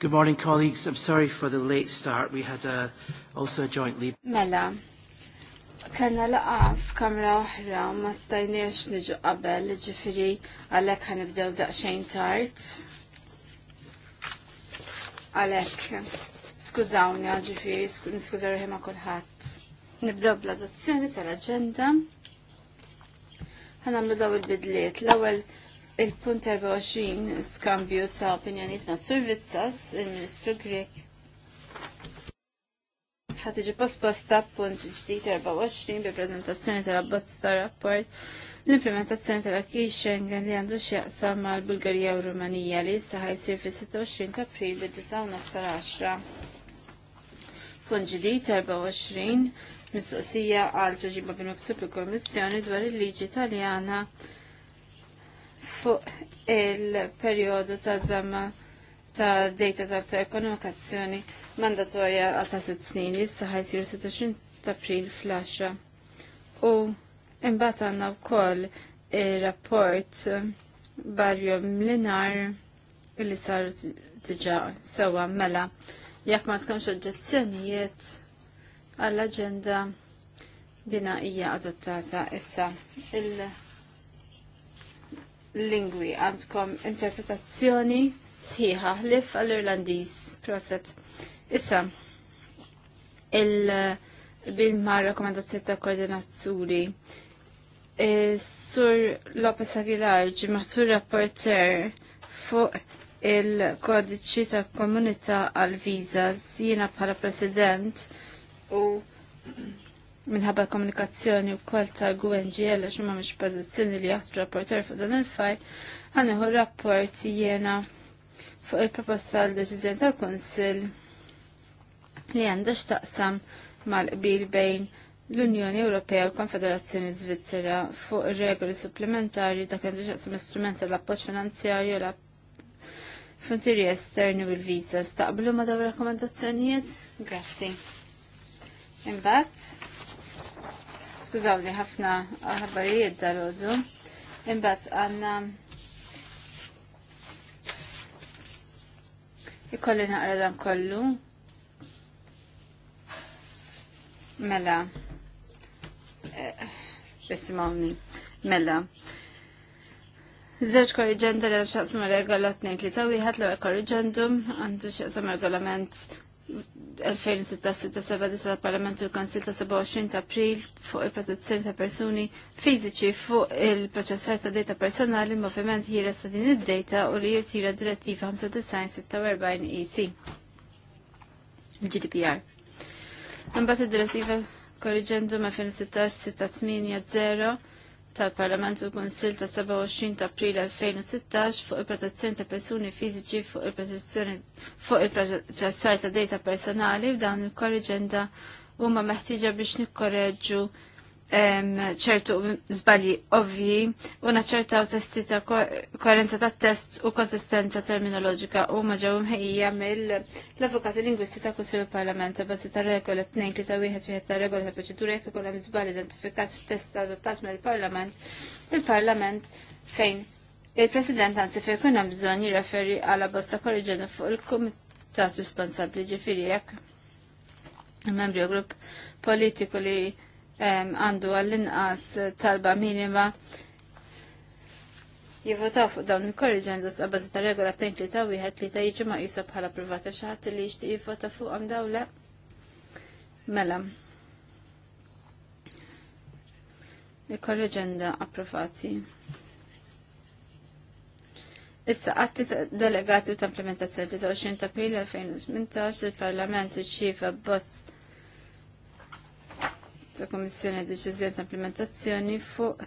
Good morning, colleagues. I'm sorry for the late start. We had a, uh, also a joint lead. Mela, kanna laqaf kamra uħra ma stajniex niġu qabel, ġifiri għalek ħanibdew daqxejn tart. Għalek, skużawni ġifiri, niskużaw ma kulħadd. Nibdew bl-adozzjoni tal-aġenda. Ħanamlu daw il-bidliet. L-ewwel il-punt 24 skambju ta' opinjoniet ma' Survizzas, il-Ministru Grek. Ħat posposta punt ġdijt 24 bi prezentazzjoni tal-abbozz ta' rapport l-implementazzjoni tal-akki Schengen li għandu xjaqsam mal bulgarija u Rumanija li issa sir fis-26 ta' april bid 19.10. 10 Punt ġdijt 24 mistoqsija għal tuġiba bin uktub il komissjoni dwar il-liġi Taljana fuq il-periodu ta' zamma ta' data ta' ekonomikazzjoni mandatorja għal ta' set snin, issa ħajsiru 26 ta' april flasha. U U għanna għandna wkoll ir-rapport barju mlinar li sar diġà sewwa mela Jak ma tkomx oġġezzjonijiet għall-aġenda dina hija adottata issa il- lingwi għandkom interpretazzjoni sħiħa ħlif għall-Irlandiż. Proset. Issa, il-bilma rakomendazzjoni ta' koordinazzuri. Eh, Sur Lopez Aguilar ġimatur rapporter fuq il-kodiċi ta' komunità għal-viza jiena bħala president u minħabba komunikazzjoni u koll ta' GUNGL għax ma' mux pozizjoni li jaħtu rapporter fuq dan il-fajl, għaniħu rapport jena fuq il-proposta l-deċizjoni tal-Konsil li għandha xtaqsam mal-qbil bejn l-Unjoni Ewropea u l-Konfederazzjoni Svizzera fuq ir-regoli supplementari dak li xaqsam istrument l-appoġġ finanzjarju l frontieri esterni u l visa Staqblu ma' daw rakkomandazzjonijiet? Grazzi. Imbagħad skużawni ħafna ħabbarijiet dal-ħodu. Imbat għanna ikolli naqra dan kollu. Mela. Bessimawni. Mela. Zewġ korriġenda li għaxaqsmu regola nejt li tawiħat l-għal korriġendum għandu xaqsam regolament 2006-67 tal-Parlament u l-Konsil ta' 27 ta' April fuq il-protezzjoni ta' persuni fiżiċi fuq il-proċessar ta' data personali il-moviment ħires ta' din id-data u li jirtira direttiva 95-46 EC. E Il-GDPR. Mbagħad id-direttiva korriġendum 2016-680 tal-Parlament u l-Konsil ta' 27 ta' April 2016 fuq il-protezzjoni ta' persuni fiżiċi fuq il-protezzjoni fuq il-proċessar ta' data personali f'dawn il-korriġenda huma meħtieġa biex nikkorreġġu ċertu zbali ovvi u ċerta testi ta' koerenza ta' test u konsistenza terminoloġika u maġaw mħejja mill-avukati lingwisti ta' il Parlament bazzi ta' regola 2 li ta' wieħed wieħed ta' regola ta' proċedura jekk ikollhom żbal identifikat f'test adottat mill-Parlament, il-Parlament fejn il-President anzi fejn kun hemm bżonn jirreferi għal bosta korriġena fuq il-Kumitat responsabbli ġifieri jekk il-membri u grupp politiku li għandu għall-inqas talba minima jivvotaw fuq dawn il-korriġendas għabbażi ta' regola tejn li ta' wieħed li ta' jiġi ma' jisab bħala privata xaħat li jixtieq jivvota fuq għam dawla. Mela. Il-korriġenda approvati. Issa għatti delegati u ta' implementazzjoni ta' 20 april 2018 il-Parlament irċieva bozz tal-Komissjoni deċiżjoni ta' implementazzjoni fuq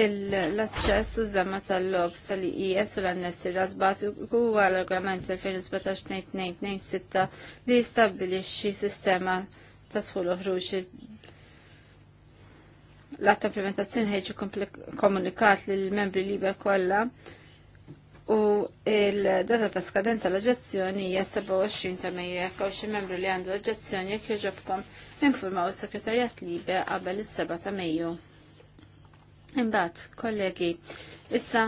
l-aċċess u żamma tal-logs tal-IES u l-annessi rasbat u għal-regolament 2017-2226 li jistabbilixxi sistema ta' sħul uħruġ l atta implementazzjoni ħeġi komunikat lill membri liber kollha u il-data ta' skadenza l-oġezzjoni hija 27 ta' Mejju jekk hawn xi membru li għandu oġezzjoni jekk jogħġobkom infurmaw is-Sekretarjat Libe qabel is-7 ta' Mejju. Imbagħad, kollegi, issa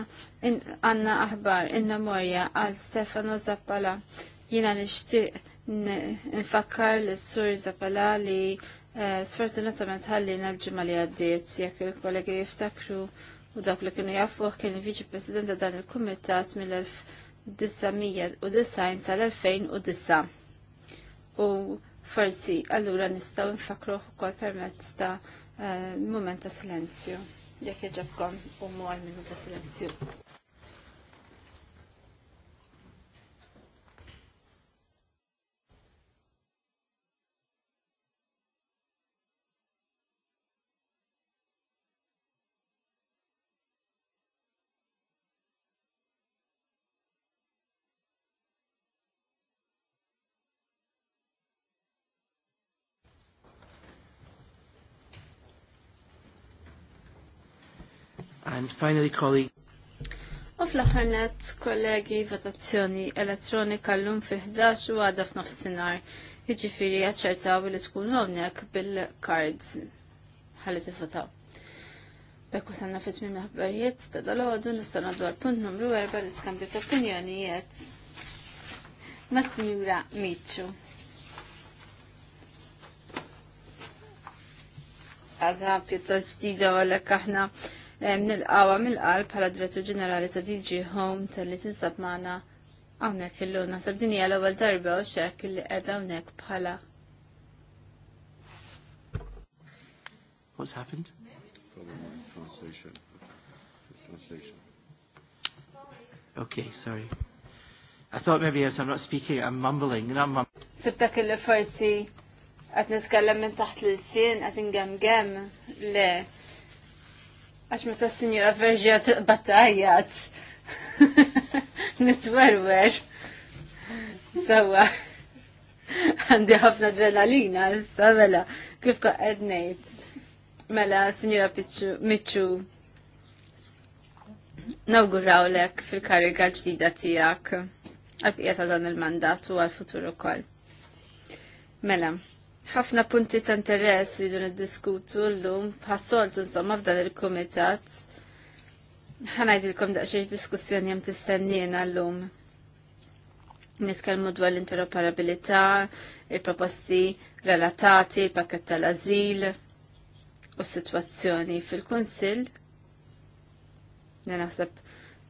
għandna aħbar in-memorja għal Stefano Zappala jiena nixtieq nfakkar l-sur Zappala li eh, sfortunatament ħallina l-ġimgħa li għaddiet jekk il-kollegi jiftakru u dak li kienu jafuh kien il-Viċi President dan il-Kumitat mill-1990 sal-2009. U forsi allura nistgħu nfakruh ukoll permezz ta' uh, moment ta' silenzju. Jekk jġabkom u mu għal minuta silenzju. And finally, colleague. U fl-ħarnet, kollegi, votazzjoni elettronika l-lum fil-11 u għada f'nofsinar. Iġifiri għacċertaw li tkun għomnek bil-cards ħalli tifutaw. Bekku sanna fit minn maħbarijiet ta' dal-għodu nistana dwar punt numru 4 li skambju ta' opinjonijiet. Matnura Mitxu. Għadha pjuttost ġdida għalek aħna nil-qawa mill-qalb pala direttur ġenerali ta' DG Home tal-li tinsab maħna għawnek illu nasab dinja l-ewwel darba u xek li qed għawnek pala. What's happened? Problem with Translation. With Translation. Okay, sorry. I thought maybe as I'm not speaking, I'm mumbling. And I'm mumbling. Sibtak il farsi għat nitkellem minn taħt l sien għat ingem gem, le, Għax meta s-sinjora verġja battajjat. Nitwerwer. Sawa. Għandi ħafna adrenalina, issa mela, kif qed ngħid. Mela, sinjora Miċċu, nawgurawlek fil-kariga ġdida tiegħek għal-bqija ta' dan il-mandat u għal-futur ukoll. Mela, ħafna punti ta' interess li dun id-diskutu l-lum, ħassoltu insomma f'dan il-komitat. Ħanajdilkom daqxiex diskussjoni jem tistennina l-lum. Niskalmu dwar l-interoperabilità, il-proposti relatati, il-pakket tal-azil u situazzjoni fil-Kunsill. Nenaħseb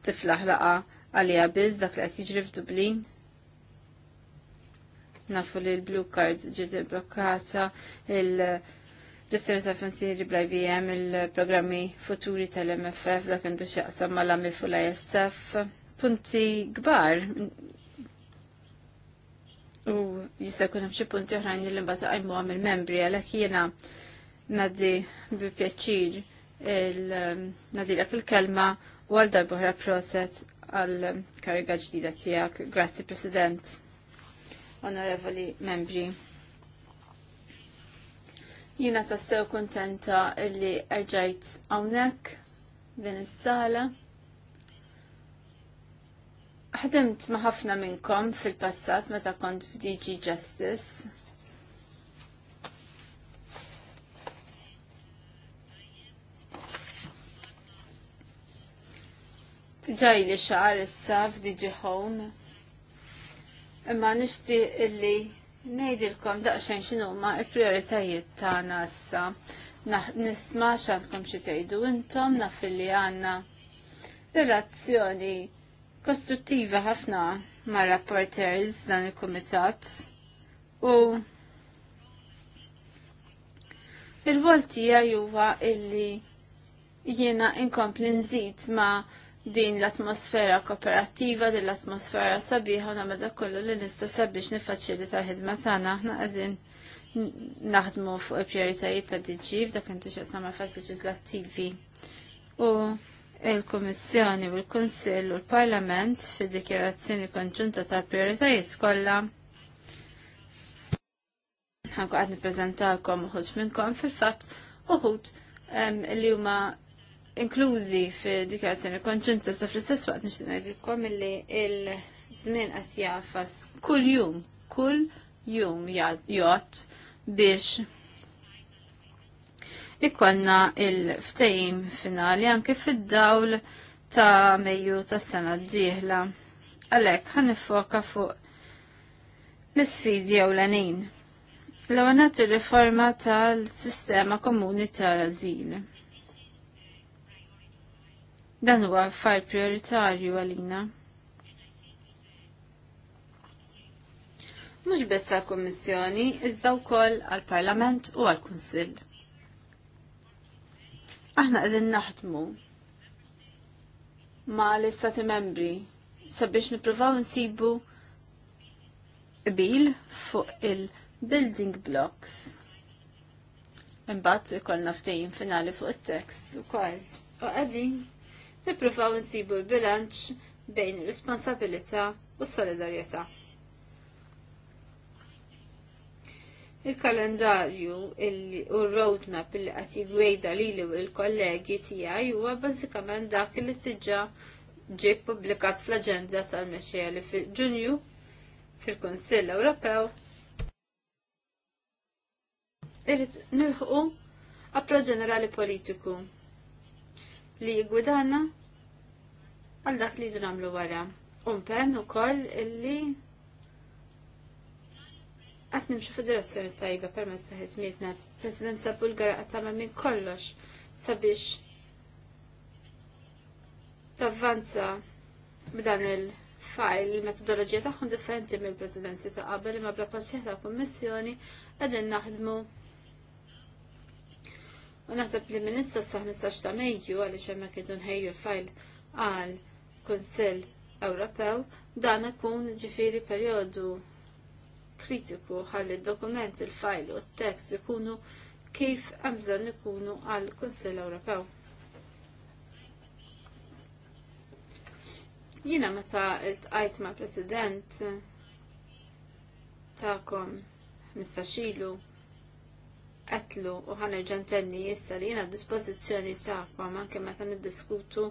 tiflaħ laqa għalija biz dak li qed jiġri f'Dublin nafu li l-blue cards ġiet blokkata il-ġestjoni ta' funzjoni bl-IBM il-programmi futuri tal-MFF dak għandu xaqsam ma' l-għamil fu l-ISF punti gbar u jista' jkun hemm xi punti oħrajn li mbagħad għajmu għam il-membri għalhekk jiena nadi bi pjaċir il dak il-kelma u għal darbohra proset għal kariga ġdida tiegħek. Grazzi President onorevoli membri. Jina tassew kontenta illi erġajt għawnek din is-sala. Ħdimt ma' ħafna minnkom fil-passat meta kont f'DG Justice Ġaj li xaqar issa f'DG Home. Imma nixtieq illi ngħidilkom daqsxejn ma l-prijoritajiet tagħna issa. Nisma' x'għandkom xi tgħidu intom naf illi għandna relazzjoni kostruttiva ħafna ma' rapporters dan il-komitat u il-voltija juwa illi jiena inkompli nżid ma' din l-atmosfera kooperativa, din l-atmosfera sabiħa, na mada kollu li nista sabiex nifacili ta' ħidma tagħna aħna qegħdin naħdmu fuq il-prioritajiet ta' DG f'dak intuċa ma' fatt leġislattivi. U il-Kummissjoni u l-Kunsill u l-Parlament fid-dikjerazzjoni konġunta ta' prioritajiet kollha ħanku għad niprezentalkom uħut minnkom fil-fatt uħut li huma inklużi dikrazzjoni konċentra ta' fl-istess waqt nixtieq ngħidilkom illi il-żmien qed jafas kull jum, kull jum jgħod biex ikkonna il-ftejim finali anke fid-dawl ta' Mejju tas sena d-dieħla. Għalhekk għan nifoka fuq l-isfidi ewlenin. L-għanat ir-riforma tal-sistema komuni tal-azil Dan huwa fajl prioritarju għalina. Mhux biss għall-Kummissjoni, iżda wkoll għall-Parlament u għall-Kunsill. Aħna qegħdin naħdmu ma' l-Istati Membri sabiex nippruvaw nsibu bil fuq il-building blocks. Imbagħad ikollna ftehim finali fuq it-text ukoll. U qegħdin nippruvaw insibu l-bilanċ bejn ir-responsabilità u s-solidarjetà. Il-kalendarju u r-roadmap li qed jigwejda lili u l-kollegi tiegħi huwa bażikament dak li tiġa ġie ppubblikat fl-aġenda sal-mexxejja li fil-Ġunju fil-Kunsill Ewropew irrid nilħu appro ġenerali politiku li jgwidana għal dak li jdu namlu wara. Unpen u koll illi għat nimxu federazzjoni tajba ma staħet mietna Presidenza Bulgara għat tagħmel minn kollox sabiex tavvanza b'dan il-fajl il-metodoloġija tagħhom differenti mill-presidenzi ta' qabel imma bla paċċieħ ta' kummissjoni qegħdin naħdmu Unaħseb naħseb li minnissa s sa 15 ta' Mejju għaliex hemmhekk idu nħejju fajl għal Kunsill Ewropew, dan ikun ġifieri perjodu kritiku ħalli d-dokument il-fajl u t-tekst ikunu kif hemm bżonn ikunu għal Kunsill Ewropew. Jina meta tqajt ma' president ta'kom mistaxilu għetlu u ħanerġan tenni issa li jena dispozizjoni saqom anke meta niddiskutu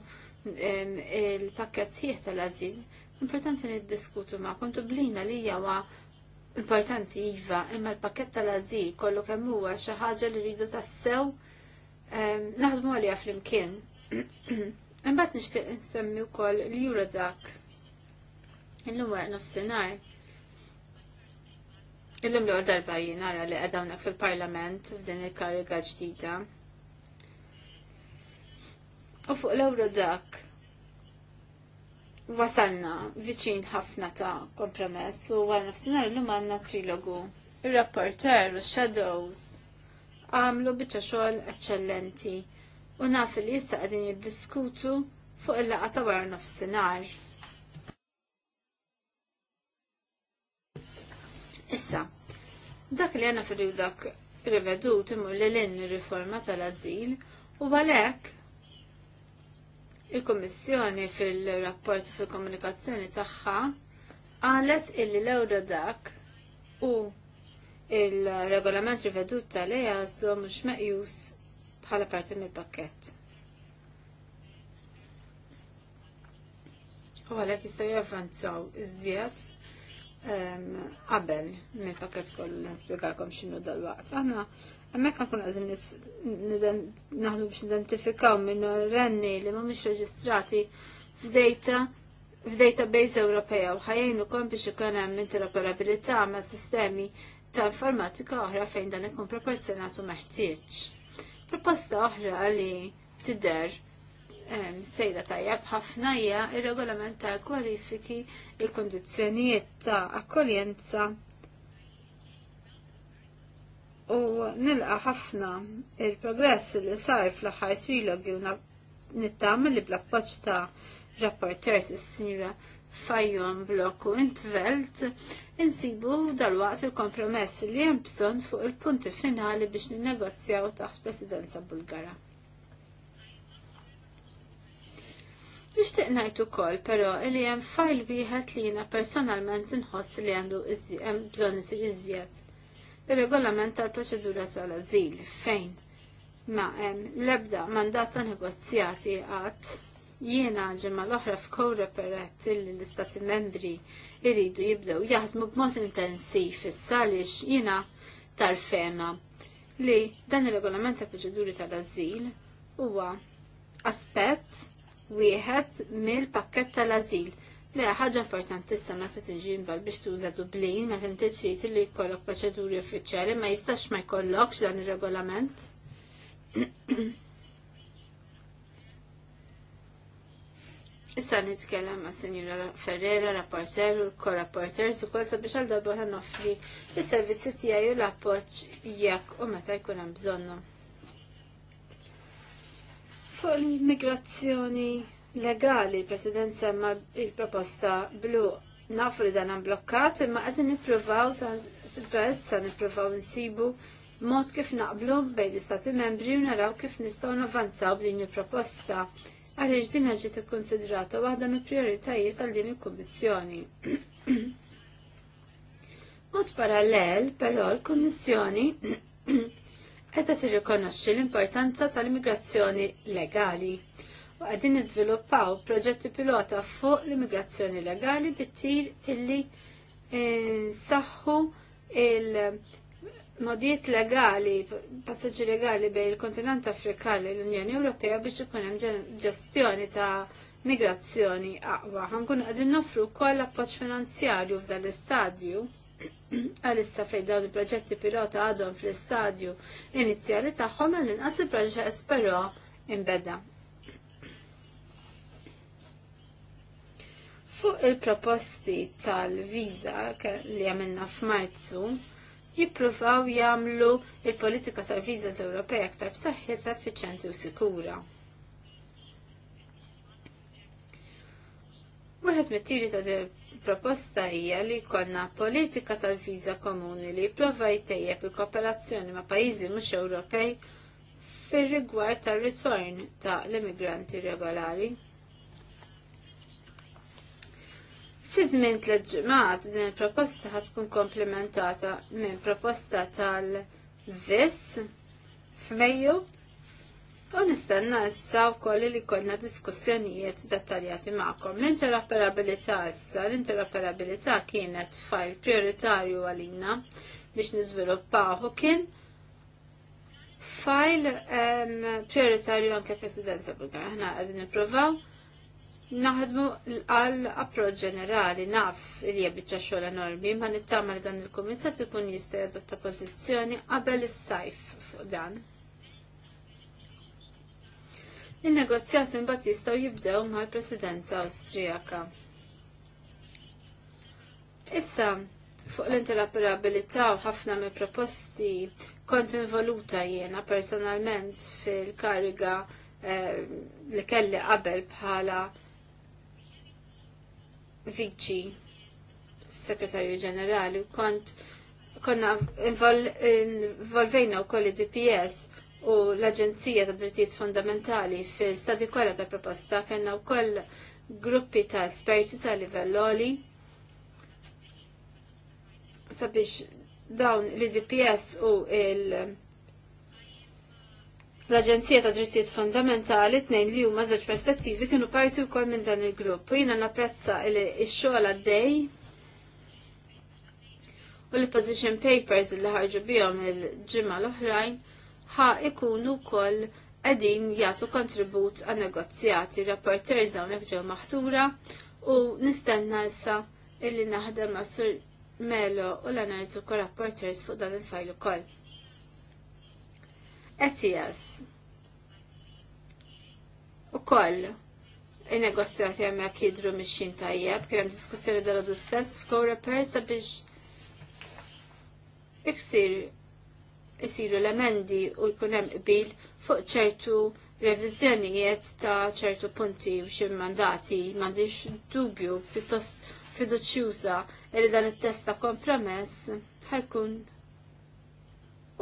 il-pakket sħiħ tal-azil. Importanti niddiskutu ma kontu blina li jawa importanti jiva imma l-pakket tal-azil kollu kemm huwa xi ħaġa li rridu tassew naħdmu għalija flimkien. Imbagħad nixtieq insemmi wkoll l-Eurodac. Illum wara nofsinhar Illum l darba għara li għadawnek fil-parlament f'din il-kariga ġdida. U fuq l-ewro dak wasalna viċin ħafna ta' kompromess u għal nafsinar l-lum għanna trilogu. Il-rapporter u shadows għamlu bieċa xogħol eccellenti u naf li jista' qegħdin jiddiskutu fuq il-laqa ta' wara nofsinhar. Issa, dak li għanna fil dak rivedut imur li l-in riforma tal-azil u għalek il-Kommissjoni fil-rapport fil-komunikazzjoni tagħha għalet illi l-ewro dak u il-regolament rivedut tal-EASO mux meqjus bħala parti mill-pakket. U għalek jista' javvanzaw iż-żjed qabel minn pakket kollu li nispjegakom x'inhu dal-waqt. Aħna hemmhekk nkun qegħdin naħdu biex minn renni li mhumiex reġistrati f'data f'database Ewropea u ħajjin kom biex ikun hemm interoperabilità ma' sistemi ta' informatika oħra fejn dan ikun proporzjonatu meħtieġ. Proposta oħra li tidher sejra tajjeb ħafna hija ir-regolament ta' kwalifiki il-kondizzjonijiet ta' akkoljenza u nilqa ħafna il-progress li sar fl-aħħar trilog nittamil li bl-appoġġ ta' rapporters is-sinjura Fajjon Blokku Intvelt insibu dal-waqt il-kompromess li hemm bżonn fuq il-punti finali biex ninnegozjaw taħt Presidenza Bulgara. Nixtieq ngħid ukoll però li hemm fajl wieħed li jiena personalment inħoss li għandu hemm bżonn isir iżjed. Ir-regolament tal-proċedura tal-ażil fejn ma hemm l-ebda mandat ta' negozjati għad jiena ġemma l-oħra f'kowra perett li l-istati membri iridu jibdew jaħdmu b'mod intensiv is-salix jiena tal-fema li dan ir-regolament tal proċeduri tal-azil huwa aspett wieħed mill-pakket tal-azil. Le, ħaġa importanti issa ma t-tinġin inġimbal biex tuża Dublin, ma t trid li jkollok proċeduri uffiċjali ma jistax ma jkollokx dan ir-regolament. Issa nitkellem ma' Sinjura Ferrera, rapporter u l-korrapporters su kol sabiex għal darba noffri li servizzi tiegħi u l-appoġġ jekk u meta jkun hemm bżonnhom. Fuq l immigrazzjoni legali, President semma il-proposta blu nafu li dan blokkat, imma għadin niprovaw sa' issa niprofaw nsibu mod kif naqblu bejn l-istati membri u naraw kif nistgħu navvanzaw b'din il-proposta għaliex din ġiet ikkonsidrata waħda mill prioritajiet għal din il-Kummissjoni. mod parallel, però l-Kummissjoni edha tirrikonoxxi l-importanza tal-immigrazzjoni legali u qegħdin niżviluppaw proġetti pilota fuq l-immigrazzjoni legali bittir illi eh, nsaħħu il-modijiet legali, passaġġi legali bejn il-kontinent Afrikan l-Unjoni Ewropea biex ikun hemm ġestjoni ta' migrazzjoni aqwa. Ħankun qegħdin nofru wkoll appoġġ finanzjarju f'dan l-istadju Għalissa fejn dawn il-proġetti pilota għadhom fl-istadju inizjali tagħhom għal inqas il-proġett però imbeda. Fuq il-proposti tal-viza li għamilna f'Marzu, jippruvaw jagħmlu il-politika tal-viżas Ewropea aktar b'saħħies effiċjenti u sikura. Wieħed mit-tiri ta' il-proposta hija li jkollna politika tal-viża komuni li jipprova jtejjeb il-kooperazzjoni ma' pajjiżi mhux Ewropej fir-rigward tar-ritorn ta' l-immigranti regolari. Fi żmien tliet ġimgħat din il-proposta ħad tkun komplementata minn proposta tal-VIS f'Mejju U nistenna issa wkoll li konna diskussjonijiet dettaljati ma'kom. L-interoperabilità issa, l-interoperabilità kienet fajl prioritarju għalina biex niżviluppaw kien fajl prioritarju anke presidenza bulgara. Ħna qegħdin nippruvaw naħdmu għal approċ ġenerali naf li jabbiċċa xogħol enormi ma nittama li dan il-kumitat ikun jista' jadotta pożizzjoni qabel is-sajf fuq dan il negozjat mbagħad jistgħu jibdew mal-Presidenza Awstrijaka. Issa, fuq l-interoperabilità u ħafna mill proposti kont involuta jiena personalment fil-kariga eh, li kelli qabel bħala viċi segretarju ġenerali u kont konna involvejna u koll DPS u l-Aġenzija ta' Drittijiet Fundamentali fil-stadju kollha ta' proposta kellna wkoll gruppi ta' esperti ta' livell oli sabiex dawn l idps u il- l-Aġenzija ta' Drittijiet Fundamentali tnejn li huma żewġ perspettivi kienu parti wkoll minn dan il-grupp u jiena napprezza l xogħol għaddej u l-position papers li ħarġu bihom il-ġimgħa l-oħrajn ħa ikunu kol għedin jgħatu kontribut għan negozjati rapporters dawnek ġew maħtura u nistenna issa illi naħdem ma' Sur Melo u l-anarzu kol rapporters fuq dan il-fajl ukoll. Etijas. u koll il-negozjati għamek jidru mixin tajjeb, kienem diskussjoni dal-għadu stess f'Go persa biex iksir isiru l-emendi u jkun hemm qbil fuq ċertu reviżjonijiet ta' ċertu punti u xi mandati m'għandix dubju pjuttost fiduċjuża li dan it-test ta' kompromess ħajkun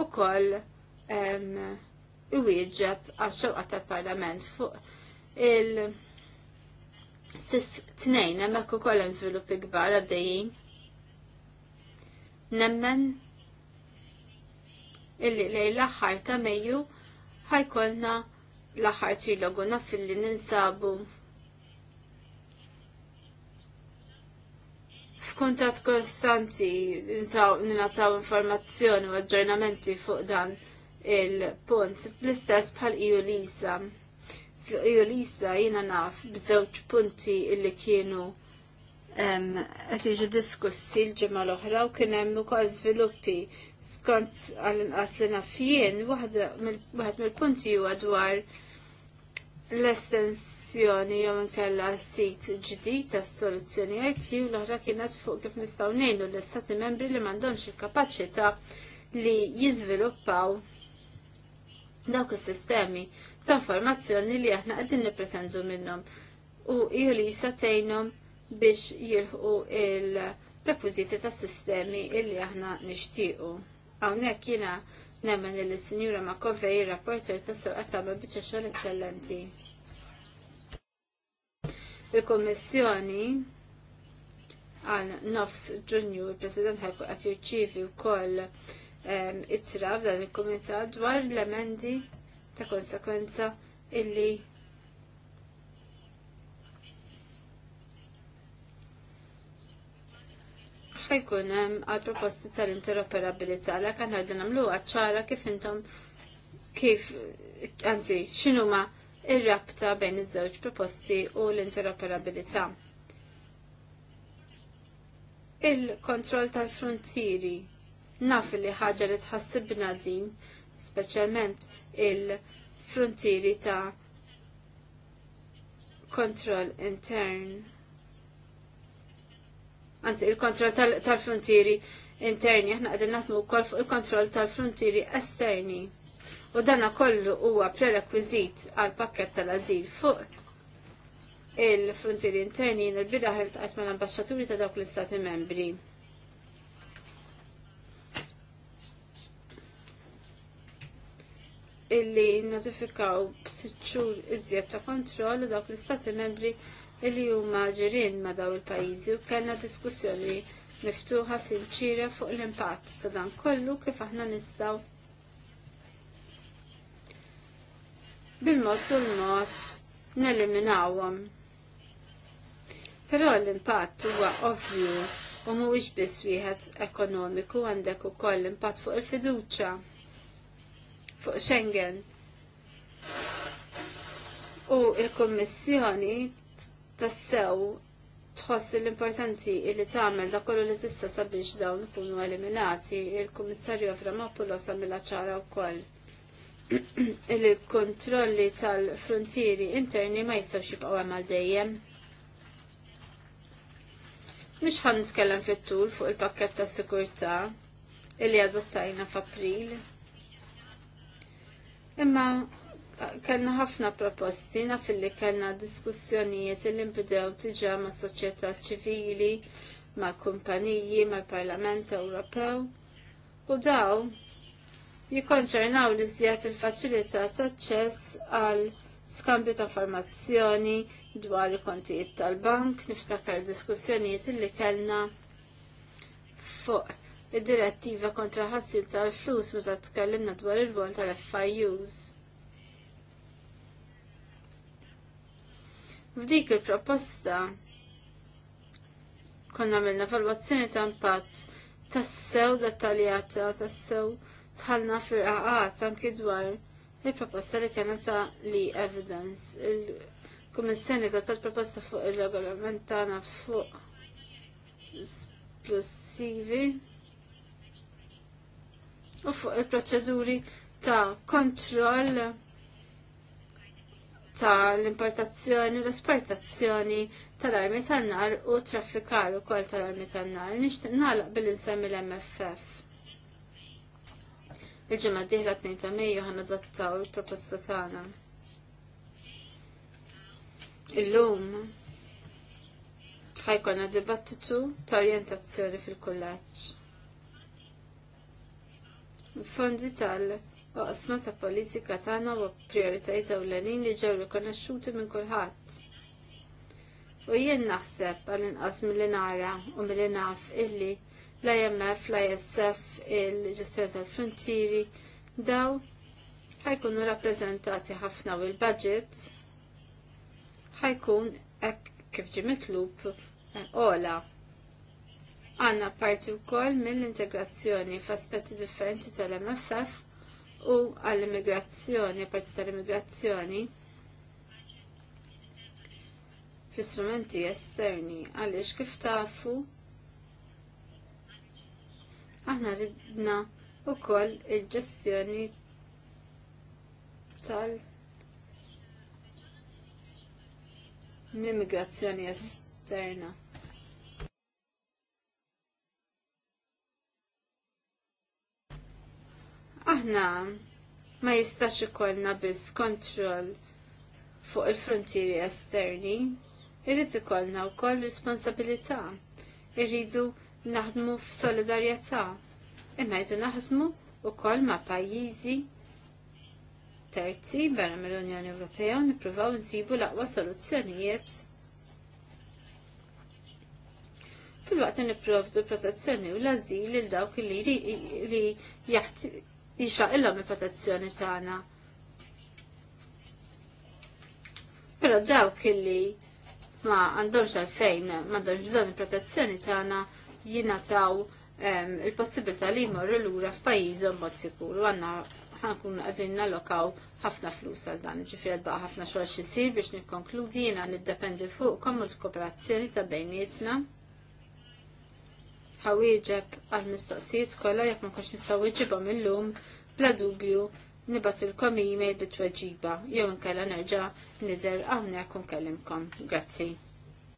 ukoll iwieġeb għax-xewqa tal-Parlament fuq il- Sis tnejn, emmek u kollem zviluppi gbar għaddejjien. Nemmen illi lejn l-aħħar ta' Mejju ħajkolna l-aħħar trilogu naf li ninsabu f'kuntat konstanti ninsaw informazzjoni u aġġornamenti fuq dan il-punt bl-istess bħal iju lisa. Iju lisa jina naf bżewġ punti illi kienu qed jiġu diskussi l-ġimgħa l-oħra u kien hemm ukoll żviluppi skont għal-inqas li nafjien, waħed mill-punti huwa dwar l-estensjoni jew inkella sit ġdid tas soluzzjoni IT u l-oħra kienet fuq kif nistgħu ngħinu l-istati membri li m'għandhomx il-kapaċità li jiżviluppaw dawk is-sistemi ta' informazzjoni li aħna qegħdin nippresentu minnhom u jew li jistatejnhom biex jilħqu il- rekwiżiti ta' sistemi li aħna nixtiequ. Hawnhekk jiena nemmen li sinjura ma' il rapporter ta' sewqa ta' ma' biċċa xogħol eccellenti. Il-Kummissjoni għal nofs ġunju il-President ħekku qed jirċievi wkoll ehm, it-traf f'dan il-Kumitat dwar l-emendi ta' konsekwenza illi ħajkun hemm għal proposti tal-interoperabilità għalhekk aħna qegħdin nagħmluha ċara kif intom kif anzi x'inhuma ir-rabta bejn iż-żewġ proposti u l-interoperabilità. Il-kontroll tal-frontieri naf li ħaġa li tħassibna din, speċjalment il-frontieri ta' kontroll intern anzi il-kontroll tal-frontieri interni, aħna għadin naħdmu wkoll fuq il-kontroll tal-frontieri esterni. U dana kollu huwa prerequisit għal pakket tal-azil fuq il-frontieri interni il-biraħ il mal-ambasċaturi ta' dawk l-istati membri. illi notifikaw b'siċċur iżjed ta' kontroll dawk l-istati membri illi huma ġirien ma' daw il-pajjiżi u kellna diskussjoni miftuħa sinċira fuq l-impatt ta' dan kollu kif aħna nistgħu bil-mod u l-mod neliminawhom. Però l-impatt huwa ovvju u mhuwiex biss wieħed ekonomiku għandek ukoll impatt fuq il-fiduċja fuq Schengen. U il kummissjoni tassew tħoss l-importanti li tagħmel da kollu li tista' sabiex dawn ikunu eliminati, il-Kummissarju Avramopoulos għamilha ċara wkoll. Il-kontrolli tal-frontieri interni ma jistgħux jibqgħu hemm għal dejjem. Mhux ħan nitkellem fit-tul fuq il-pakkett tas sikurtà illi adottajna f'April. Imma kellna ħafna proposti, naf li kellna diskussjonijiet li nbidew diġà ma' soċjetà ċivili, ma' kumpaniji, ma' Parlament Ewropew. U daw jikkonċernaw li żjed il-faċilità taċċess għal skambju ta' formazzjoni dwar il-kontijiet tal-bank, niftakar diskussjonijiet li kellna fuq id-direttiva kontra ħassil tal-flus meta tkellimna dwar il-vol tal-FIUs. F'dik il-proposta konna minna valwazzjoni ta' impatt tassew dettaljata, tassew tħallna firqaqat anki dwar il-proposta li kena ta' li evidence. Il-Kummissjoni ta' tal-proposta fuq il-regolament tagħna fuq esplosivi u fuq il-proċeduri ta' kontroll ta' l-importazzjoni u l-esportazzjoni tal-armi tan-nar u traffikar u kol tal-armi tan-nar. Nixtieq nagħlaq bil-insemmi l-MFF. il ġemma d-dieħla 2 ta' Mejju ħan adottaw il-proposta tagħna. Illum ħajkonna dibattitu ta' orjentazzjoni fil-kullaġġ. Il-fondi tal- qasma ta' politika tagħna u prijoritajiet ewlenin li ġew rikonoxxuti minn kulħadd. U jien naħseb għal-inqas mill nara u mill naf illi l-IMF, l-ISF, il-ġestjoni tal-frontieri, daw ħajkunu rappreżentati ħafna u l-budget ħajkun hekk kif ġi mitlub eh, ola għanna parti u koll mill-integrazzjoni f'aspetti differenti tal-MFF u għall-immigrazzjoni, parti tal-immigrazzjoni, fi strumenti esterni, għaliex kif tafu, aħna ridna u koll il-ġestjoni tal- l-immigrazzjoni esterna. Aħna ma jistax ikollna biss kontroll fuq il-frontieri esterni, irrid ikollna wkoll responsabilità. Irridu naħdmu f'solidarjetà. Imma jdu naħdmu wkoll ma' pajjiżi terzi barra mill-Unjoni Ewropea u nippruvaw nsibu l-aqwa soluzzjonijiet fil-waqt nipprovdu protezzjoni u l-azil il dawk li, li jaħt jixa illa il-protezzjoni tagħna. Però dawk illi ma għandhomx għalfejn, ma għandhomx bżonn il-protezzjoni tagħna jingħataw ehm, il-possibilità li jmorru lura f'pajjiżhom mod sikur għanna għandna ħankun għazin nallokaw ħafna flus għal dan, ġifir għadba ħafna xogħol xisir biex nikkonkludi jiena niddependi fuq u l-kooperazzjoni ta' bejnietna ħawieġeb għal mistoqsijiet kollha jekk ma kontx nistgħu iġibhom illum bla dubju nibgħat ilkom email bit-tweġiba jew inkella nerġa' niżel hawnhekk u nkellimkom. Grazzi.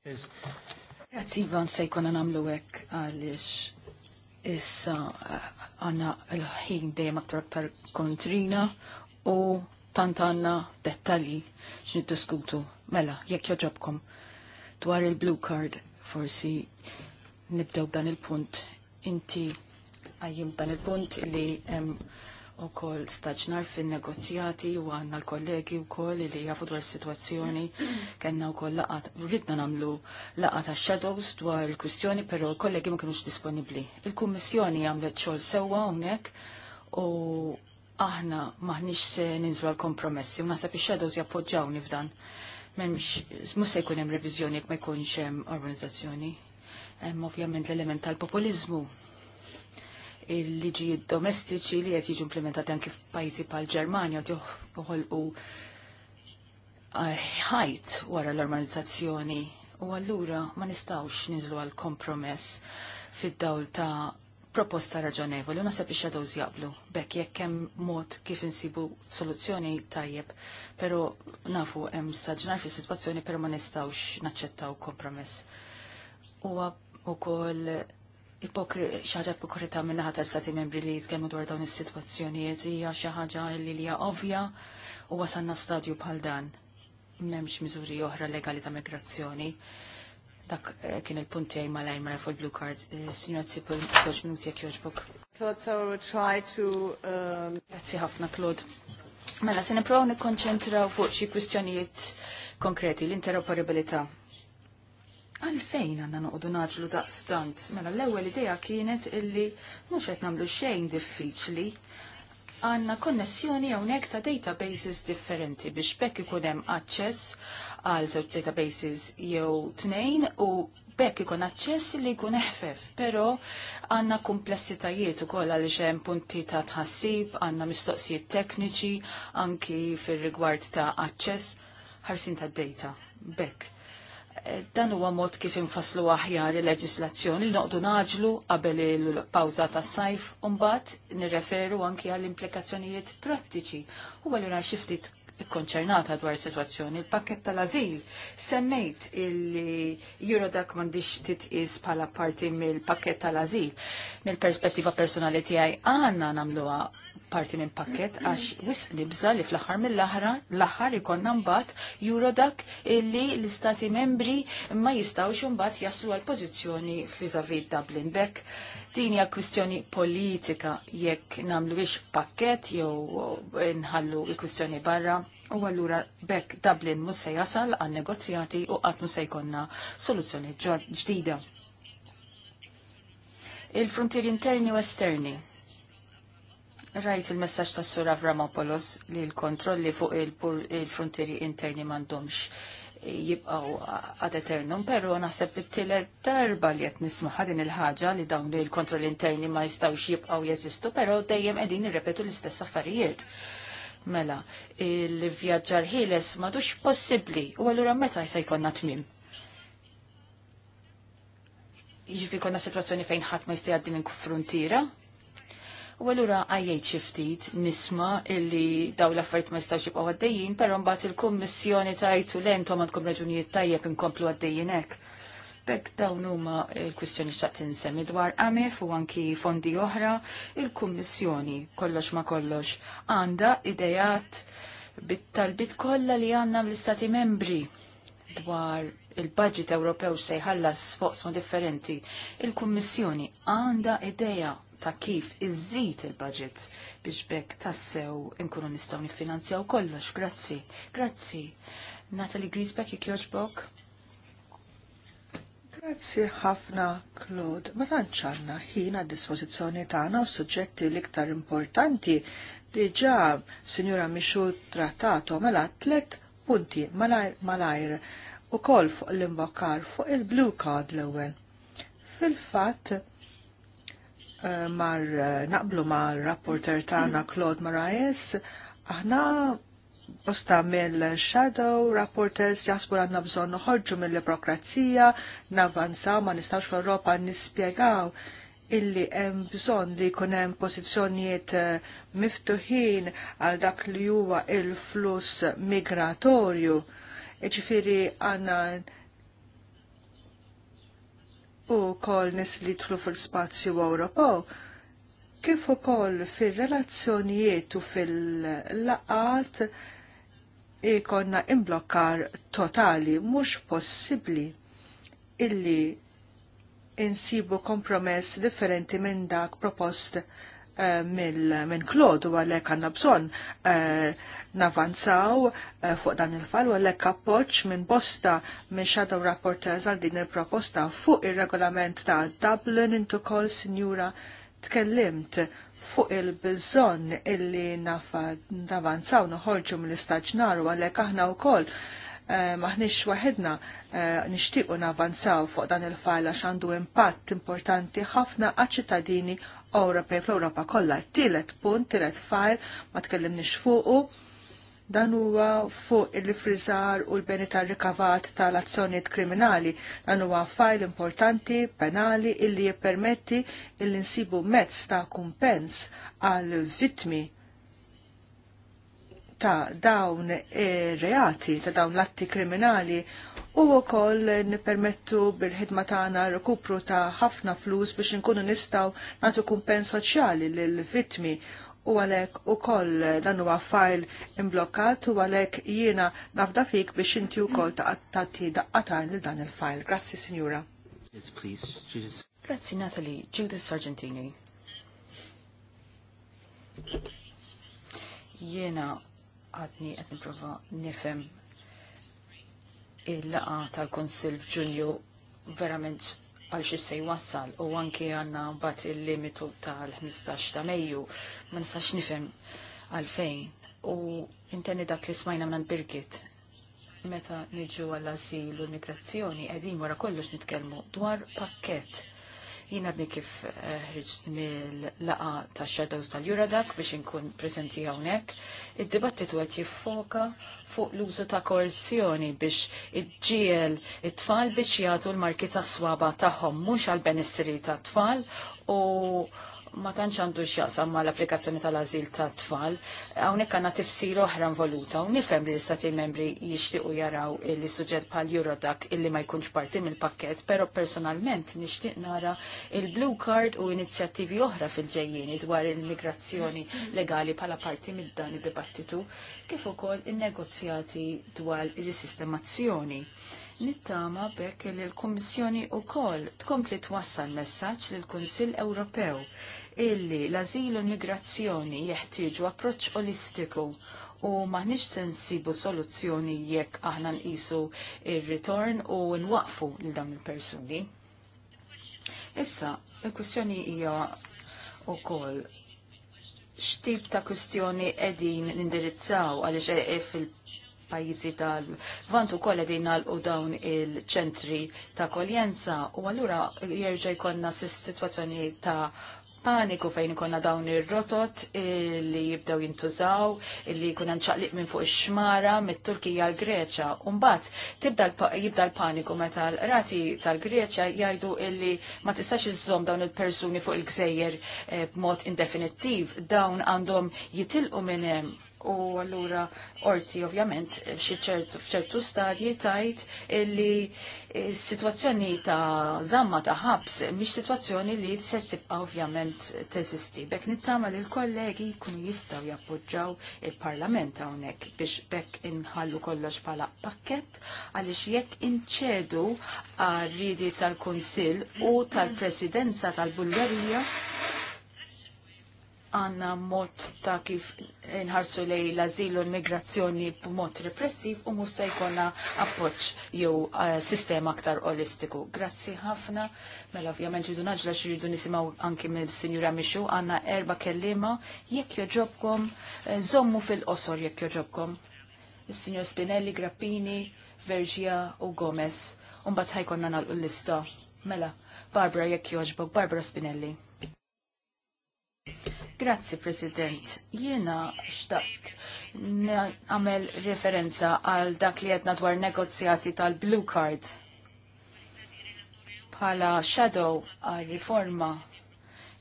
Grazzi Ivan se jkun nagħmlu hekk għaliex issa eh, għanna l-ħin dejjem aktar aktar kontrina u tant għanna dettalji x'niddiskutu. Mela, jekk joġobkom dwar il-blue card forsi nibdew dan il-punt. Inti għajjim dan il-punt li um, u kol staġnar fin negozjati u għanna l-kollegi u kol li jafu dwar situazzjoni kena u kol laqat, ridna namlu laqat għax shadows dwar il-kustjoni, pero l-kollegi ma kienux disponibli. Il-kummissjoni għamlet xol sewa unnek u aħna maħnix se ninżlu għal-kompromessi, u nasab il-shadows jappoġġawni f'dan. Memx, mus se jkun hemm reviżjoni jekk ma jkunx hemm organizzazzjoni Hemm ovvjament l-element tal-populizmu il-liġijiet domestiċi li qed jiġu implementati anke f'pajjiżi bħal Ġermanja joħolqu eh, ħajt wara l-organizzazzjoni u allura ma nistgħux ninżlu għal kompromess fid-dawl ta' proposta raġonevoli u nasab ix-shadows jaqblu bekk jekk hemm mod kif insibu soluzzjoni tajjeb, però nafu hemm staġnar fis-sitwazzjoni però ma nistgħux naċċettaw kompromess. Huwa u koll ipokri, xaġa ipokrita minnaħat s stati membri li jitkellmu dwar dawn is-sitwazzjonijiet hija xi ħaġa li hija ovvja u wasanna stadju bħal dan. M'hemmx miżuri oħra legali ta' migrazzjoni. Dak eh, kien il-punt tiegħi lajma mara fuq blue card. Eh, signora Tsipul, żewġ minuti jekk jogħġbok. Claude, try to... Um, Grazzi ħafna, Claude. Mela, se nipprovaw nikkonċentraw fuq xi kwistjonijiet konkreti, l-interoperabilità Għalfejn għanna noqdu naġlu daqstant? Mela l-ewwel idea kienet illi mhux qed nagħmlu xejn diffiċli. Għanna konnessjoni għonek ta' databases differenti biex bekk ikun hemm aċċess għal żewġ databases jew tnejn u bekk ikun aċċess li jkun eħfef, pero għanna komplessitajiet ukoll għal hemm punti ta' tħassib, għanna mistoqsijiet tekniċi anki fir-rigward ta' aċċess ħarsin ta' data. Bekk dan huwa mod kif infaslu aħjar il-leġislazzjoni li noqdu naġlu qabel il-pawza ta' sajf mbagħad nirreferu anki għall implikazzjonijiet prattiċi. U għallura xiftit konċernata dwar situazzjoni. Il-pakket tal-azil semmejt il-Eurodac mandiċ titqis pala parti mill-pakket tal-azil. Mill-perspettiva personali tiegħi għanna namluwa parti minn pakket għax wis nibża li fl-aħħar mill-aħħar l-aħħar ikonna mbagħad Eurodac illi l-istati membri ma jistgħux mbagħad jaslu għal pożizzjoni fiżavi Dublin Beck. Din hija kwistjoni politika jekk nagħmlu biex pakket jew nħallu l-kwistjoni barra u allura Beck Dublin mhux se jasal għal negozjati u qatt mhux se jkollna soluzzjoni ġdida. Il-frontieri interni u esterni Rajt il-messaġġ tas sura Avramopoulos li l-kontrolli fuq il-frontieri interni m'għandhomx jibqgħu ad eternum, però naħseb li t-tielet darba li qed nisma' din il-ħaġa li dawn li l-kontrolli interni ma jistgħux jibqgħu jeżistu, però dejjem qegħdin irrepetu l-istess affarijiet. Mela, il-vjaġġar ħieles madux possibbli u allura meta jista' jkollna tmiem jiġifi konna situazzjoni fejn ħadd ma jista' din minn frontiera, U għallura għajjajt xiftit nisma illi daw l-affarijiet ma jistax jibqgħu għaddejjin, però mbagħad il-kummissjoni tajtu lentom għandkom raġunijiet tajjeb inkomplu għaddejjin hekk. Bekk dawn huma l-kwistjoni xaqt insemmi dwar AMEF u anki fondi oħra, il-kummissjoni kollox ma kollox għandha idejat bit-talbit kollha li għandna mill-Istati membri dwar il-budget Ewropew se jħallas foqsma differenti. Il-Kummissjoni għandha idea ta' kif iżżid il-budget biex bekk tassew inkunu nistgħu niffinanzjaw kollox. Grazzi, grazzi. Natalie Griesbeck, jekk Grazzi ħafna, Claude. Ma tantx għandna ħin għad dispożizzjoni tagħna suġġetti l-iktar importanti li diġà Sinjura Mixu trattatu mela tlet punti malajr malajr u kol fuq l-imbokkar fuq il-blue card l-ewwel. Fil-fatt mar naqblu ma' rapporter tagħna Claude Moraes, aħna bosta mill-shadow rapporters jasbu għanna bżon noħorġu mill-burokrazija, navanza ma nistax fl-Europa nispiegaw illi hemm bżonn li jkun hemm pożizzjonijiet eh, miftuħin għal dak li huwa il-fluss migratorju. Iġifieri għandna u kol nis li tħlu fil-spazju Ewropew kif ukoll fir-relazzjonijiet u fil-laqat ikonna imblokkar totali mhux possibbli illi insibu kompromess differenti minn dak propost Eh, minn Klodu għalek għanna bżon eh, navanzaw eh, fuq dan il-fall u għalek appoċ minn bosta minn Shadow Rapporteurs għal din il-proposta fuq il-regolament ta' Dublin into call sinjura tkellimt fuq il-bżon illi navanzaw noħorġu mill-istaġnar u għalek aħna u koll maħnix waħedna nishtiqu navanzaw fuq dan il fall għax għandu impatt importanti ħafna għal ċittadini Ewropej fl-Ewropa kollha. Tielet punt, tielet fajl ma tkellimniex fuqu dan huwa fuq il-frizar u l-beni tal-rikavat tal azzjonijiet kriminali. Dan huwa fajl importanti, penali, illi jippermetti illi nsibu mezz ta' kumpens għal vitmi ta' dawn e reati, ta' dawn l-atti kriminali u wkoll nippermettu bil-ħidma tagħna rikupru ta' ħafna flus biex inkunu nistgħu nagħtu kumpens soċjali lill-vittmi u għalek u koll dan huwa fajl imblokkat u għalek jiena nafda fik biex inti u koll taqattati daqqatan lil dan il-fajl. Grazzi, Signora. Grazzi, Natalie. Judith Sargentini. Jiena għadni għadni prova nifem il-laqa tal-Konsil Ġunju verament għal xi se jwassal u anki għandna mbagħad il-limitu tal-15 ta' Mejju ma nistax nifhem għalfejn. U intenni dak li smajna minn Birgit meta niġu għall-azil u l-migrazzjoni qegħdin wara kollox nitkellmu dwar pakkett Jina għadni kif eh, ħriġt mill-laqa ta' Shadows tal-Juradak biex inkun prezenti hawnhekk. Id-dibattitu qed jiffoka fuq l-użu ta' koersjoni biex iġġiel it-tfal biex jagħtu l-marki ta' swaba tagħhom mhux għal benessri ta' tfal u ma tantx għandu x'jaqsam mal-applikazzjoni tal-azil ta' tfal, hawnhekk għandna tifsir oħra involuta u nifhem li l-istati membri jixtiequ jaraw li suġġett bħal Eurodac illi ma jkunx parti mill-pakkett, però personalment nixtieq nara il-Blue Card u inizjattivi oħra fil-ġejjieni dwar il-migrazzjoni legali bħala parti mid-dan id-dibattitu, kif ukoll in-negozjati dwar ir-sistemazzjoni. Nittama bekk li l-Kummissjoni u kol tkompli twassal messaġġ l kunsill Ewropew illi l-azil u l-migrazzjoni jeħtieġu approċċ olistiku u maħniex sensibu soluzzjoni jekk aħna nqisu il ritorn u nwaqfu lil dawn il-persuni. Issa, il-kwistjoni hija wkoll x'tip ta' kwistjoni qegħdin nindirizzaw għaliex e, e, fil pajjiżi tal-vantu kolla din dawn il-ċentri ta' koljenza u allura jerġa' jkollna situazzjoni ta' paniku fejn ikonna dawn ir-rotot li jibdew jintużaw, li jkun hemm ċaqliq minn fuq ix-xmara mit-Turkija l greċja U mbagħad jibda l-paniku meta l-rati tal-Greċja jgħidu illi ma tistax iżżomm dawn il-persuni fuq il-gżejjer eh, b'mod indefinittiv, dawn għandhom jitilqu minn hemm U allura orti ovvjament f'ċertu stadji tajt li eh, situazzjoni ta' zamma ta' ħabs mhix situazzjoni li se tibqa' ovvjament teżisti. Bek nittama li l-kollegi jkunu jistgħu jappoġġaw il-Parlament hawnhekk biex bekk inħallu kollox bħala pakkett għaliex jekk inċedu għar-ridi tal-Kunsill u tal-Presidenza tal-Bulgarija għanna mod ta' kif nħarsu lej l azilu u l-migrazzjoni b'mod repressiv u mhux se jkollna appoġġ jew eh, sistema aktar olistiku. Grazzi ħafna. Mela ovvjament rridu naġla xridu nisimgħu anki mill-Sinjura Mixu għandna erba' kellima jekk joġobkom eh, żommu fil-qosor jekk joġobkom. Is-Sinjur Spinelli, Grappini, Vergia u Gomez. Umbat ħajkonna nagħlqu l-lista. Mela, Barbara jekk joġbok, Barbara Spinelli. Grazzi, President. Jiena xtaqt għamel referenza għal dak li għedna dwar negozjati tal-Blue Card bħala shadow għal riforma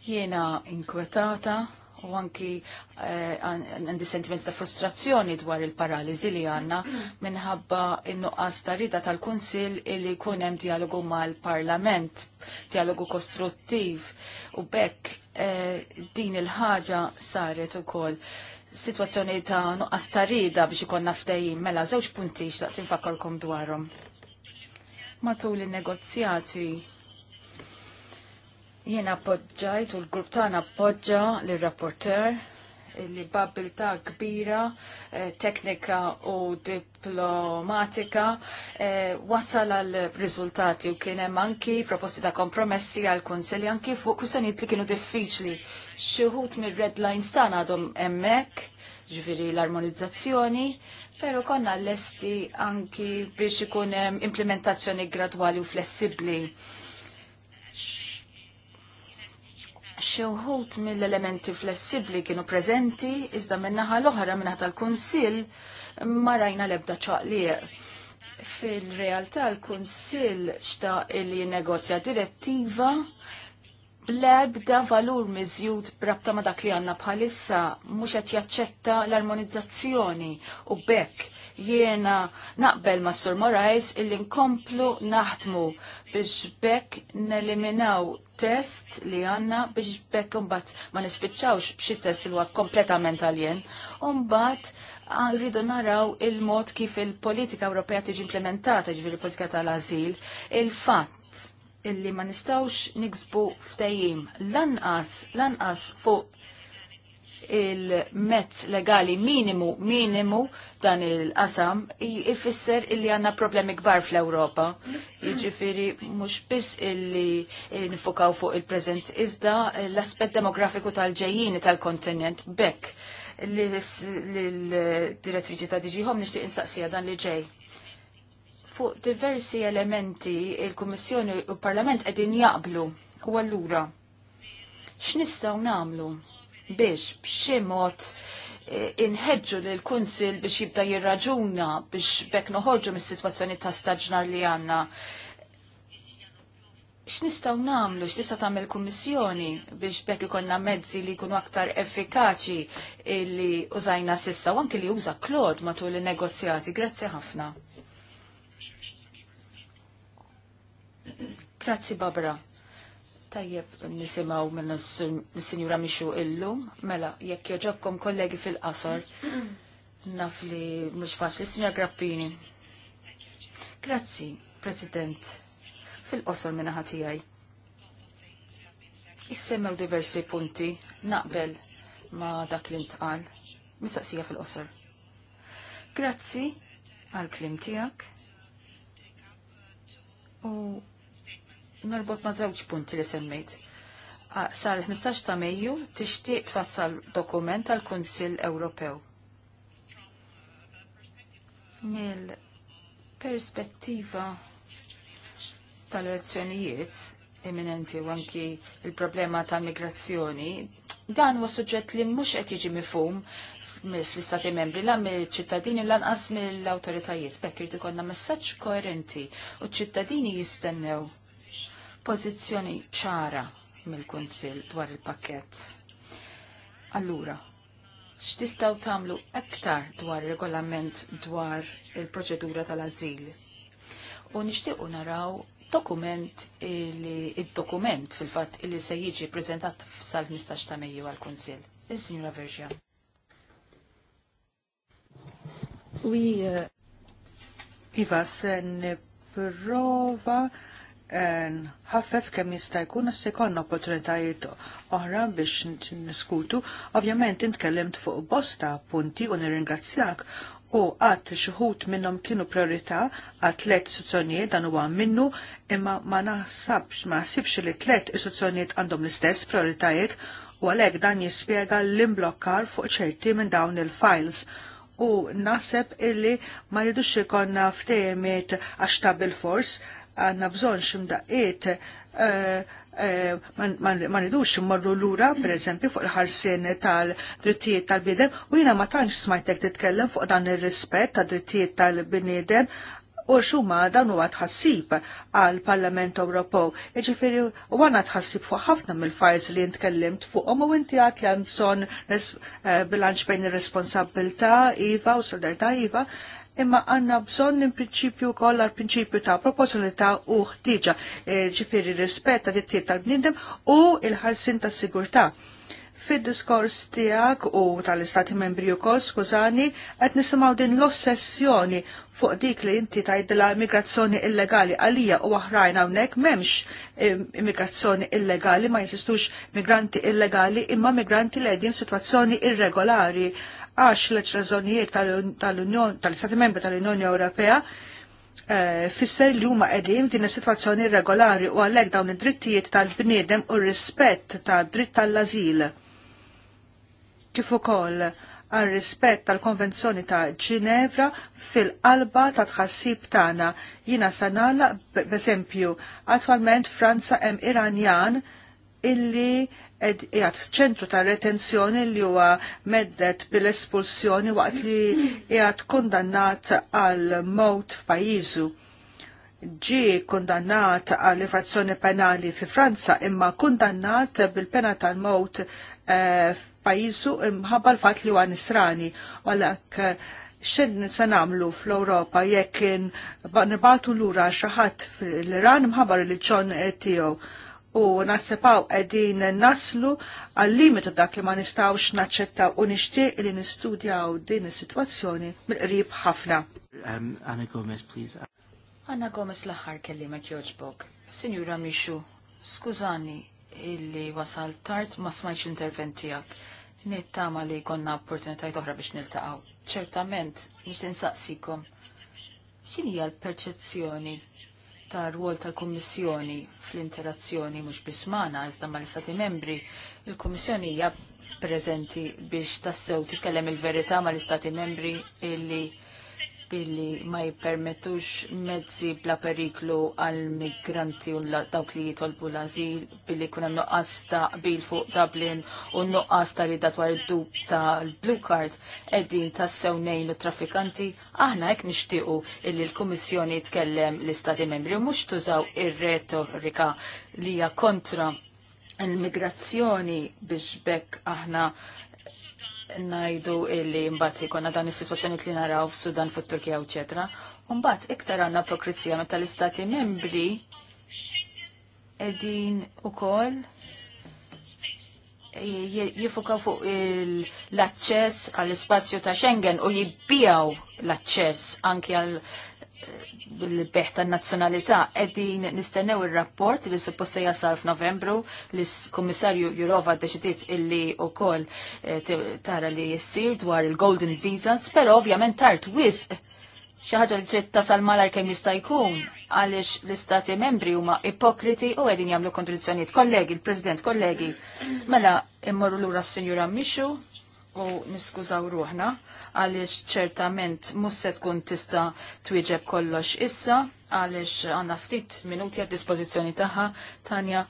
jiena inkwetata u anki eh, għandi sentiment ta' frustrazzjoni dwar il-paralizi li għanna minħabba innuqqas ta' rida tal-Kunsil illi kun hemm dialogu mal-Parlament, dialogu kostruttiv u bekk eh, din il-ħaġa saret ukoll situazzjoni ta' nuqqas ta' rida biex ikonna ftejjin mela żewġ punti x'daqt infakkarkom dwarhom. Matul in-negozjati Jena appoġġajt u l-grupp tagħna appoġġa lir-rapporter li b'abilità kbira, eh, teknika u diplomatika eh, wasal għal riżultati u kien hemm anki proposti ta' kompromessi għal kunsilli anki fuq kwistjonijiet li kienu diffiċli. Xi wħud mir-red lines tagħna għadhom hemmhekk, ġifieri l-armonizzazzjoni, però konna lesti anki biex hemm implementazzjoni gradwali u flessibbli. Xi wħud mill-elementi flessibbli kienu preżenti, iżda min-naħa l-oħra minnaħa tal-Kunsill ma rajna l-ebda ċaqliq. Fil-realtà l-Kunsill xtaq li negozja direttiva bl-ebda valur miżjud brabta ma dak li għandna bħalissa mhux qed jaċċetta l-armonizzazzjoni u bekk jiena naqbel ma' Sur Morais illi nkomplu naħdmu biex bekk neliminaw test li għanna biex bekk umbat ma nispiċċawx b'xi test li huwa kompletament għaljen. Umbat rridu naraw il-mod kif il-politika Ewropea tiġi implementata ġifieri politika tal-azil, il-fatt illi ma nistawx niksbu ftejim lanqas lanqas fuq il-mezz legali minimu minimu dan il-qasam ifisser illi għanna problemi kbar fl-Ewropa. Jiġifieri mhux biss illi nifokaw fuq il-preżent iżda l-aspett demografiku tal-ġejjini tal-kontinent bekk l-direttriċi ta' diġiħom nixtieq insaqsija dan li ġej. Fuq diversi elementi il-Kummissjoni u l-Parlament qegħdin jaqblu u allura x'nistgħu nagħmlu? biex b'xi mod eh, inħedġu li l-Kunsil biex jibda jirraġuna biex bekk noħorġu mis-sitwazzjoni ta' staġnar li għanna. X'nistgħu nagħmlu, x'tista' tagħmel kummissjoni biex bekk ikollna mezzi li jkunu aktar effikaċi li użajna sissa u anke li uża Klod matul in-negozjati. Grazzi ħafna. Grazzi Babra. Tajjeb nisimaw minn s-sinjura Mixu illum, mela, jekk joġobkom kollegi fil-qasor, naf li mux faċli, s-sinjura Grappini. Grazzi, President, fil-qasor minna ħatijaj. Issemmew diversi punti, naqbel ma dak li ntqal, mistaqsija fil-qasor. Grazzi għal-klim tijak. U norbot ma' żewġ punti li semmejt. Sal-15 ta' Mejju tixtieq tfassal dokument għal kunsill Ewropew. Mill-perspettiva tal-elezzjonijiet eminenti u anki il-problema ta' migrazzjoni, dan huwa suġġett li mhux qed jiġi mifhum fl-istati membri, la mill-ċittadini lanqas mill-autoritajiet. Bekk irdi konna messaġġ koerenti u ċittadini jistennew pożizzjoni ċara mill-Kunsill dwar il-pakket. Allura, x'tistgħu tagħmlu aktar dwar regolament dwar il-proċedura tal-ażil? U nixtiequ naraw dokument li id-dokument fil-fatt li se jiġi preżentat sal-15 ta' Mejju għall-Kunsill. Il-Sinjura Verġja. uh... Iva, sen prova ħaffef kemm jista' jkun se jkollna opportunitajiet oħra biex niskutu. Ovvjament intkellimt fuq bosta punti u nirringrazzjak u għat xuħut minnom kienu priorità għat tlet istituzzjonijiet dan huwa minnu imma ma naħsabx ma naħsibx li tlet istituzzjonijiet għandhom l-istess prioritajiet u għalhekk dan jispjega l-imblokkar fuq ċerti minn dawn il-files u naħseb illi ma rridux ikonna ftehimiet għax ta' bil-fors għandna bżonn x'imdaqqiet ma eh, eh, marru immorru lura, per eżempju, fuq il-ħarsien tal-drittijiet tal-bidem, u jina ma tantx smajtek titkellem fuq dan ir-rispett tal drittijiet tal bidem u ma dan huwa tħassib għal Parlament Ewropew. Jiġifieri u għana tħassib fuq ħafna mill fajz li ntkellimt fuqhom u inti għat li hemm bżonn eh, bilanċ bejn ir-responsabilità iva u solidarità iva, imma għanna bżon n prinċipju koll għal-prinċipju ta' proporzjonalità u ħtiġa, e, ġifiri rispetta dittiet tal-bnidem u il-ħarsin ta' sigurtà fid diskors tijak u tal-istati membri u kol, skużani, għet nisimaw din l-ossessjoni fuq dik li inti tajdila immigrazzjoni illegali għalija u għahrajn għawnek memx e, immigrazzjoni illegali, ma jesistux migranti illegali imma migranti li għedin situazzjoni irregolari għax l-eċrażonijiet tal-Unjon, tal istati Membri tal-Unjoni Ewropea eh, fisser li huma qegħdin din is-sitwazzjoni regolari u għalhekk dawn id-drittijiet tal-bniedem u r-rispett tad-dritt tal-ażil. Kif ukoll għal rispett tal-Konvenzjoni ta' Ginevra fil-qalba ta' tħassib tagħna. sa sanala, b'eżempju, attwalment Franza hemm Iranjan illi jgħat f'ċentru ta' retenzjoni li huwa meddet bil-espulsjoni waqt li jgħat kondannat għal mowt f'pajjiżu. Ġi kondannat għal infrazzjoni penali fi Franza imma kondannat bil-pena tal-mowt eh, f'pajjiżu imħabba l-fatt li huwa nisrani. Għalhekk xed se għamlu fl-Ewropa jekk nibatu lura xi ħadd fl-Iran l ċon tiegħu u nasepaw edin naslu għal-limitu dak li ma nistawx naċċettaw u nixtieq li nistudjaw din is-sitwazzjoni mill-qrib ħafna. Um, Anna Gomez, please. Anna Gomez l-aħħar ma joġbok. Sinjura Mixu, skużani illi wasal tard ma smajx intervent tiegħek. Nittama li konna opportunitajt oħra biex niltaqgħu. Ċertament, nix insaqsikom. X'inhi l-perċezzjoni ta' rwol tal-Kommissjoni fl-interazzjoni mhux biss magħna iżda mal-Istati Membri, il-Kommissjoni hija preżenti biex tassew titkellem il-verità mal-Istati Membri illi billi ma jippermettux mezzi bla periklu għal migranti u dawk li jitolbu l-azil billi kuna hemm nuqqas ta' fuq Dublin u nuqqas ta' rida dwar id-dub tal blue Card qegħdin ta' sewnejn u traffikanti aħna hekk nixtiequ illi l-Kummissjoni jitkellem l-Istati Membri u mhux tużaw ir-retorika li hija kontra l-migrazzjoni biex bekk aħna najdu illi mbagħad ikonna dan is-sitwazzjoni li naraw f'Sudan fit-Turkija u ċetra. Mbagħad iktar għandna apokrizija meta l-istati membri qegħdin ukoll jifukaw fuq l-aċċess għall-ispazju ta' Schengen u jibbijaw l-aċċess anki għal bil-beħ tan nazzjonalità qegħdin nistennew ir-rapport li suppost se jasal f'Novembru li s-Kummissarju Jurova deċidiet illi wkoll eh, tara li jessir dwar il-Golden Visas, però ovvjament tard wisq xi ħaġa li trid tasal malar kemm jista' jkun għaliex l-istati membri huma ipokriti u qegħdin jagħmlu kontrizzjonijiet. Kollegi, il-President, kollegi, mela immorru lura s-Sinjura Mixu u niskużaw ruħna għaliex ċertament musset tkun tista twieġeb kollox issa għaliex għanna ftit minuti għad dispożizzjoni taħħa Tanja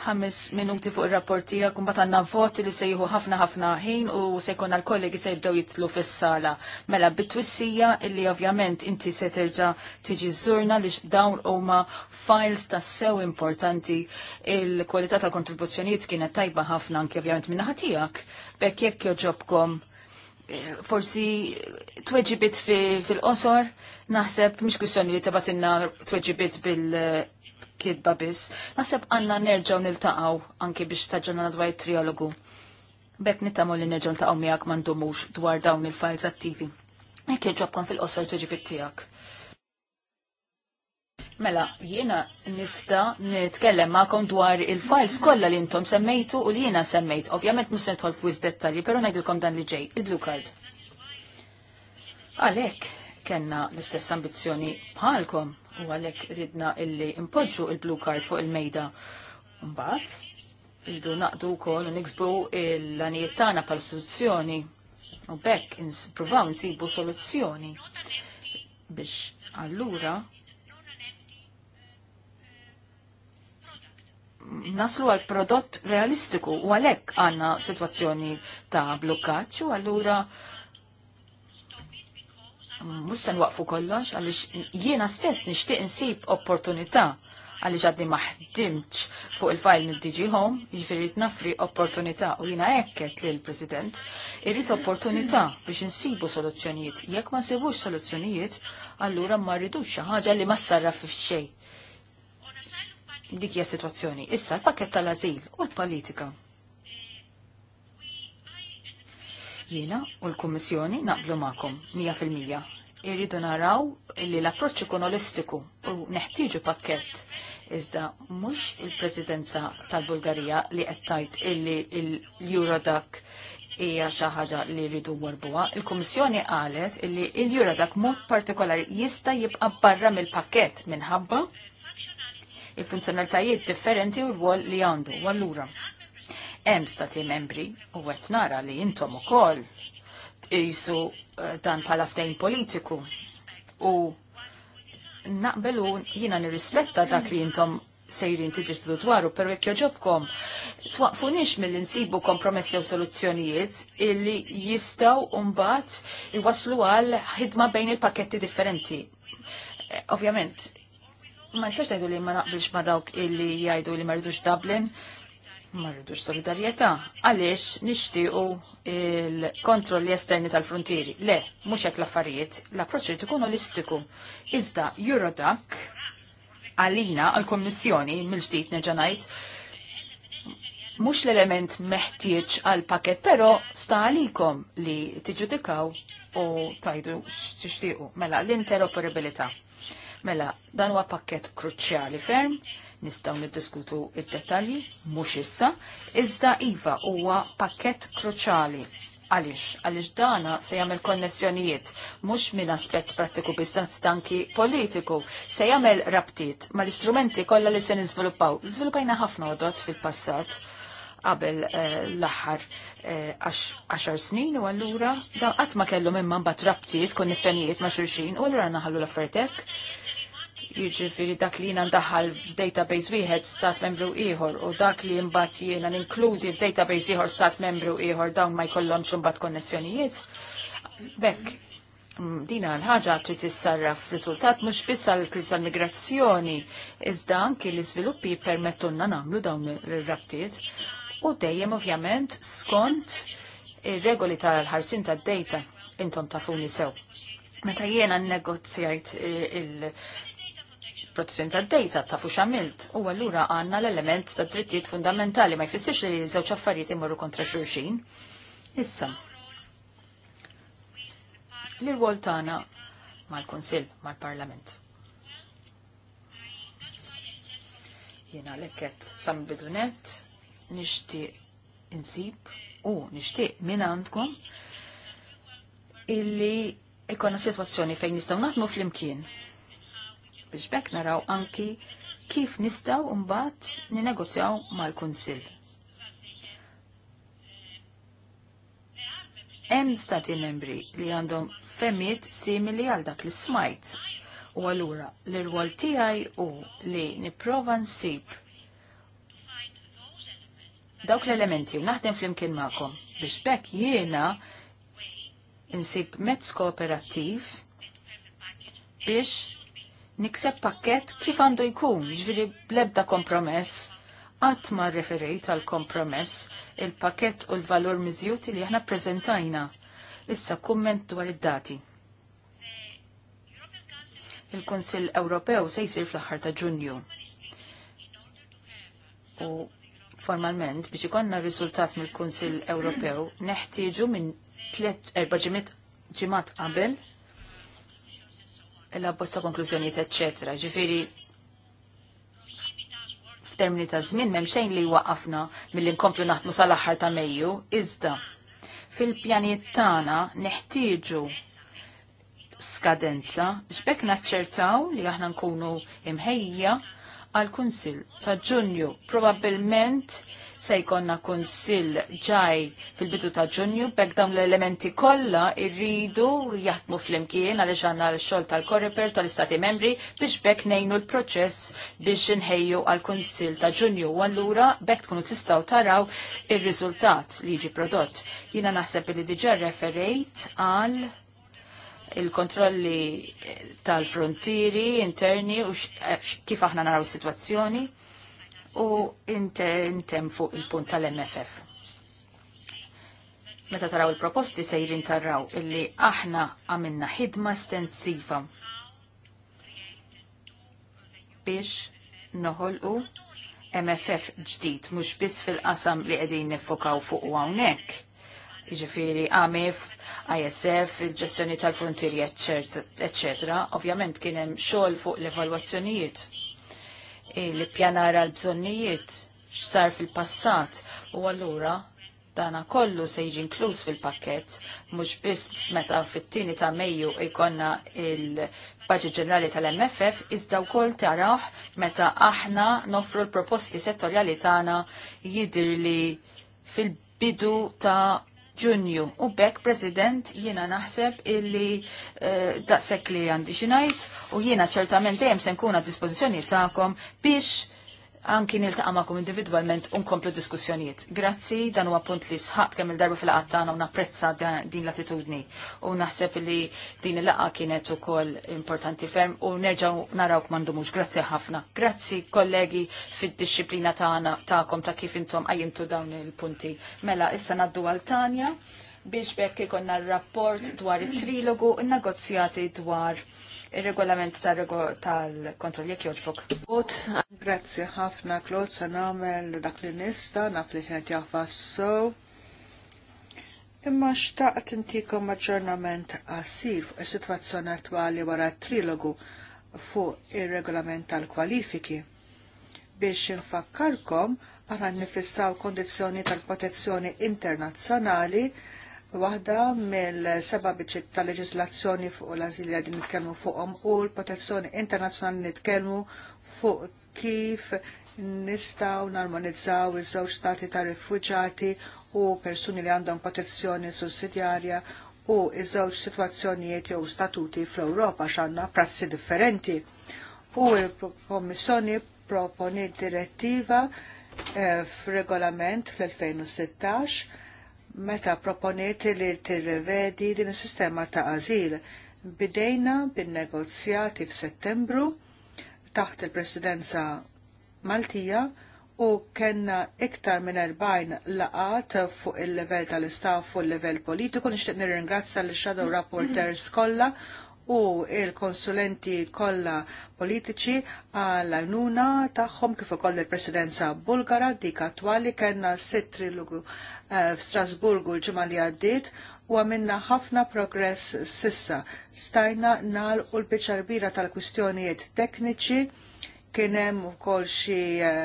ħames minuti fuq il-rapportija kumbat għanna voti li sejħu ħafna ħafna ħin u sejkun għal-kollegi sejbdew jitlu fis-sala. Mela bitwissija illi ovvjament inti se terġa tiġi zurna li dawn huma files ta' sew importanti il-kwalità tal-kontribuzzjonijiet kienet tajba ħafna anki ovjament minna ħatijak. Bekk jekk joġobkom eh, forsi tweġibit fil-qosor, naħseb mhux kwistjoni li tabatinna tweġibit bil- kidba biss. Naseb għanna nerġaw nil-taqaw anki biex taġġorna dwar triologu. Bek nittamu li nerġaw nil-taqaw miegħek m'għandhomux dwar dawn il-files attivi. Ekk jġobkom fil-qosor tweġibit tiegħek. Mela, jiena nista nitkellem ma'kom dwar il-files kollha li intom semmejtu u li jiena semmejt. Ovvjament mhux se nidħol f'wiż dettalji, però ngħidilkom dan li ġej, il-blue card. Għalhekk, kenna l-istess ambizzjoni bħalkom U għalhekk ridna illi impoġġu il-blue card fuq il-mejda. Mbagħad irridu naqdu wkoll u niksbu l lanijiet tagħna pal soluzzjoni u bekk provaw nsibu soluzzjoni biex allura naslu għal prodott realistiku u għalek għanna situazzjoni ta' blokkaċ u għallura mhux se nwaqfu kollox għaliex jiena stess nixtieq insib opportunità għaliex għaddi ma fuq il-fajl mid dg Home, jiġifieri nafri opportunità u jiena hekk l President, irrit opportunità biex insibu soluzzjonijiet. Jekk ma nsibux soluzzjonijiet, allura ma rridux xi ħaġa li ma sarraf fix-xejn dik hija situazzjoni. Issa l-pakket tal-azil u l-politika. Jiena u l-Kummissjoni naqblu magħkom 100%. Irridu naraw li l-approċċ ikun olistiku u neħtieġu pakkett. Iżda mhux il-Presidenza tal-Bulgarija li qed tgħid illi l-Eurodac hija xi ħaġa li rridu warbuha. Il-Kummissjoni qalet illi l-Eurodac mod partikolari jista' jibqa' barra mill-pakkett minħabba il-funzjonalitajiet differenti u l-wol li għandu. U allura, hemm stati membri u qed nara li intom ukoll tqisu eh, dan bħala ftehim politiku u naqbelu jiena nirrispetta dak li intom sejrin tiġi dwaru, per jekk joġobkom, twaqfunix mill-insibu kompromessi u soluzzjonijiet illi jistaw umbat iwaslu għal ħidma bejn il-paketti differenti. Eh, Ovjament ma nistax tgħidu li ma naqbilx ma dawk illi jgħidu li ma rridux Dublin, Ma rridux solidarjetà għaliex nixtiequ il-kontrolli esterni tal-frontieri. Le, mhux hekk l-affarijiet, l-approċċ irid ikun olistiku. Iżda Eurodac għalina għall komissjoni mill ġdijt nerġa' ngħid mhux l-element meħtieġ għal paket, però sta għalikom li tiġudikaw u tajdu x'tixtiequ mela l-interoperabilità. Mela, dan huwa pakket kruċjali ferm Nistaw niddiskutu id-detalji, mhux issa, iżda iva huwa pakkett kruċali Għalix, għalix dana se jagħmel konnessjonijiet mhux minn aspett prattiku biżdat tanki politiku, se jagħmel rabtiet mal-istrumenti kollha li se niżviluppaw. Żviluppajna ħafna għodot fil-passat qabel eh, l-aħħar 10 eh, snin u allura qatt ma kellhom imma mbagħad rabtiet konnessjonijiet ma' xulxin u allura naħallu l affertek jiġifieri dak li jiena ndaħħal f'database wieħed stat membru ieħor u dak li mbagħad jiena ninkludi f'database ieħor stat membru ieħor dawn ma jkollhomx imbagħad konnessjonijiet. Bekk, mm, dina l-ħaġa trid tissarraf riżultat mhux biss għall-kriża migrazzjoni, iżda anki l-iżviluppi jippermettulna nagħmlu dawn ir-rabtiet u dejjem ovvjament skont ir-regoli tal-ħarsin tad data intom tafuni sew. Meta jiena nnegozjajt eh, il- protezzjoni tad data ta' fux għamilt. U allura għanna l-element ta' drittijiet fundamentali ma' jfissirx li żewġ affarijiet imorru kontra xurxin. Issa. L-irwol tagħna mal-Kunsill, mal-Parlament. Jena lekket sam bidunet, nixtieq insib u nixtieq minn għandkom illi ikonna situazzjoni fejn nistgħu naħdmu fl-imkien biex bekk naraw anki kif nistaw mbagħad ninegozjaw mal-Kunsill. Hemm stati membri li għandhom femiet simili għal dak li smajt. U allura l-irwol tiegħi u li nipprova nsib dawk l-elementi u naħdem flimkien magħkom biex bekk jiena insib mezz kooperattiv biex nikseb pakket kif għandu jkun, ġviri blebda kompromess. għatma ma referejt għal kompromess il-pakket u l-valur mizjut li aħna prezentajna. Issa kumment dwar id-dati. Il-Konsil Ewropew se jsir fl-aħħar ta' Ġunju. U formalment biex ikonna riżultat mill-Kunsill Ewropew neħtieġu minn 3 4 ġimat qabel l-abbozza konklużjonijiet, etc. Ġifiri, f'termini ta' żmien m'hemm xejn li waqafna milli nkomplu naħdmu sal-aħħar ta' Mejju, iżda fil-pjanijiet tagħna neħtieġu skadenza biex naċċertaw li aħna nkunu imħejja għal kunsil ta' Ġunju. probabilment se jkonna kunsill ġaj fil-bidu ta' ġunju, bekk dawn l-elementi kollha irridu jaħdmu fl-imkien għaliex għandna l-xogħol tal-Koreper tal-Istati Membri biex bekk nejnu l-proċess biex inħejju għal kunsill ta' ġunju u allura bekk tkunu tistgħu taraw ir-riżultat li jiġi prodott. Jiena naħseb li diġà referejt għal il-kontrolli tal-frontieri interni u eh, kif aħna naraw is-sitwazzjoni u intem fuq il-punt tal-MFF. Meta taraw il-proposti sejrin taraw illi aħna għamilna ħidma stensiva. biex noħolqu MFF ġdid, mhux biss fil-qasam li qegħdin nifokaw fuq hawnhekk. Jiġifieri AMIF, ISF, il-ġestjoni tal-frontieri, eccetera, Ovvjament kien hemm xogħol fuq l-evalwazzjonijiet li pjanara l-bżonnijiet x'sar fil-passat u allura dana kollu se jiġi inkluż fil-pakket mhux biss meta fit-tieni ta' Mejju ikonna il-Baġit Ġenerali tal-MFF iżda wkoll taraħ meta aħna nofru l-proposti settorjali tagħna jidhirli fil-bidu ta' ġunju. U bekk, President, jiena naħseb illi uh, eh, daqsek li għandi xinajt u jiena ċertament dejjem se nkun għad dispożizzjoni tagħkom biex anki niltaqa' magħkom individwalment unkomplu diskussjonijiet. Grazzi, dan huwa punt li sħaqt kemm il-darba fil tagħna u napprezza din l-attitudni u naħseb li din il-laqgħa kienet ukoll importanti ferm u nerġgħu narawk m'għandhomux. Grazzi ħafna. Grazzi kollegi fid-dixxiplina tagħna tagħkom ta' kif intom għajimtu dawn il-punti. Mela issa ngħaddu għal Tanja biex bekk ikonna r-rapport dwar it-trilogu, in-negozjati dwar il-regolament tal kontrol jek joġbok. Ut, grazzi ħafna Klot, sa namel dak li nista, naf li ħed jahvassow. Imma xtaqt intikom aġġornament għasir fuq is-sitwazzjoni attwali wara trilogu fuq ir-regolament tal-kwalifiki biex infakkarkom aħna nifissaw kondizjoni tal-protezzjoni internazzjonali waħda mill-seba biċċiet ta' leġislazzjoni fuq l-azil li għadin nitkellmu fuqhom u l-protezzjoni internazzjonali nitkellmu fuq kif nistgħu narmonizzaw iż-żewġ stati ta' rifuġati u persuni li għandhom protezzjoni sussidjarja u iż-żewġ sitwazzjonijiet jew statuti fl-Ewropa x'għandna prassi differenti. U l-Kommissjoni proponi direttiva eh, f'regolament fl-2016 meta proponiet li tirrevedi din is-sistema ta' azil. Bidejna bin-negozjati f'Settembru taħt il-Presidenza Maltija u kena iktar minn 40 laqat fuq il-level tal-istaff u l-level politiku. Nixtieq nirringrazzja l shadow Rapporteurs kollha u il-konsulenti kollha politiċi għal nuna tagħhom kif ukoll il-Presidenza Bulgara dik attwali kellna sitt trilogu eh, f'Strasburgu l-ġimgħa li għaddiet u għamilna ħafna progress sissa. Stajna nal u l-biċarbira tal-kwistjonijiet tekniċi kienem u kol xi eh,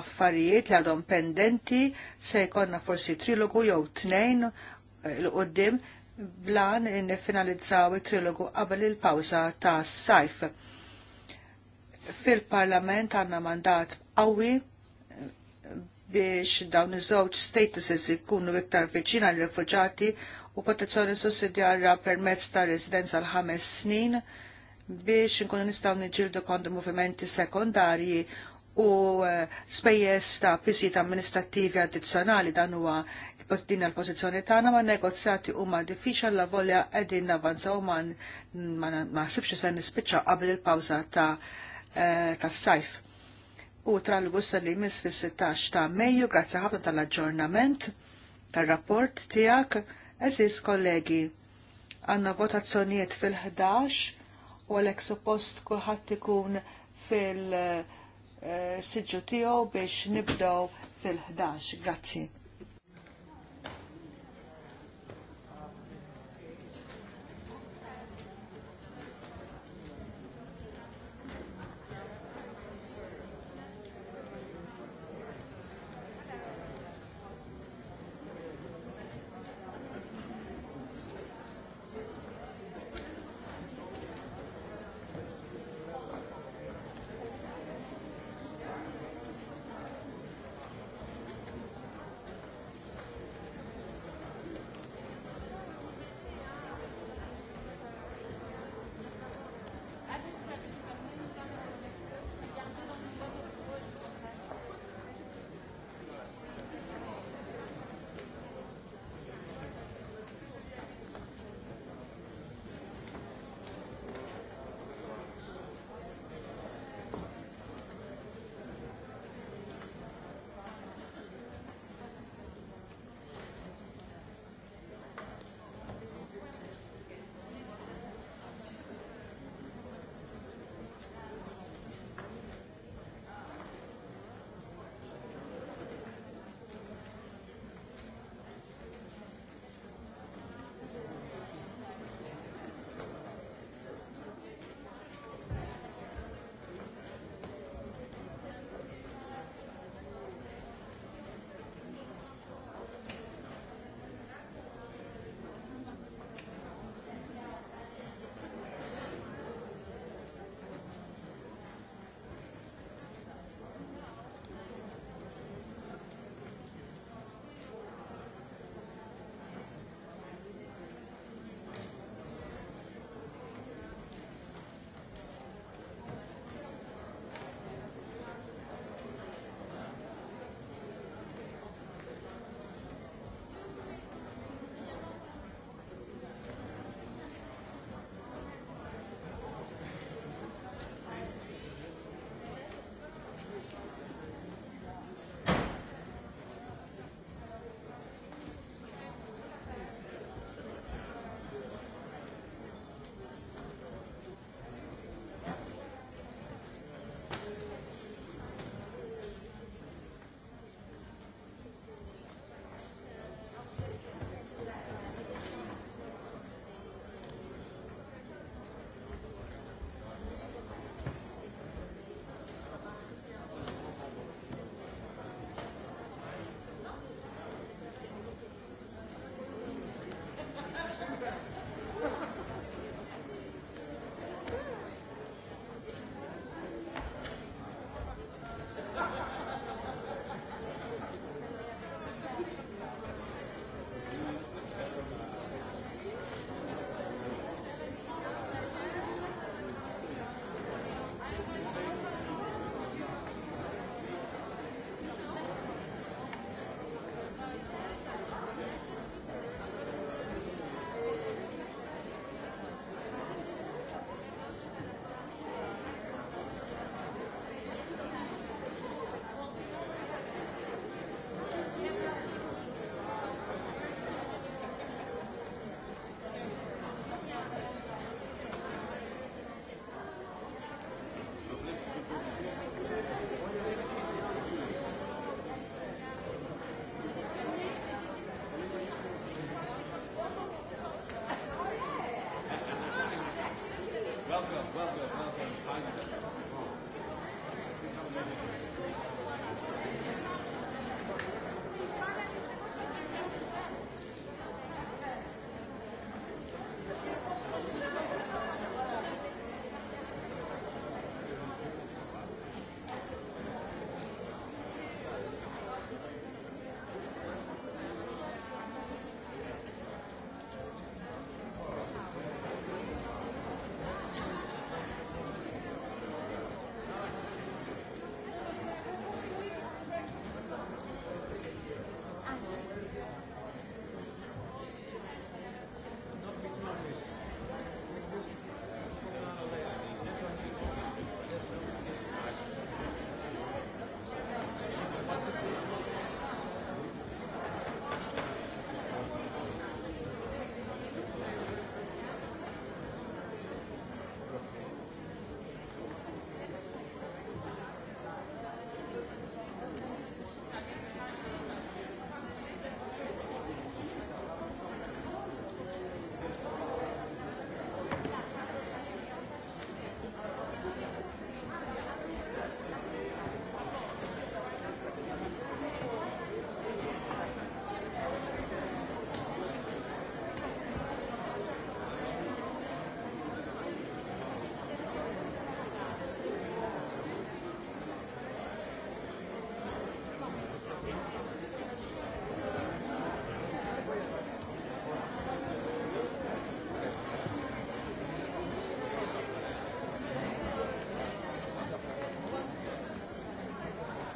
affarijiet li għadhom pendenti se jkonna forsi trilogu jew tnejn eh, l qudiem blan in-finalizzaw it-trilogu qabel il-pawza ta' sajf. Fil-parlament għanna mandat qawwi biex dawn iż-żewġ statuses ikunu iktar viċin għal rifuġati u protezzjoni sussidjarja permezz ta' residenza għal ħames snin biex nkunu nistgħu niġġieldu kontra movimenti sekondarji u eh, spejjeż ta' pisijiet amministrattivi addizzjonali dan huwa din il pożizzjoni tagħna ma' negozjati huma diffiċli la volja qegħdin navanzaw ma naħsibx se nispiċċa qabel il-pawża ta' eh, tas-sajf. U tra l gust li jmiss fis-16 ta' Mejju, grazzi ħafna tal-aġġornament tar-rapport tiegħek, eżis kollegi. Għanna votazzjonijiet fil-11 u għalhekk suppost kulħadd ikun fil- eh, siġġu tiegħu biex nibdew fil-11. Grazzi.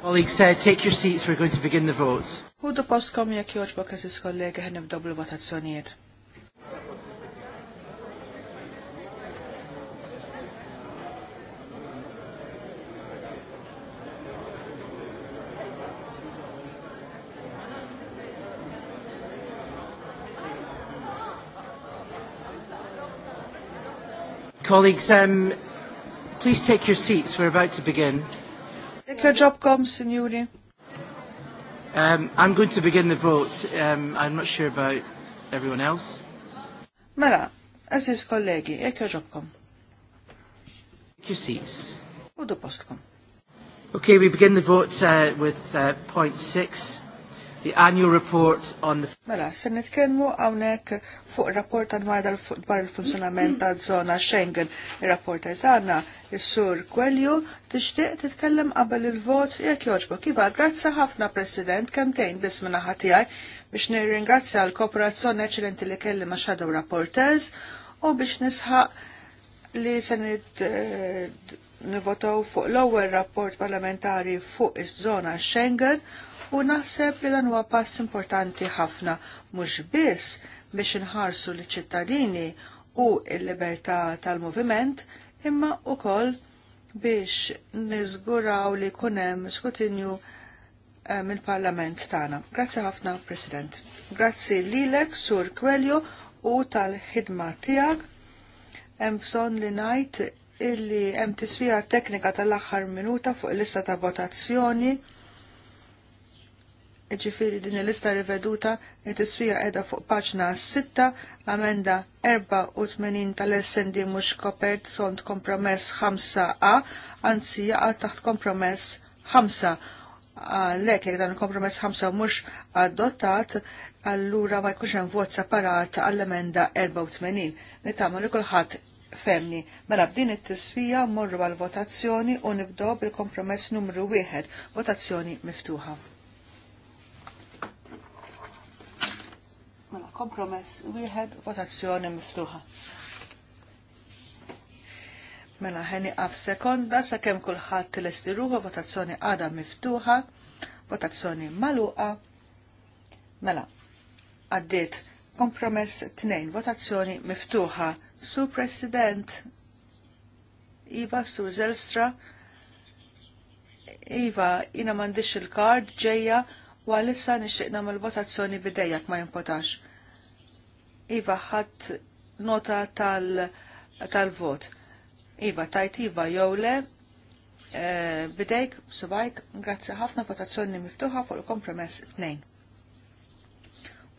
Colleagues, uh, take your seats, we're going to begin the votes. Who post come Hudu postkom jek joġbok eżis kollega ħen nibdob l-votazzjonijiet. Colleagues, um, please take your seats. We're about to begin. Jekk joġobkom, sinjuri. Um, I'm going to begin the vote. Um, I'm not sure about everyone else. Mela, eżis kollegi, jekk joġobkom. QCs. U postkom. Okay, we begin the vote uh, with uh, point six the annual report on the... Mela, se nitkellmu hawnhekk fuq rapport dwar il-funzjonament ta' żona Schengen. Ir-rapporter tagħna is-sur Kwelju tixtieq titkellem qabel il-vot jekk jogħġbu. Iva, grazza ħafna President kemtejn biss minn aħħa tiegħi biex nirringrazzja l kooperazzjoni eċellenti li kelli ma' Shadow Rapporters u biex nisħaq li se eh, nivotaw fuq l-ewwel rapport parlamentari fuq iż-żona Schengen u naħseb li dan huwa pass importanti ħafna mhux biss biex inħarsu l-ċittadini u l-libertà tal-moviment imma wkoll biex niżguraw li jkun hemm skutinju eh, mill-Parlament tagħna. Grazzi ħafna, President. Grazzi lilek, Sur Kwelju, u tal-ħidma tiegħek. Hemm bżonn li ngħid illi hemm tiswija teknika tal-aħħar minuta fuq il-lista ta' votazzjoni ġifiri din il-lista riveduta li tiswija edha fuq paċna 6, amenda 84 tal-essendi mux kopert sont kompromess 5a, anzi jaqa taħt kompromess 5. Lek, jek dan kompromess 5 mux adottat, allura ma jkunx hemm vot separat għall-emenda 84. Nitama li kulħadd femni. Mela b'din it-tiswija morru għal votazzjoni u nibdew bil-kompromess numru 1, votazzjoni miftuħa. Kompromess wieħed votazzjoni miftuħa. Mela ħeni għaf sekonda sakemm kulħadd tilesti ruħu votazzjoni għada miftuħa, votazzjoni maluqa. Mela, għaddiet kompromess tnejn votazzjoni miftuħa. Su President Iva Su Zelstra Iva, jina mandiċ il-kard ġeja u għalissa nixtiqna mal votazzjoni bidejjak ma jimpotax. Iva ħadd nota tal-vot. Tal iva tajt Iva jew le e, bidejk, subajk, grazzi ħafna votazzjoni miftuħa fuq il-kompromess 2.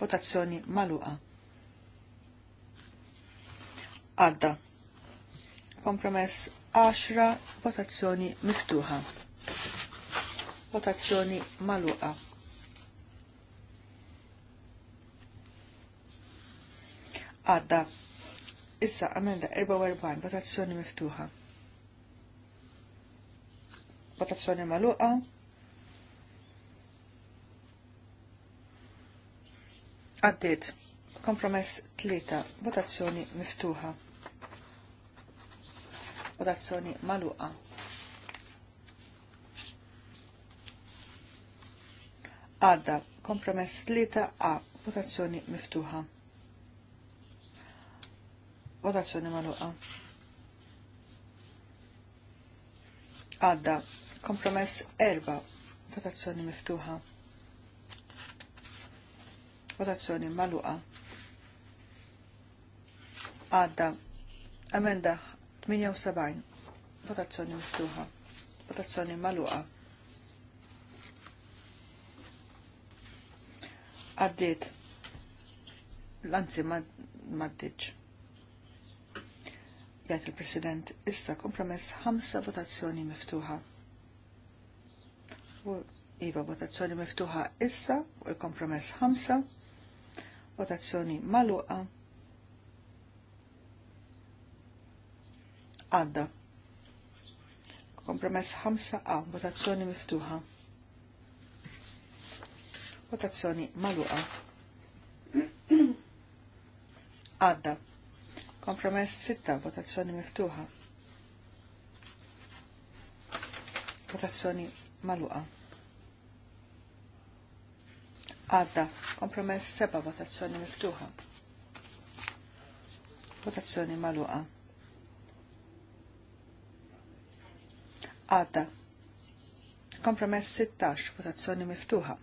Votazzjoni maluqa. Għadda. Kompromess 10, votazzjoni miftuħa. Votazzjoni maluqa. għadda. Issa għamenda 44 votazzjoni miftuħa. Votazzjoni maluqa. Għaddit. Kompromess 3. Votazzjoni miftuħa. Votazzjoni maluqa. Għadda. Kompromess 3 a. Votazzjoni miftuħa. Votazzjoni maluqa. Għadda. Kompromess erba. Votazzjoni miftuħa. Votazzjoni maluqa. Għadda. emenda 78. Votazzjoni miftuħa. Votazzjoni maluqa. Għaddit, L-anzi ma' jgħat il-President, issa kompromess ħamsa votazzjoni miftuħa. U Iva votazzjoni miftuħa issa u il-kompromess ħamsa, votazzjoni maluqa. Għadda. Kompromess ħamsa a votazzjoni miftuħa. Votazzjoni maluqa. Għadda. Kompromess 6, votazzjoni miftuħa. Votazzjoni maluqa. Għadda, kompromess 7, votazzjoni miftuħa. Votazzjoni maluqa. Għadda, kompromess 16, votazzjoni miftuħa.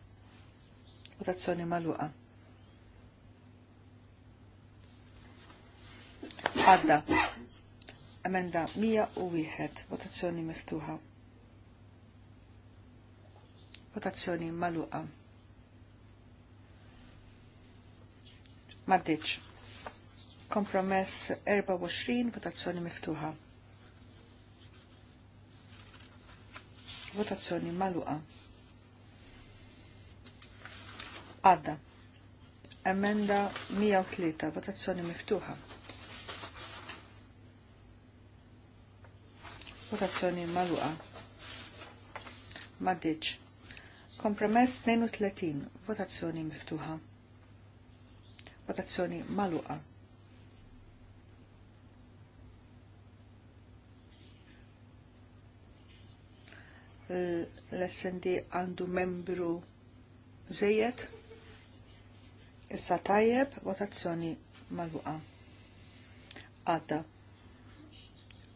Votazzjoni maluqa. għadda. Emenda 101, votazzjoni miftuħa. Votazzjoni maluqa. Maddiċ. Kompromess 24, votazzjoni miftuħa. Votazzjoni maluqa. Għadda. Emenda 103, votazzjoni miftuħa. votazzjoni maluqa. Maddiċ. Kompromess 32, votazzjoni miftuħa. Votazzjoni maluqa. L-SND għandu membru zejet. Issa tajjeb, votazzjoni maluqa. Għadda.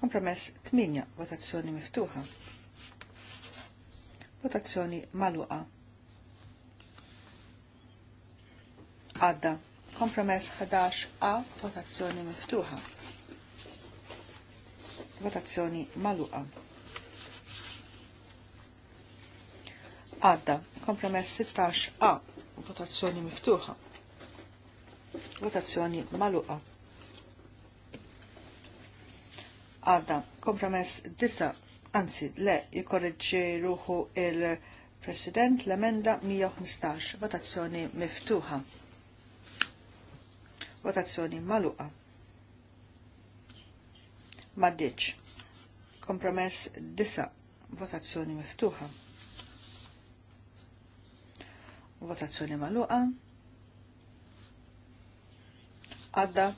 Kompromess 8 votazzjoni miftuħa. Votazzjoni maluqa. Għadda. Kompromess 11a votazzjoni miftuħa. Votazzjoni maluqa. Għadda. Kompromess 16a votazzjoni miftuħa. Votazzjoni maluqa. għadda kompromess disa, anzi le jikorreġi ruħu il-President l-emenda 115, votazzjoni miftuħa. Votazzjoni maluqa. Maddiċ. Kompromess disa, votazzjoni miftuħa. Votazzjoni maluqa. Għadda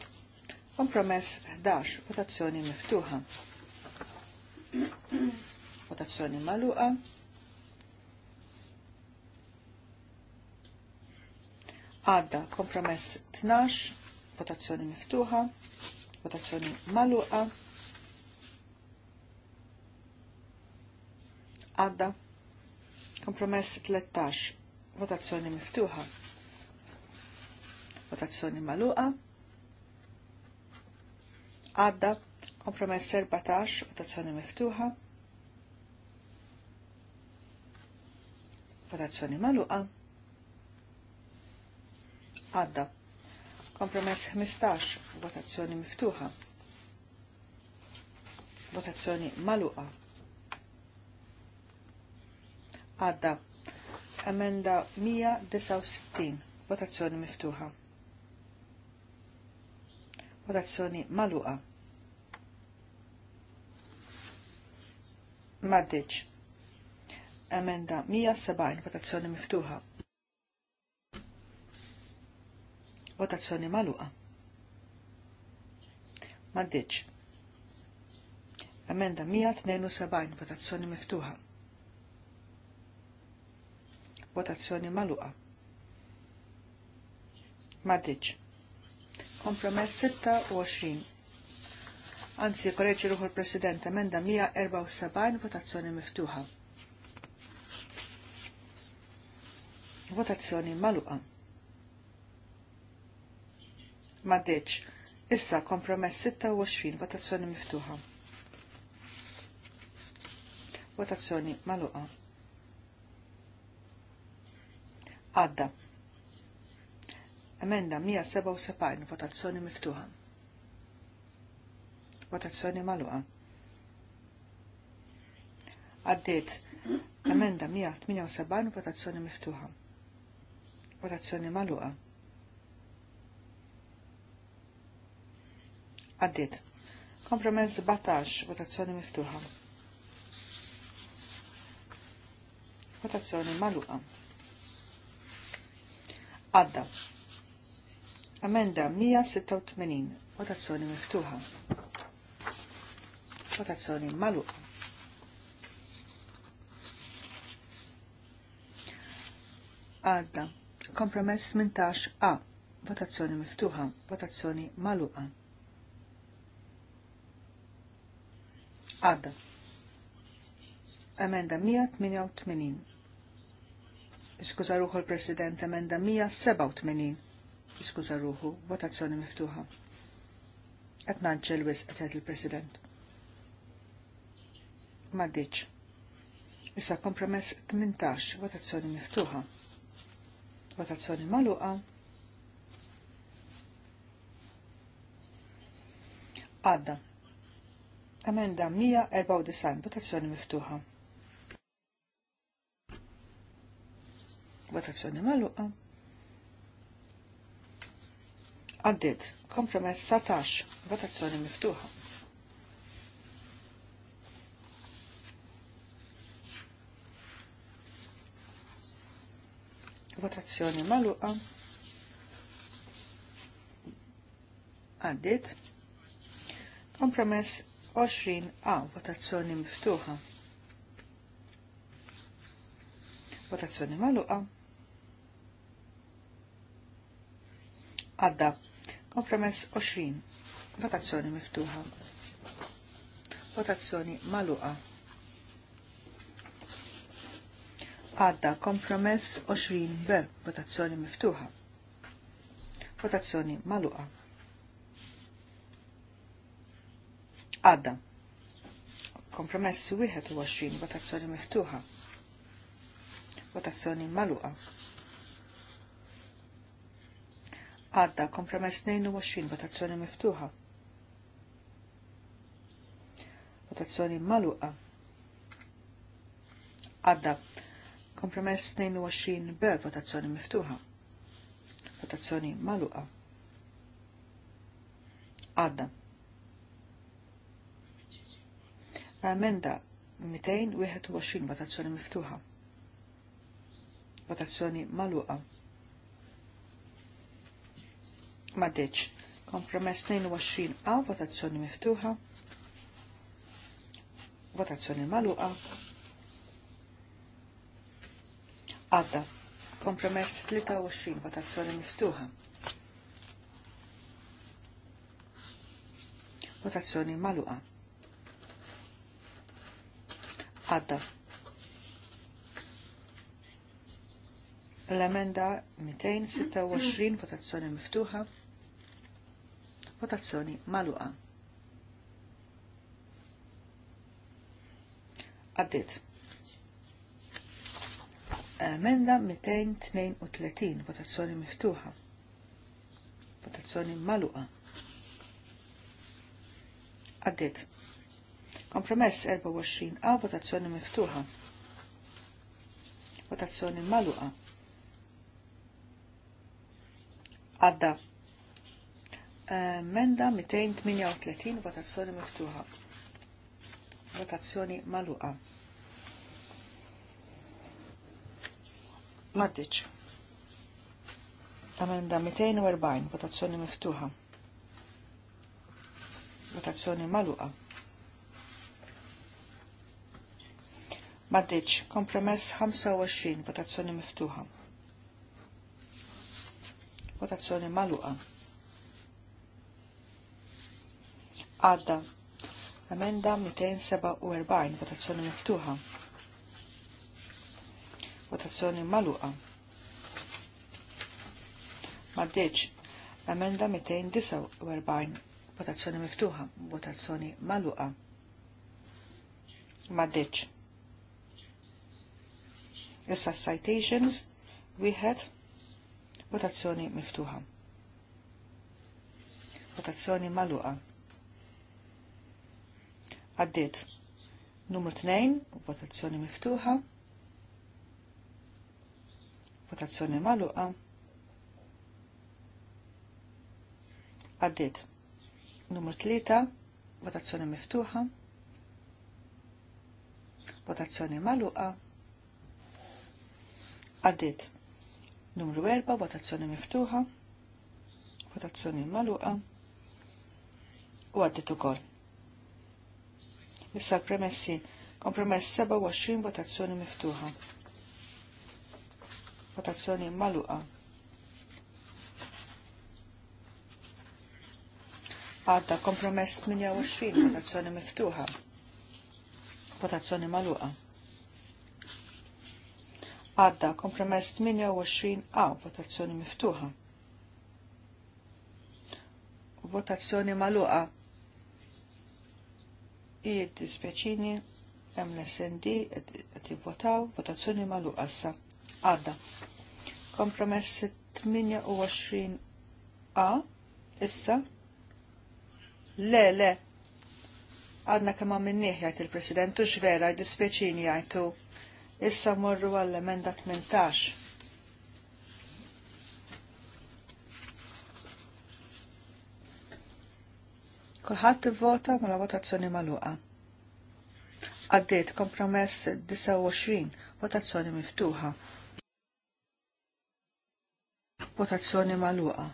Kompromess 11, votazzjoni miftuħa. Votazzjoni maluqa. Għadda kompromess 12, votazzjoni miftuħa, votazzjoni maluqa. Għadda kompromess 13, votazzjoni miftuħa, votazzjoni maluqa għadda kompromess 14 votazzjoni miftuħa votazzjoni maluqa għadda kompromess 15 votazzjoni miftuħa votazzjoni maluqa għadda emenda 169 votazzjoni miftuħa Votazzjoni maluqa. Maddiċ. Emenda 170 votazzjoni miftuħa. Votazzjoni maluqa. Maddiċ. Emenda 172 votazzjoni miftuħa. Votazzjoni maluqa. Maddiċ. Kompromess 26. Anzi, kolleġi ruħu l-President, emenda 174, votazzjoni miftuħa. Votazzjoni maluqa. Maddeċ. Issa kompromess 26, votazzjoni miftuħa. Votazzjoni maluqa. Għadda. Emenda 177 votazzjoni miftuħa. Votazzjoni maluqa. Għaddiet emenda 178 votazzjoni miftuħa. Votazzjoni maluqa. Għaddiet. Kompromess 17 votazzjoni miftuħa. Votazzjoni maluqa. Għadda. Amenda 186. Votazzjoni miftuħa. Votazzjoni maluqa. Għadda. Kompromess 18 A. Votazzjoni miftuħa. Votazzjoni maluqa. Għadda. Emenda 188. Iskuza ruħu l-President emenda 187 iskuza ruħu, votazzjoni miftuħa. Qed naġġel wisq il-President. Maddiċ. Issa kompromess 18, votazzjoni miftuħa. Votazzjoni magħluqa. Għadda. Amenda 194, votazzjoni miftuħa. Votazzjoni magħluqa għaddit kompromess satax. votazzjoni miftuħa. Votazzjoni maluqa għaddit kompromess 20 a votazzjoni miftuħa. Votazzjoni maluqa għadda Kompromess 20. Votazzjoni miftuħa. Votazzjoni maluqa. Għadda kompromess 20 b. Votazzjoni miftuħa. Votazzjoni maluqa. Għadda. Kompromess 21. Votazzjoni miftuħa. Votazzjoni maluqa. għadda kompromess 22 votazzjoni miftuħa. Votazzjoni maluqa. Għadda kompromess 22 b votazzjoni miftuħa. Votazzjoni maluqa. Għadda. Amenda 221 votazzjoni miftuħa. Votazzjoni maluqa ma ditx. Kompromess 22 għaw, votazzjoni miftuħa. Votazzjoni maluqa. Għadda. Kompromess 23, votazzjoni miftuħa. Votazzjoni maluqa. Għadda. L-emenda 226, votazzjoni miftuħa. Votazzjoni maluqa. Għaddit. Emenda 232, votazzjoni miftuħa. Votazzjoni maluqa. Għaddit. Kompromess 24 a votazzjoni miftuħa. Votazzjoni maluqa. Għadda Menda 238 votazzjoni miftuħa. Votazzjoni maluqa. Maddiċ. Amenda 240 votazzjoni miftuħa. Votazzjoni maluqa. Maddiċ. Kompromess 25 votazzjoni miftuħa. Votazzjoni maluqa. għadda. Amenda 247, votazzjoni miftuħa. Votazzjoni maluqa. Maddeċ, amenda 249, votazzjoni miftuħa, votazzjoni maluqa. Maddeċ. Issa citations, wieħed, votazzjoni miftuħa. Votazzjoni maluqa. Għaddit. Numru 2, votazzjoni miftuħa. Votazzjoni maluqa. Għaddit. Numru 3, votazzjoni miftuħa. Votazzjoni maluqa. Għaddit. Numru 4, votazzjoni miftuħa votazzjoni maluqa u għaddit ukoll. Issa premessi. Kompromess 27 votazzjoni miftuħa. Votazzjoni maluqa. Għadda kompromess 28 votazzjoni miftuħa. Votazzjoni maluqa. Għadda kompromess 28 a votazzjoni miftuħa. Votazzjoni maluqa id-dispeċini hemm l-SND qed votazzjoni magħluqa issa. Għadda. Kompromess 28 A issa. Le, le. Għadna kemm minniħ jgħid il-President u x'vera jdispjaċini jgħidu. Issa morru għall-emenda 18. Kulħadd ivvota mela votazzjoni magħluqa. Għaddiet kompromess 29, votazzjoni miftuħa. Votazzjoni magħluqa.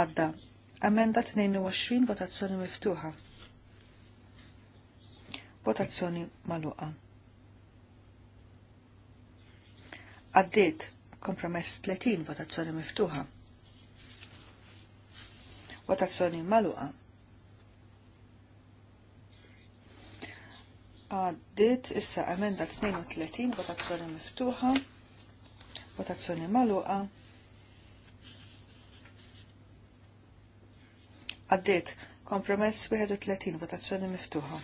Għadda. Amenda 22, votazzjoni miftuħa. Votazzjoni magħluqa. Għaddiet kompromess 30, votazzjoni miftuħa votazzjoni maluqa. Għaddit issa emenda 32, votazzjoni miftuħa, votazzjoni maluqa. Għaddit kompromess 31, votazzjoni miftuħa.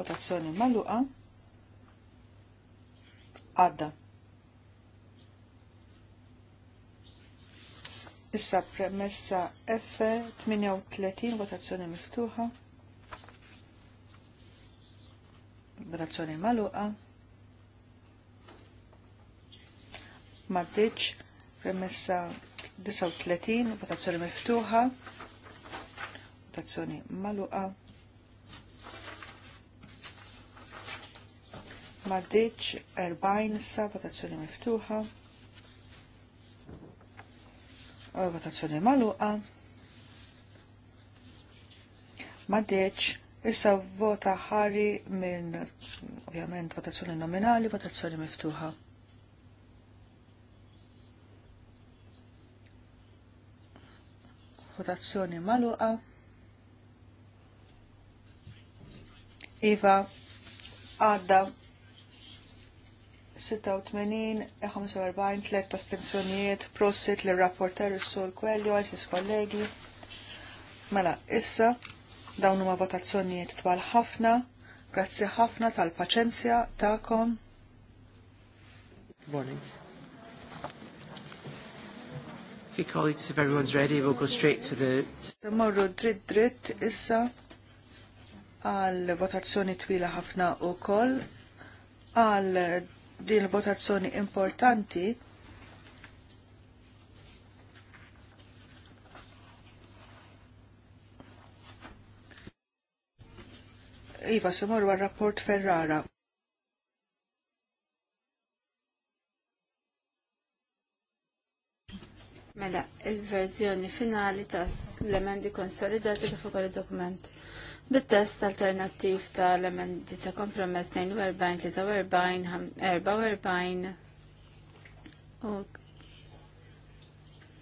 Votazzjoni maluqa. Għadda. Issa premessa F38 votazzjoni miftuħa. Votazzjoni maluqa. Maddiċ premessa 39 votazzjoni miftuħa. Votazzjoni maluqa. Maddiċ 40 sa votazzjoni miftuħa votazzjoni maluqa. deċ, issa vota ħari minn, ovvjament, votazzjoni nominali, votazzjoni miftuħa. Votazzjoni maluqa. Iva, għadda 86, 45, 3 astenzjonijiet, prosit li rapporter il-sol kwellju, għazis kollegi. Mela, issa, dawn huma votazzjonijiet twal ħafna, grazzi ħafna tal-paċenzja ta'kom. morning. If you colleagues, if everyone's ready, we'll go straight to the... Morru dritt dritt issa għal votazzjoni twila ħafna u koll għal din votazzjoni importanti Iva, sumor war rapport Ferrara. Mela, il-verżjoni finali ta' l-emendi konsolidati kif ukoll id-dokument bit-test alternattiv tal-emendi ta' kompromess 42, 43, 44 u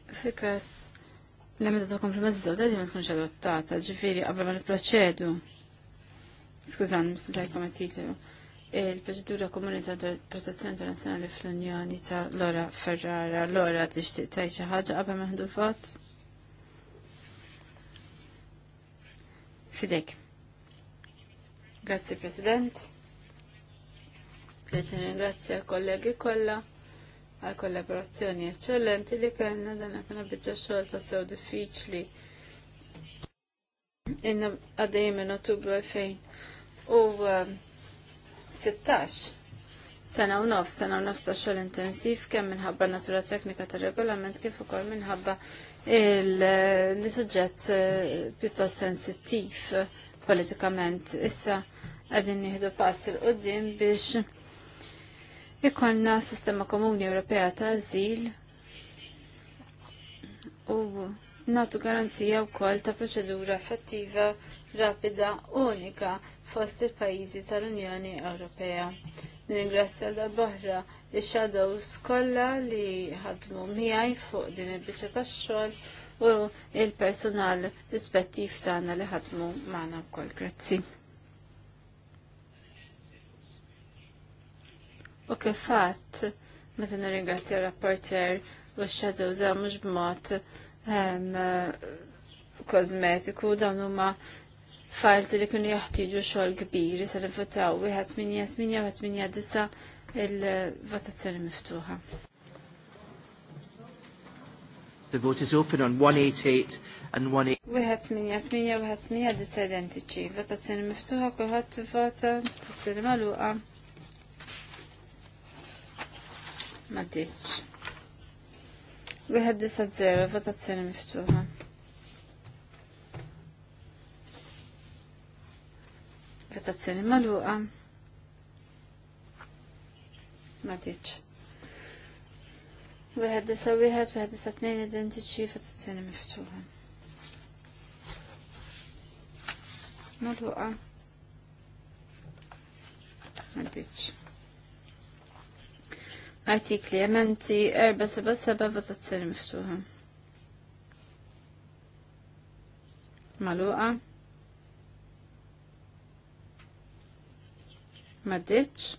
fikas l-emenda ta' kompromess zoda di ma tkunx adottata, ġifiri qabel ma l-proċedu, Skużan, mistajt kom titlu. Il-proċedura komuni ta' protezzjoni internazzjonali fl-Unjoni ta' Lora Ferrara, Lora tixtieq tgħid xi ħaġa qabel ma ħdu vot? Fidek. Grazie President. Rrit ringrazzja kollegi kollha għal kollaborazzjoni eccellenti li kellna dan għafna bieġa xogħol sew diffiċli. Inna għaddej minn Ottubru 2016 um, sena u nofs, sena u nofs ta' xogħol intensiv kemm minħabba natura teknika tar regolament kif ukoll minħabba il-suġġett eh, pjuttost sensittiv politikament. Issa għadin nieħdu pass il-qoddim biex ikonna sistema komuni Ewropea ta' azil u natu garanzija wkoll ta' proċedura effettiva rapida unika fost il-pajjiżi tal-Unjoni Ewropea. Ningrazzja l-barra il-shadows kolla li ħadmu miħaj fuq din il-bicċa ta' xol u il-personal rispettiv tagħna li ħadmu maħna wkoll. Grazzi. U kif fatt, meta nirringrazzja rapporter u x-shadows għal mhux b'mod ehm, kozmetiku dawn huma files li kienu jeħtieġu xogħol kbir se nifutaw wieħed 8 8 8 Il-votazzjoni miftuħa. The vote is open on 188 and 188. Wieħed minja, tminja, wieħed minja dis identiċi. Votazzjoni miftuħa, kulħadd tivvota, votazzjoni magħluqa. M'għaddiċ. Wieħed disa zero, votazzjoni miftuħa. Votazzjoni magħluqa ma tiċ. Wieħed disa wieħed, wieħed disa tnejn identiċi votazzjoni miftuħa. Maluqa. Ma tiċ. Artikli ementi 477 votazzjoni miftuħa. Maluqa. Ma tiċ.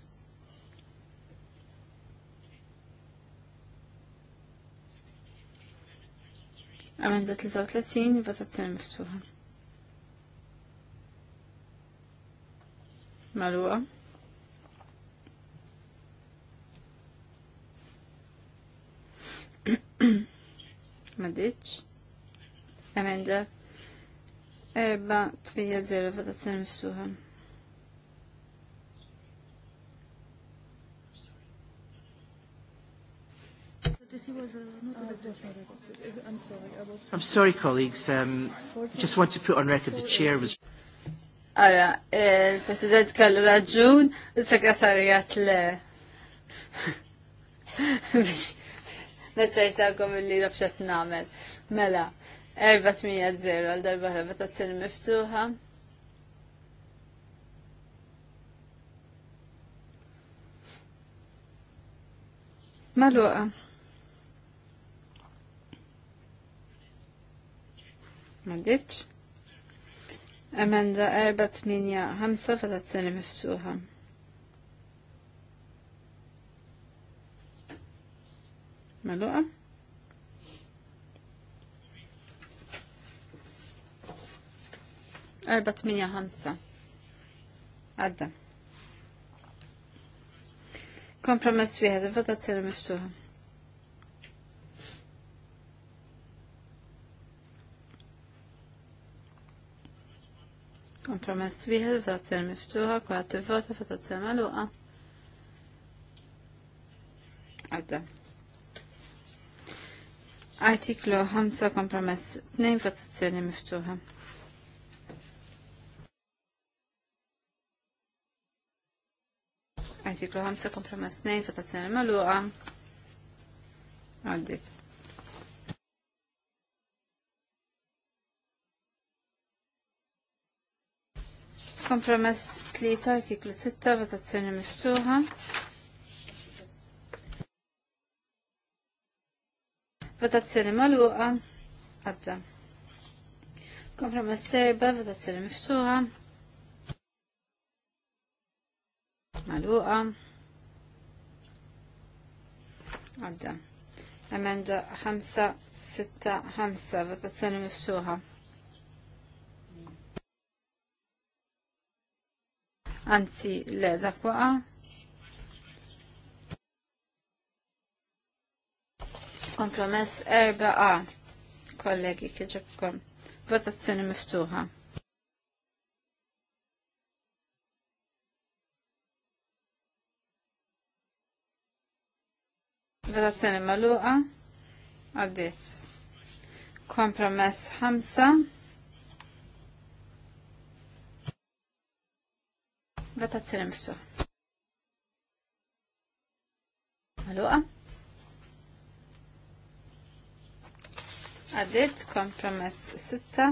Amenda 33, votazzjoni miftuħa. Malua. Madiċ. Amenda Eba, 8, 0, votazzjoni miftuħa. I'm sorry. colleagues. Um, just want to put on record the chair was. Ara, il-President eh, kallu raġun, il-Sekretarjat le. Bix, Biex, għom il-li rafxat namel. Mela, 400 għal darba għazzini miftuħa. Maluqa. Maddiċ. Amanda, 4-8-5 votazzjoni miftuħa. Maluqa. Erba tminja ħamsa. Għadda. Kompromess wieħed, votazzjoni miftuħa. Kompromess wieħed votazzjoni miftuħa, kwa tivvota votazzjoni magħluqa. Għadda. Artiklu 5 kompromess 2 votazzjoni miftuħa. Artiklu 5 kompromess 2 votazzjoni magħluqa. Għaddit. Kompromess 3 artiklu 6 votazzjoni miftuħa. Votazzjoni maluqa għadda. Kompromess 4 votazzjoni miftuħa. Maluqa. Għadda. Emenda 5-6-5 votazzjoni miftuħa. anzi le dak Kompromess erba'. a Kollegi kieġibkom. Votazzjoni miftuħa. Votazzjoni maluqa. Għaddit. Kompromess ħamsa. Votazzjoni miftuħ. Maluqa. Għaddit kompromess 6.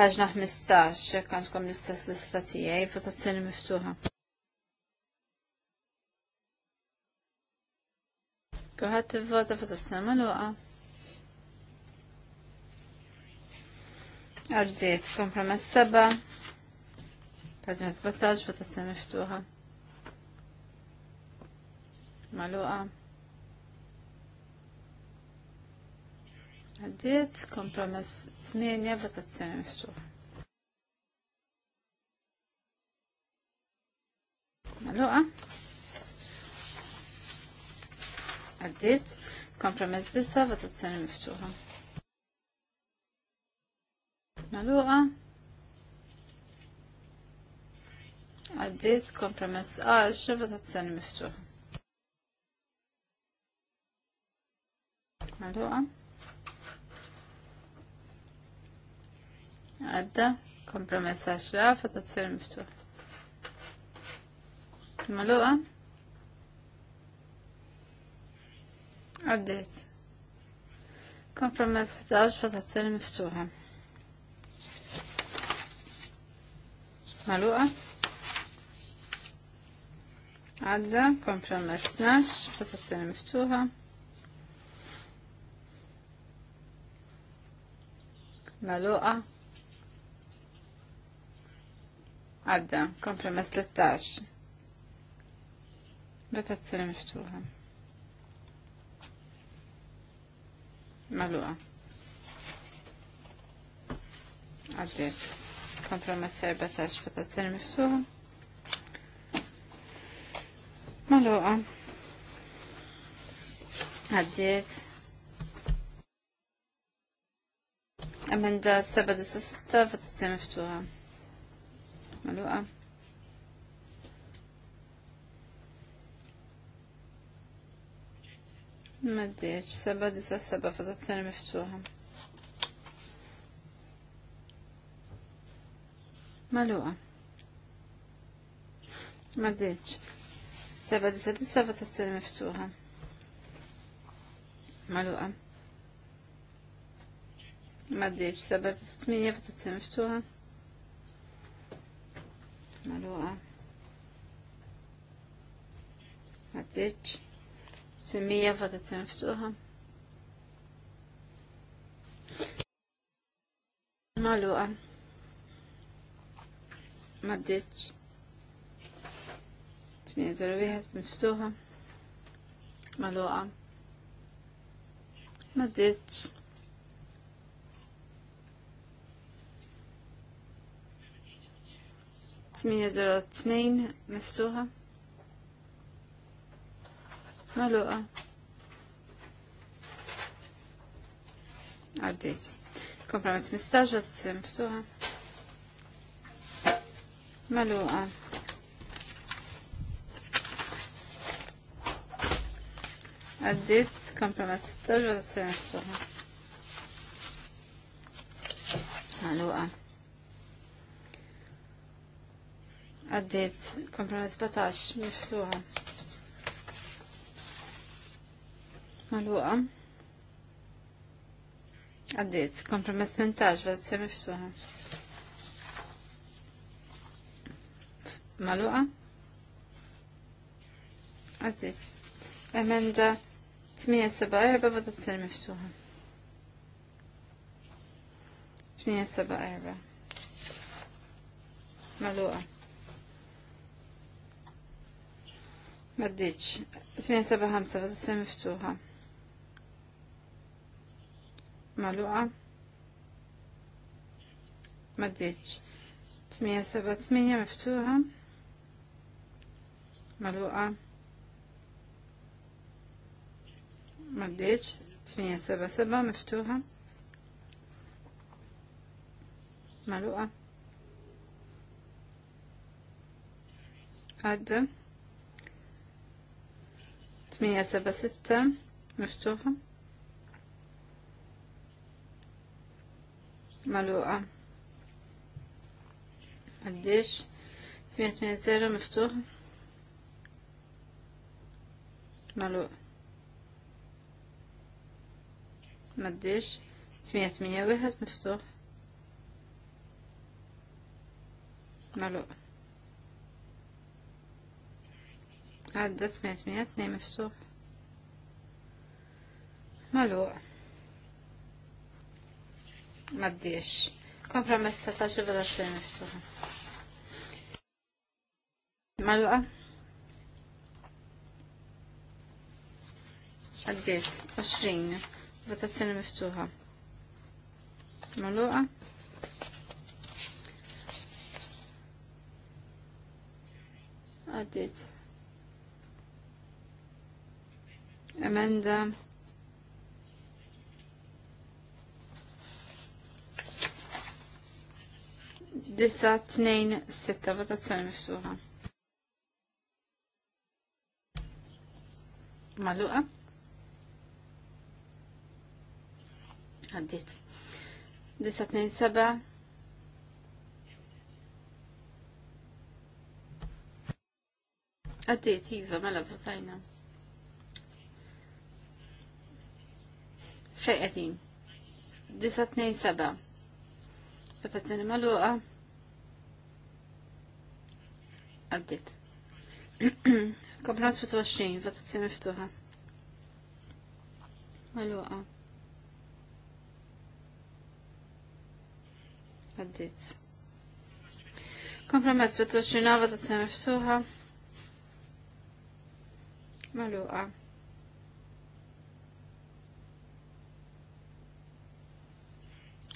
Paġna 15, kantkom l-istess lista tiegħi, votazzjoni miftuħa. Kuħat tivvota vota votazzjoni magħluqa. Għaddiet, kompromess seba. Paġna 17, votazzjoni miftuħa. Maluqa. Għaddiet, kompromess 8, votazzjoni miftuħa. Maluqa. Għaddiet, kompromess 9, votazzjoni miftuħa maluqa. Għaddit kompromess għax votazzjoni miftuħ. Maluqa. Għadda kompromess għax votazzjoni miftuħ. Maluqa. Għaddit. Kompromess 11 votazzjoni miftuħa. maluqa. Għadda, kompromess 12, votazzjoni miftuħa. Maluqa. Għadda, kompromess 13. Votazzjoni miftuħa. Maluqa. Għadda. Kompromess t-sir miftuħ. Maluqa. Għaddiet. Amenda t-sir miftuħ. Maluqa. Maddiċ, seba disa seba votazzjoni miftuħa. Maluqa. Ma ddiċ. Seba di sadi disa disa votazzjoni miftuħa. Maluqa. Ma ddiċ. Seba di sadi minja fa' tminja votazzjoni miftuħa. Maluqa. Ma fa' Tmimija votazzjoni miftuħa. Maluqa. Maluqa maddiċ 801 miftuħa maluqa maddiċ Tminja zero tnejn miftuħa. Maluqa. Għaddit. Kompromess mistaġ għad miftuħa. Maluqa. Ah. Għaddit, kompromess 16, votazzjoni miftuħa. Maluqa. Ah. Għaddit, kompromess 17, miftuħa. Ah. Maluqa. Għaddit, kompromess 18, għadda votazzjoni miftuħa. maluqa. Għaddit. Emenda 874 votazzjoni miftuħa. 874. Maluqa. Maddiċ. 875 votazzjoni miftuħa. Maluqa. Maddiċ. 878 miftuħa maluqa Maddeċ, 877 miftuħa maluqa għadda 876 miftuħa maluqa Għaddeċ. 880 miftuħa maluq. Maddix, 881 miftuħ. Maluq. Għadda 882 miftuħ. malu Maddix. Kompromessa ta' xivela miftuħ. Maluqa. għaddiet 20 votazzjoni miftuħa maluqa għaddiet emenda Disa tnejn sitta votazzjoni miftuħa. Maluqa. Għaddit. 927 Għaddit, Iva, mela votajna. Fej għedin. 927 Votazzjoni maluqa. Għaddit. Komprans 20, votazzjoni miftuħa. Maluqa. għaddit. Kompromess 29 votazzjoni miftuħa. Maluqa.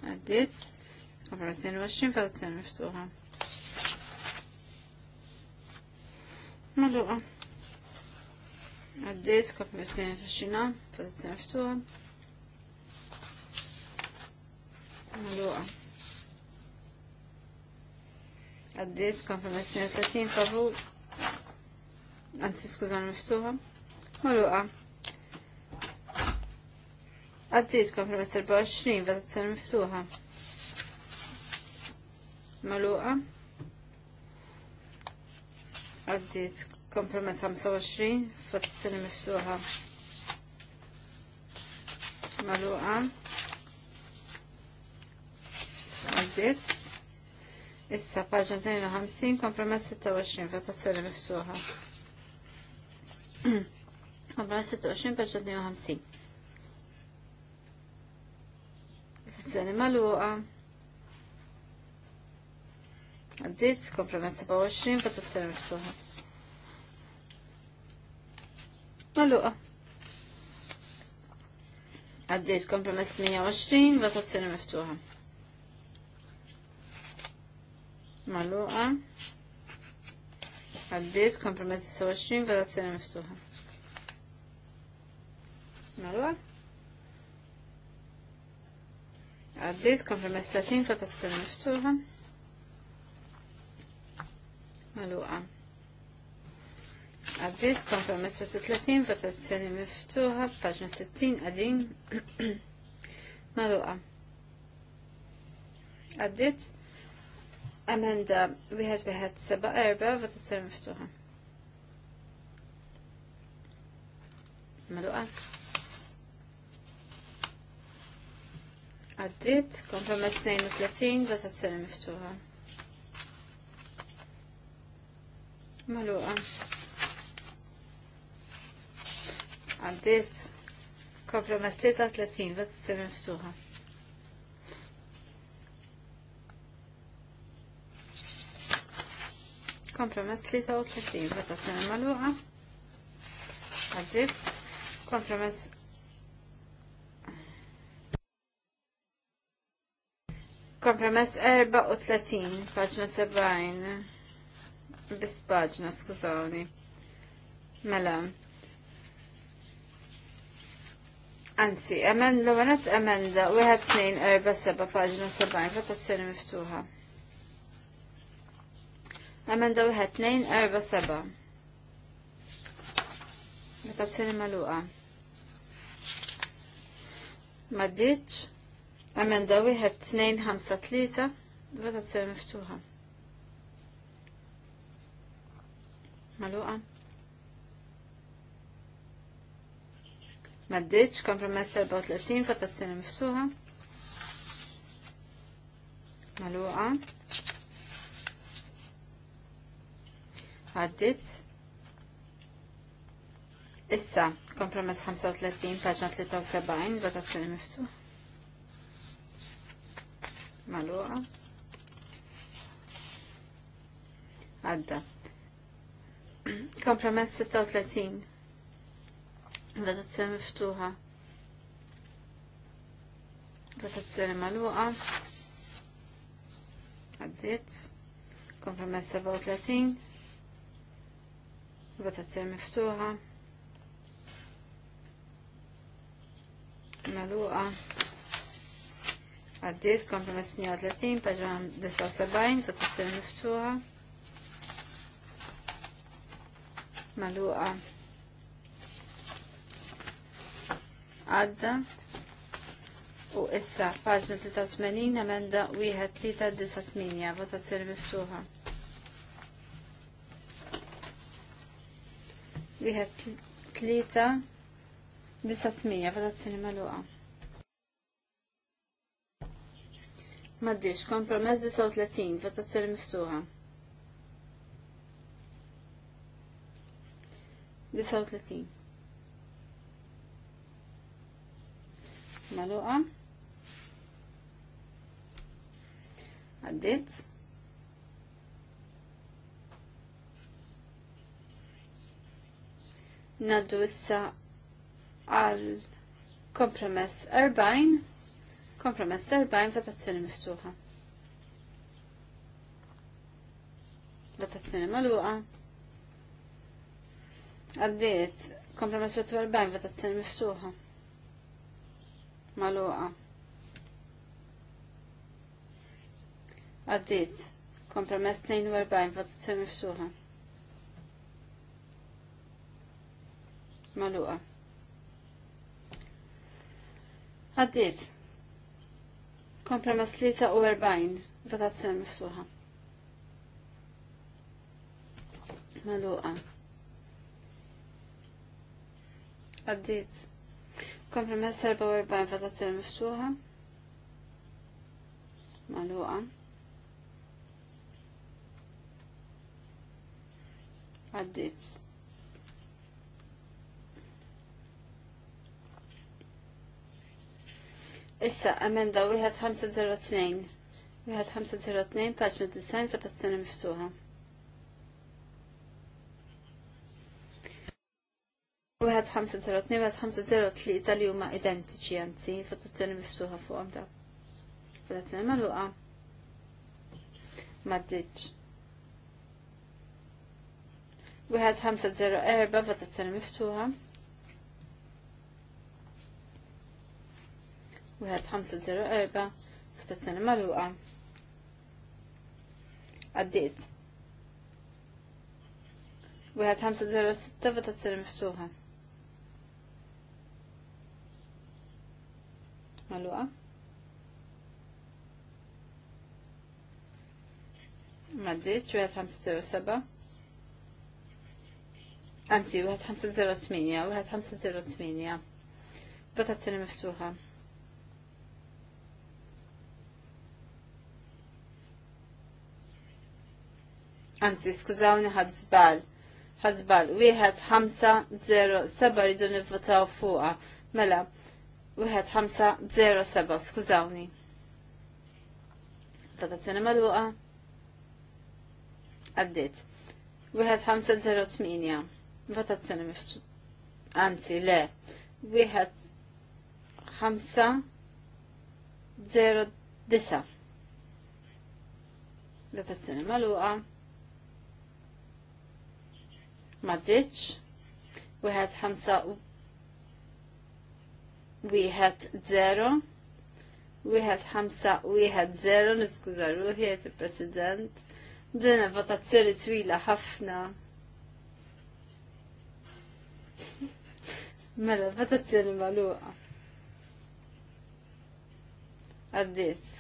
Għaddit. Kompromess 22 votazzjoni miftuħa. Maluqa. Għaddit. Kompromess 22 votazzjoni miftuħa. Maluqa għaddit kompromess 32 favur anzi skużan miftuħa maluqa għaddit kompromess 24 votazzjoni miftuħa maluqa Għaddis, kompromess 25 votazzjoni miftuħa maluqa Għaddis. Issa, paġna 52, kompromess 26, votazzjoni miftuħa. kompromess 26, paġan 52. Votazzjoni maluqa. Għaddit, kompromess 27, votazzjoni miftuħa. Maluqa. Għaddit, kompromess 28, votazzjoni miftuħa. maluqa għaddit kompromess 29 votazzjoni mifsuħa maluqa għaddit kompromess 30 votazzjoni mifsuħa maluqa għaddit kompromess 30 votazzjoni miftuħa paġna 60 għaddin maluqa għaddis Amanda we had we had seba' erba' votazzjoni miftuħa. Maluqa. Għaddit, kompromess 32, votazzjoni miftuħa. Maluqa. Għaddit, kompromess 33, votazzjoni miftuħa. Kompromess 33 sena maluqa. Għazit. Kompromess Kompromess 34, paġna 70, bis paġna, skużawni. Mela. Anzi, emen l-għanet emenda, għed 2, 4, 7, paġna 70, votazzjoni miftuħa. Emenda wieħed erba seba. Votazzjoni magħluqa. Maddiċ. Emenda wieħed tnejn ħamsa tlieta. Votazzjoni miftuħa. Magħluqa. Maddiċ, kompromess 34, votazzjoni miftuħa. Maluqa. għaddit. Issa, kompromess 35, paġna 73, votazzjoni miftuħ. Maluqa. Għadda. Kompromess 36, votazzjoni miftuħa. Votazzjoni maluqa. Għaddit. Kompromess 37, Votazzjoni miftuħa. Maluqa. Għaddit kompromess 130, paġna 79, votazzjoni miftuħa. Maluqa. Għadda. U issa, paġna 83, 1, 3, emenda 1398, votazzjoni miftuħa. wieħed Tlita disa tmija votazzjoni magħluqa. M'għaddix kompromess 39 votazzjoni miftuħa. 39. Maluqa. Għaddit. Naddu issa għal kompromess 40, kompromess 40, votazzjoni miftuħa. Votazzjoni maluqa. Għaddiet, kompromess 40, votazzjoni miftuħa. Maluqa. Għaddiet, kompromess 42, votazzjoni miftuħa. maluqa. Għaddit. Kompromess li ta' u erbajn. votazzjoni miftuħa. Maluqa. Għaddit. Kompromess 44, votazzjoni miftuħa. Maluqa. Għaddit. Issa, 502. emenda 1502. 1502, paġna 90, votazzjoni miftuħa. 1502, 503, tal huma identiċi għanzi, votazzjoni miftuħa fuq għamda. votazzjoni maluqa. Maddiċ. 1504, votazzjoni miftuħa. 1504, 1504 stazzjoni maluqa għaddiet 1506 votazzjoni miftuħa maluqa Maddiċ, 1507 Għanzi, 1508 1508 Votazzjoni miftuħa anzi skużawni ħadżbal. Ħadżbal, wieħed ħamsa zero seba rridu nivvotaw fuqa. Mela, wieħed ħamsa zero seba, skużawni. Votazzjoni maluqa. Għaddit. Wieħed ħamsa zero tminja. Votazzjoni miftu. Anzi, le. Wieħed ħamsa zero disa. Votazzjoni maluqa ma ditx wieħed ħamsa wieħed zero wieħed ħamsa wieħed zero niskuża ruħi il-President din votazzjoni twila ħafna. Mela, votazzjoni maluqa. Għaddit.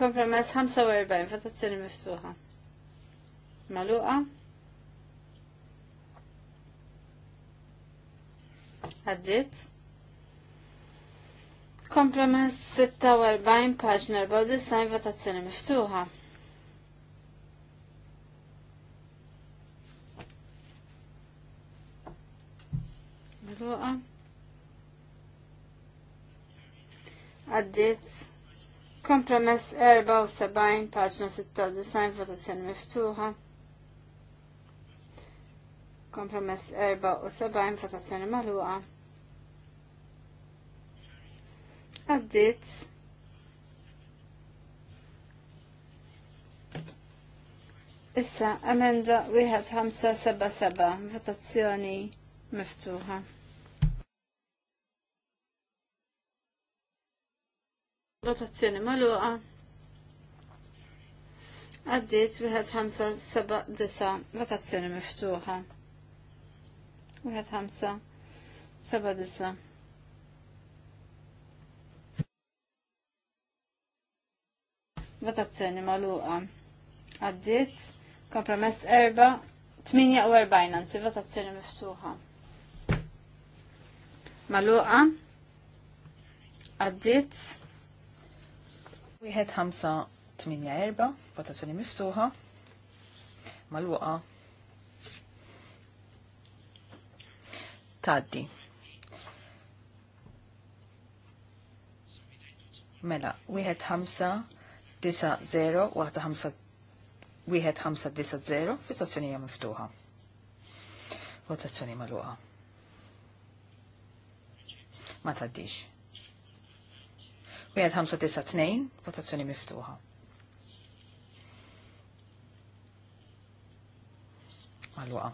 Kompromess 45, votazzjoni mifsuħa maluqa għaddit kompromess 46 paġna 49 votazzjoni miftuħa maluqa għaddit kompromess 74 paġna 96 votazzjoni miftuħa Kompromess 74 votazzjoni magħluqa. Għaddit. Issa, emenda 1577, votazzjoni miftuħa. Votazzjoni maluqa. Għaddit 1579, votazzjoni miftuħa. Wieħed ħamsa seba' disa. Votazzjoni maluqa. Għaddit, kompromess erba' 48 anzi votazzjoni miftuħa. Maluqa. Għaddit. wieħed ħamsa 8 erba' votazzjoni miftuħa. Maluqa. taddi. Mela, wieħed ħamsa disa zero, waħda ħamsa wieħed ħamsa disa zero, votazzjonija miftuħa. Votazzjoni magħluqa. Ma taddix. Wieħed ħamsa disa tnejn, votazzjoni miftuħa. Malwaqa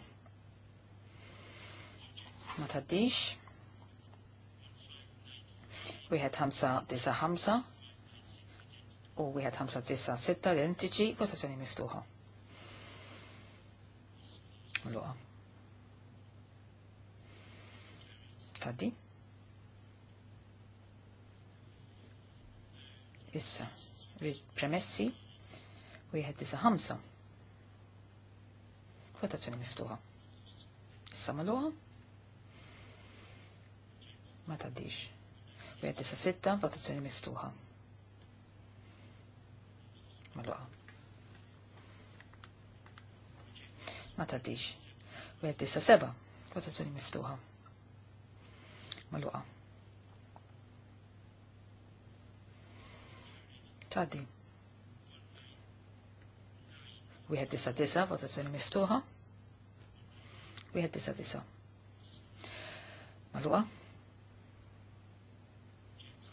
ma taddix. Wieħed ħamsa disa ħamsa u wieħed ħamsa disa sitta identiċi votazzjoni miftuħa. Luqa. Taddi. Issa, premessi, had disa ħamsa. Votazzjoni miftuħa. Issa maluqa ma taddix. Wieħed tisa sitta, votazzjoni miftuħa. Maluqa. Ma taddix. Wieħed disa seba, votazzjoni miftuħa. Maluqa. Taddi. Wieħed tisa tisa, votazzjoni miftuħa. Wieħed tisa. disa. Maluqa.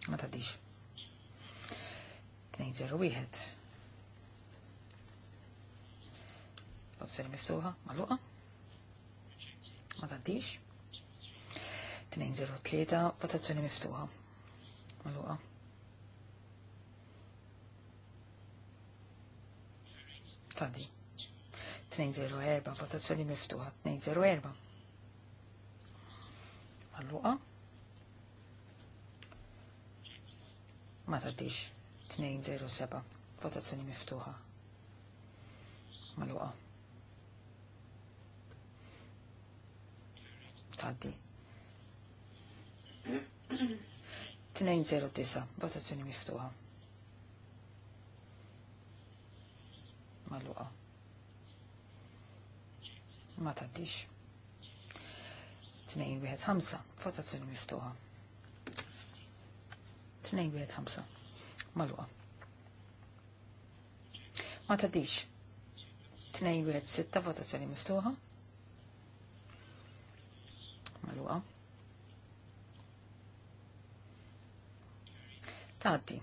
Ma tadix. 201. Votazzjoni miftuħa, ma luqa. Ma tadix. 203, votazzjoni miftuħa. Ma luqa. Tadi. 204, votazzjoni miftuħa. 204. Maluqa. 204. ma taddix 207 votazzjoni miftuħa maluqa taddi 209 votazzjoni miftuħa maluqa ma taddix 215 votazzjoni miftuħa 2-5 malwa. Ma tadix 2-6 votazzjoni miftuħa malwa. Tati.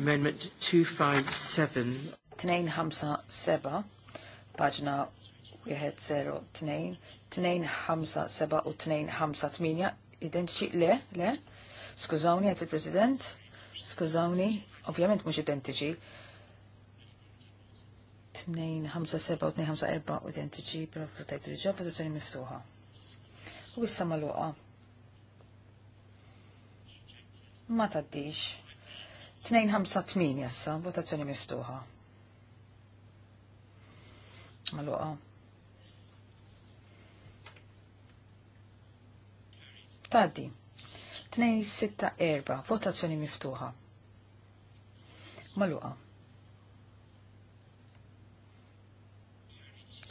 Amendment 257. 257, paġna 257 u 258 identiċi le, le, skużawni għet il-President, skużawni, ovvjament mux identiċi. 257 u 254 identiċi, pero votajt il-ġa, votazzjoni miftuħa. U issa maluqa. Ma taddix. 258 jassa, votazzjoni miftuħa. Maluqa. Taddi. 264. Votazzjoni miftuħa. Maluqa.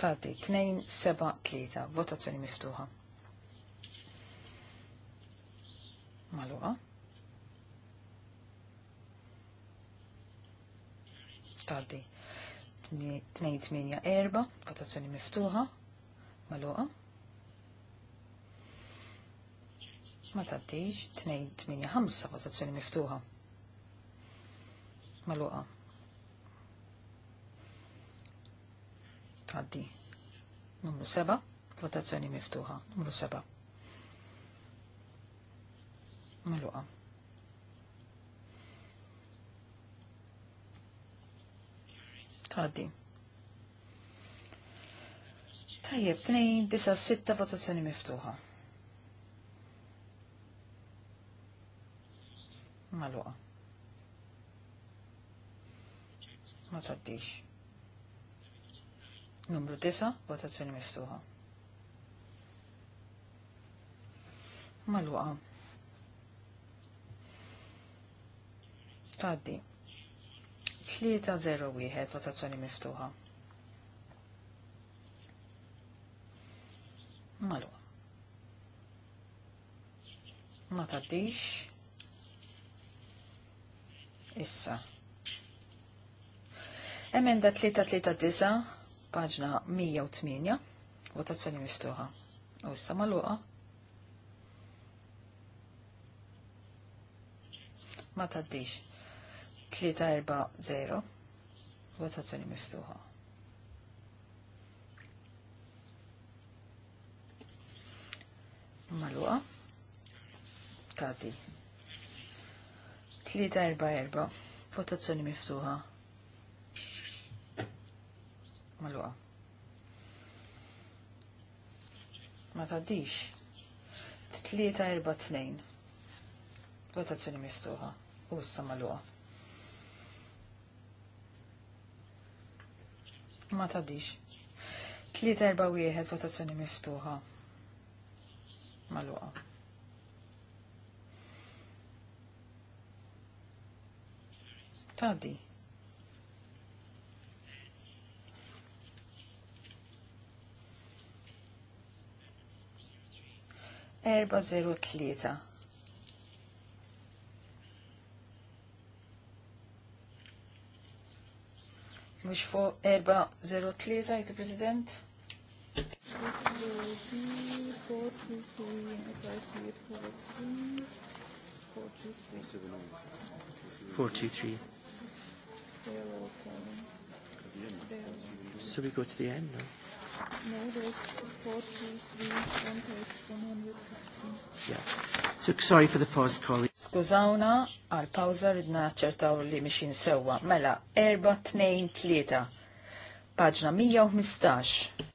Taddi. 273. Votazzjoni miftuħa. Maluqa. Taddi. 284. Votazzjoni miftuħa. Maluqa. ma taddix, ħamsa votazzjoni miftuħa. Maluqa. Taddi. Numru 7, votazzjoni miftuħa. Numru 7. Maluqa. Taddi. Tajjeb, 296 votazzjoni miftuħa. Maluqa. Ma taddix. Numru 9, votazzjoni miftuħa. Maluqa. Taddi. 3-0-1, votazzjoni miftuħa. Maluqa. Ma taddix issa. Emenda 339, paġna 108, votazzjoni miftuħa. U issa maluqa. Ma taddix. 340, votazzjoni miftuħa. Maluqa. Tadi. Tlita erba erba. Votazzjoni miftuħa. Malwa. Ma taddix. Tlieta erba tnejn. Votazzjoni miftuħa. Ussa malwa. Ma taddix. Tlieta erba wieħed votazzjoni miftuħa. Malwa. tadi. Erba zero tlieta. Mux fu erba zero tlieta, jgħid president Four two three. So we go to the end now? No, there's 423 one page 115. Yeah. So sorry for the pause, colleagues. Skużawna, għal pawza ridna ċertaw li mixin sewa. Mela, 4-2-3, paġna 115.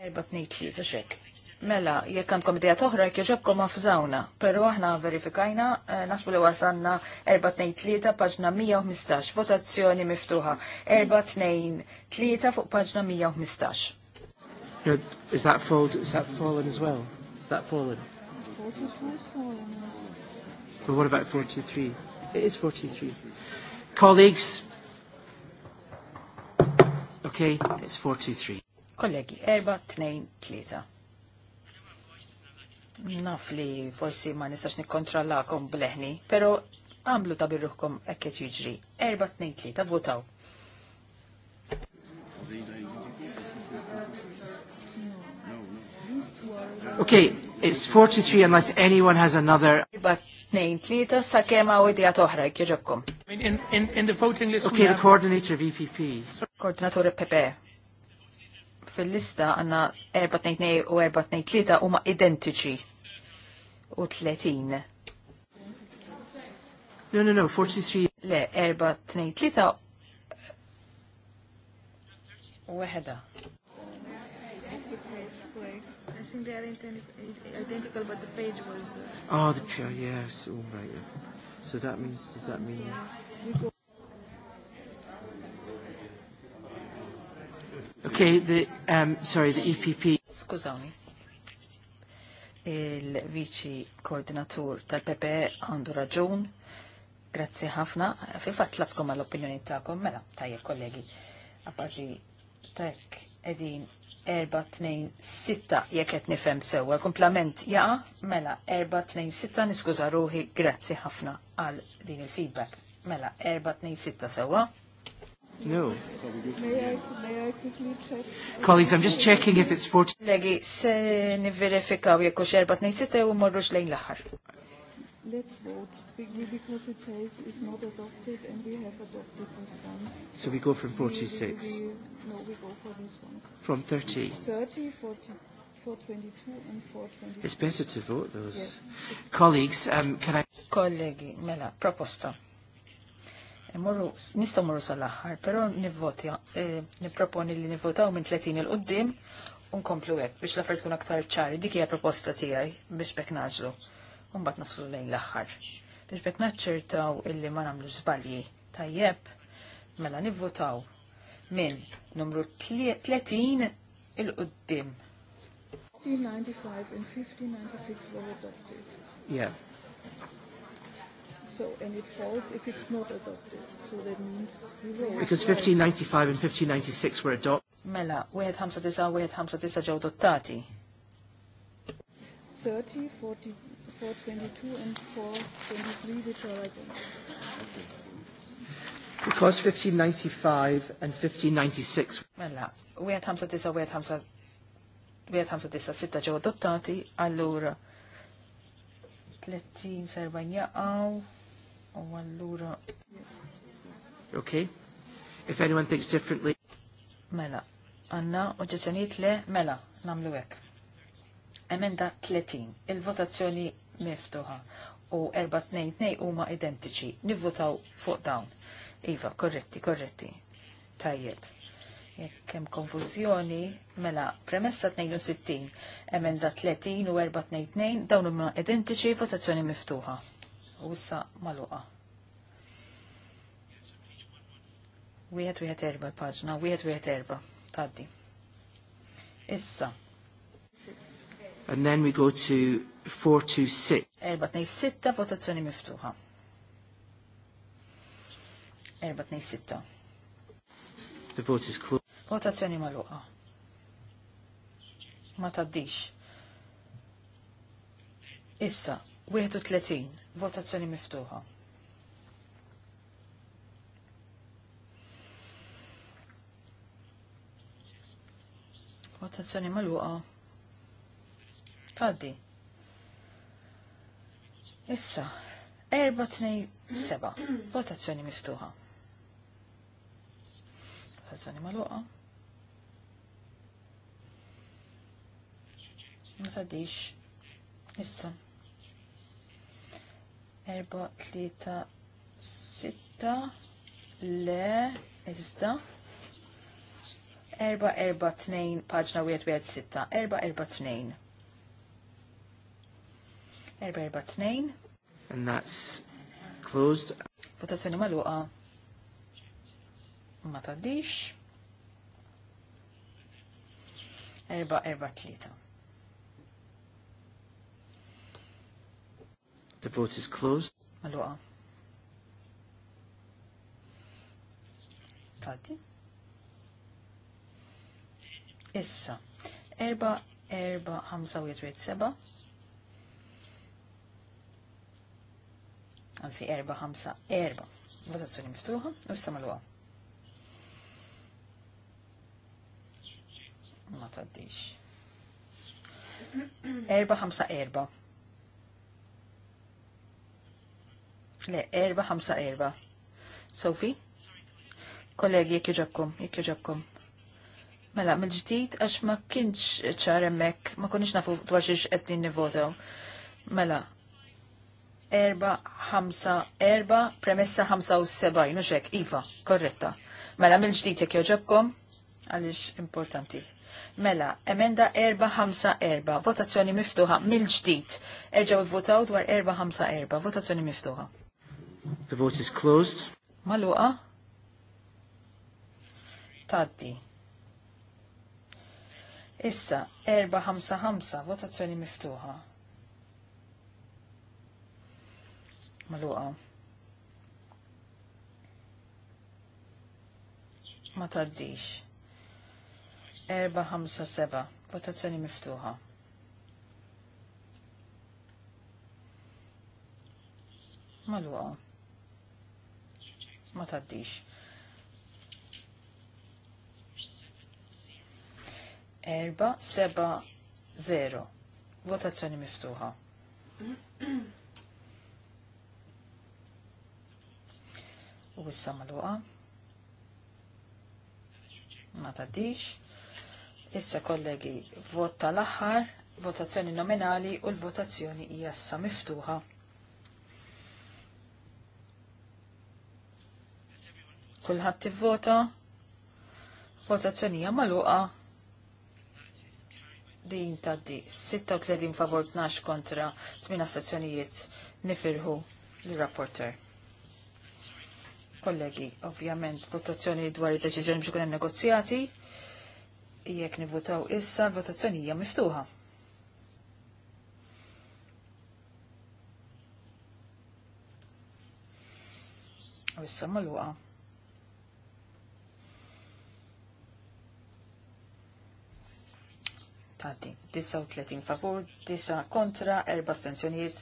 4-2-3, xek. Mela, jekk għandkom idea toħra, jekk joġobkom għafżawna, pero aħna verifikajna, eh, nasbu li wasanna 423 paġna 115, votazzjoni miftuħa, 423 fuq paġna 115. Is that fold, is that fallen as well? Is that fallen? is fallen. But what about 43? It is 43. Colleagues, okay, it's 43. Kollegi, erba, tnejn, tlieta. Naf li forsi ma nistax nikkontrollakom bleħni, pero għamlu ta' birruħkom ekket jiġri. Erba tnejn tlieta votaw. Okay, it's 43 unless anyone has another. Erba tnejn tlieta sa' kema u idija toħra, Okay, the coordinator of EPP. PP. Fil-lista għanna 2 u 423 huma identiċi 34. No, no, no, 43. Le, 4, 2, 3. Wahda. I think they are identical, but the page was... Uh... Oh, the pure, yes, all right. So that means, does that mean... Okay, the, um, sorry, the EPP. Scusami il-viċi koordinatur tal-PPE għandu raġun. Grazzi ħafna. Fifat fat għall-opinjoni ta'kom, mela, tajja kollegi, għabbażi tek edin 426 2 6 jek qed nifhem sewwa. Komplament jaqa' mela 426 2 niskuża ruħi grazzi ħafna għal din il-feedback. Mela 426 2 sewwa. No. May I, may I quickly check? Colleagues, I'm just checking if it's 14. Legi, se niverifikaw jekku xerbat nejsita u morrux lejn l Let's vote because it says it's not adopted and we have adopted this one. So we go from 46? no, we go for this one. From 30? 30, 40. 422 and 422. It's better to vote those. Yes, Colleagues, um, can I... Kollegi, mela, proposta Nistaw morru sal-axħar, pero nivvotja, eh, niproponi li nivvotaw minn 30 il-qoddim unkomplu għek biex l-affert kun aktar ċari, dik hija proposta tiegħi biex bekk naġlu. bat naslu lejn l-axħar. Biex bekk naċċertaw illi ma nagħmlu żbalji tajjeb, mela nivvotaw minn numru 30 il-qoddim. 1595 and 1596 were adopted. Yeah so, and it falls if it's not adopted. So that means we roll. Because 1595 and 1596 were adopted. Mela, 159 u 159 ġew adottati. 30, 40, 422 and 423 which are identical. Because 1595 and 1596. Mela, we we we had had had Hamza Hamza, Hamza u 156 Jo Dottati, allura 30 serba jaqaw, U Okay. If anyone thinks differently. Mela. Anna oġġezzjoniet le mela namlu hekk. Emenda 30. Il-votazzjoni miftuħa u 4-2-2 huma identiċi. Nivvotaw fuq dawn. Iva, korretti, korretti. Tajjeb. Jekk hemm konfużjoni, mela premessa 62, emenda 30 u 4-2-2 dawn huma identiċi votazzjoni miftuħa u issa maluqa. Wieħed wieħed erba' l-paġna, wieħed wieħed erba' tgħaddi. Issa. And then we go to 426. Erba' tnej sitta votazzjoni miftuħa. Erba' tnej sitta. The vote is closed. Votazzjoni maluqa. Ma taddix. Issa, 31 Votazzjoni miftuħa. Votazzjoni maluqa. Taddi. Issa, erba tnej seba. Votazzjoni miftuħa. Votazzjoni maluqa. Ma taddix. Issa erba tlieta sitta le iżda erba erba tnejn paġna wieħed wieħed sitta erba erba tnejn erba erba tnejn and that's closed votazzjoni magħluqa ma taddix. erba erba tlieta The vote is closed. Allora. Tati. Issa. Erba, erba, hamsa u jitrit seba. Ansi erba, hamsa erba. Votazzjoni miftuħa. Issa malua. Ma taddix. Erba, ħamsa, erba. Le, erba, ħamsa, erba. Sofi? Kollegi, jek jġabkom, jek jġabkom. Mela, mill-ġdid, għax ma kienx ċar emmek, ma konix nafu dwar xiex għeddin nivoto. Mela, erba, ħamsa, erba, premessa ħamsa u Iva, korretta. Mela, mill-ġdid, jek jġabkom, għalix importanti. Mela, emenda 454, votazzjoni miftuħa mill-ġdid. Erġaw votaw dwar 454, votazzjoni miftuħa. The vote is closed. Maluqa. Taddi. Issa, erba ħamsa ħamsa, votazzjoni miftuħa. Maluqa. Ma taddix. Erba ħamsa seba, votazzjoni miftuħa. Maluqa. Maluqa ma taddix. Erba, seba, zero. Votazzjoni miftuħa. U issa maluqa. Ma taddix. Issa kollegi, vot tal-aħħar, votazzjoni nominali u l-votazzjoni hija issa miftuħa. Kulħadd tivvota. Votazzjonija magħluqa. Din taddi 36 favor 12 kontra 8 stazzjonijiet nifirħu l-rapporter. Kollegi, ovvjament, votazzjoni dwar id-deċiżjoni biex ikun hemm negozjati jekk nivutaw issa l-votazzjoni miftuħa. U issa maluqa. tati. 39 favur, 9 kontra, 4 astenzjonijiet.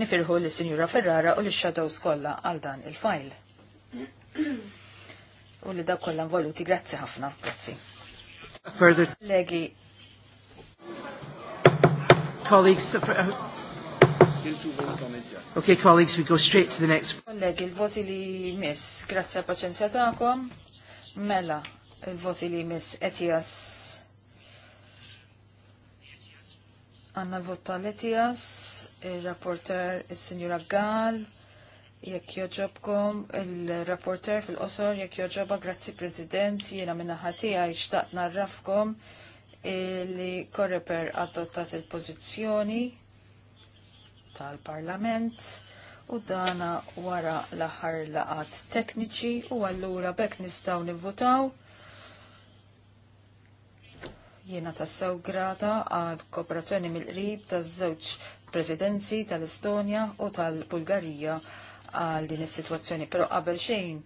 Nifirħu l sinjura Ferrara u l-Shadows kollha għal dan il-fajl. U li dak kollan voluti, grazzi ħafna, grazzi. Further Legi. Colleagues, uh, Okay, colleagues, we go straight to the next. Kollegi, il-voti li miss, grazzi għal paċenzja ta'kom. Mela, il-voti li miss etijas. Għanna l-vot il-rapporter il-Sinjura Gall, jekk joġobkom, il-rapporter fil-qosor, jekk joġoba, grazzi President, jena minna għaj xtaqt narrafkom li Korreper adottat il-pozizjoni tal-Parlament u dana wara l-aħħar laqat tekniċi u allura bekk nistaw nivvutaw Jiena tassew grata għal kooperazzjoni mill-qrib taż-żewġ presidenzi tal-Estonja u tal-Bulgarija għal din is-sitwazzjoni, però qabel xejn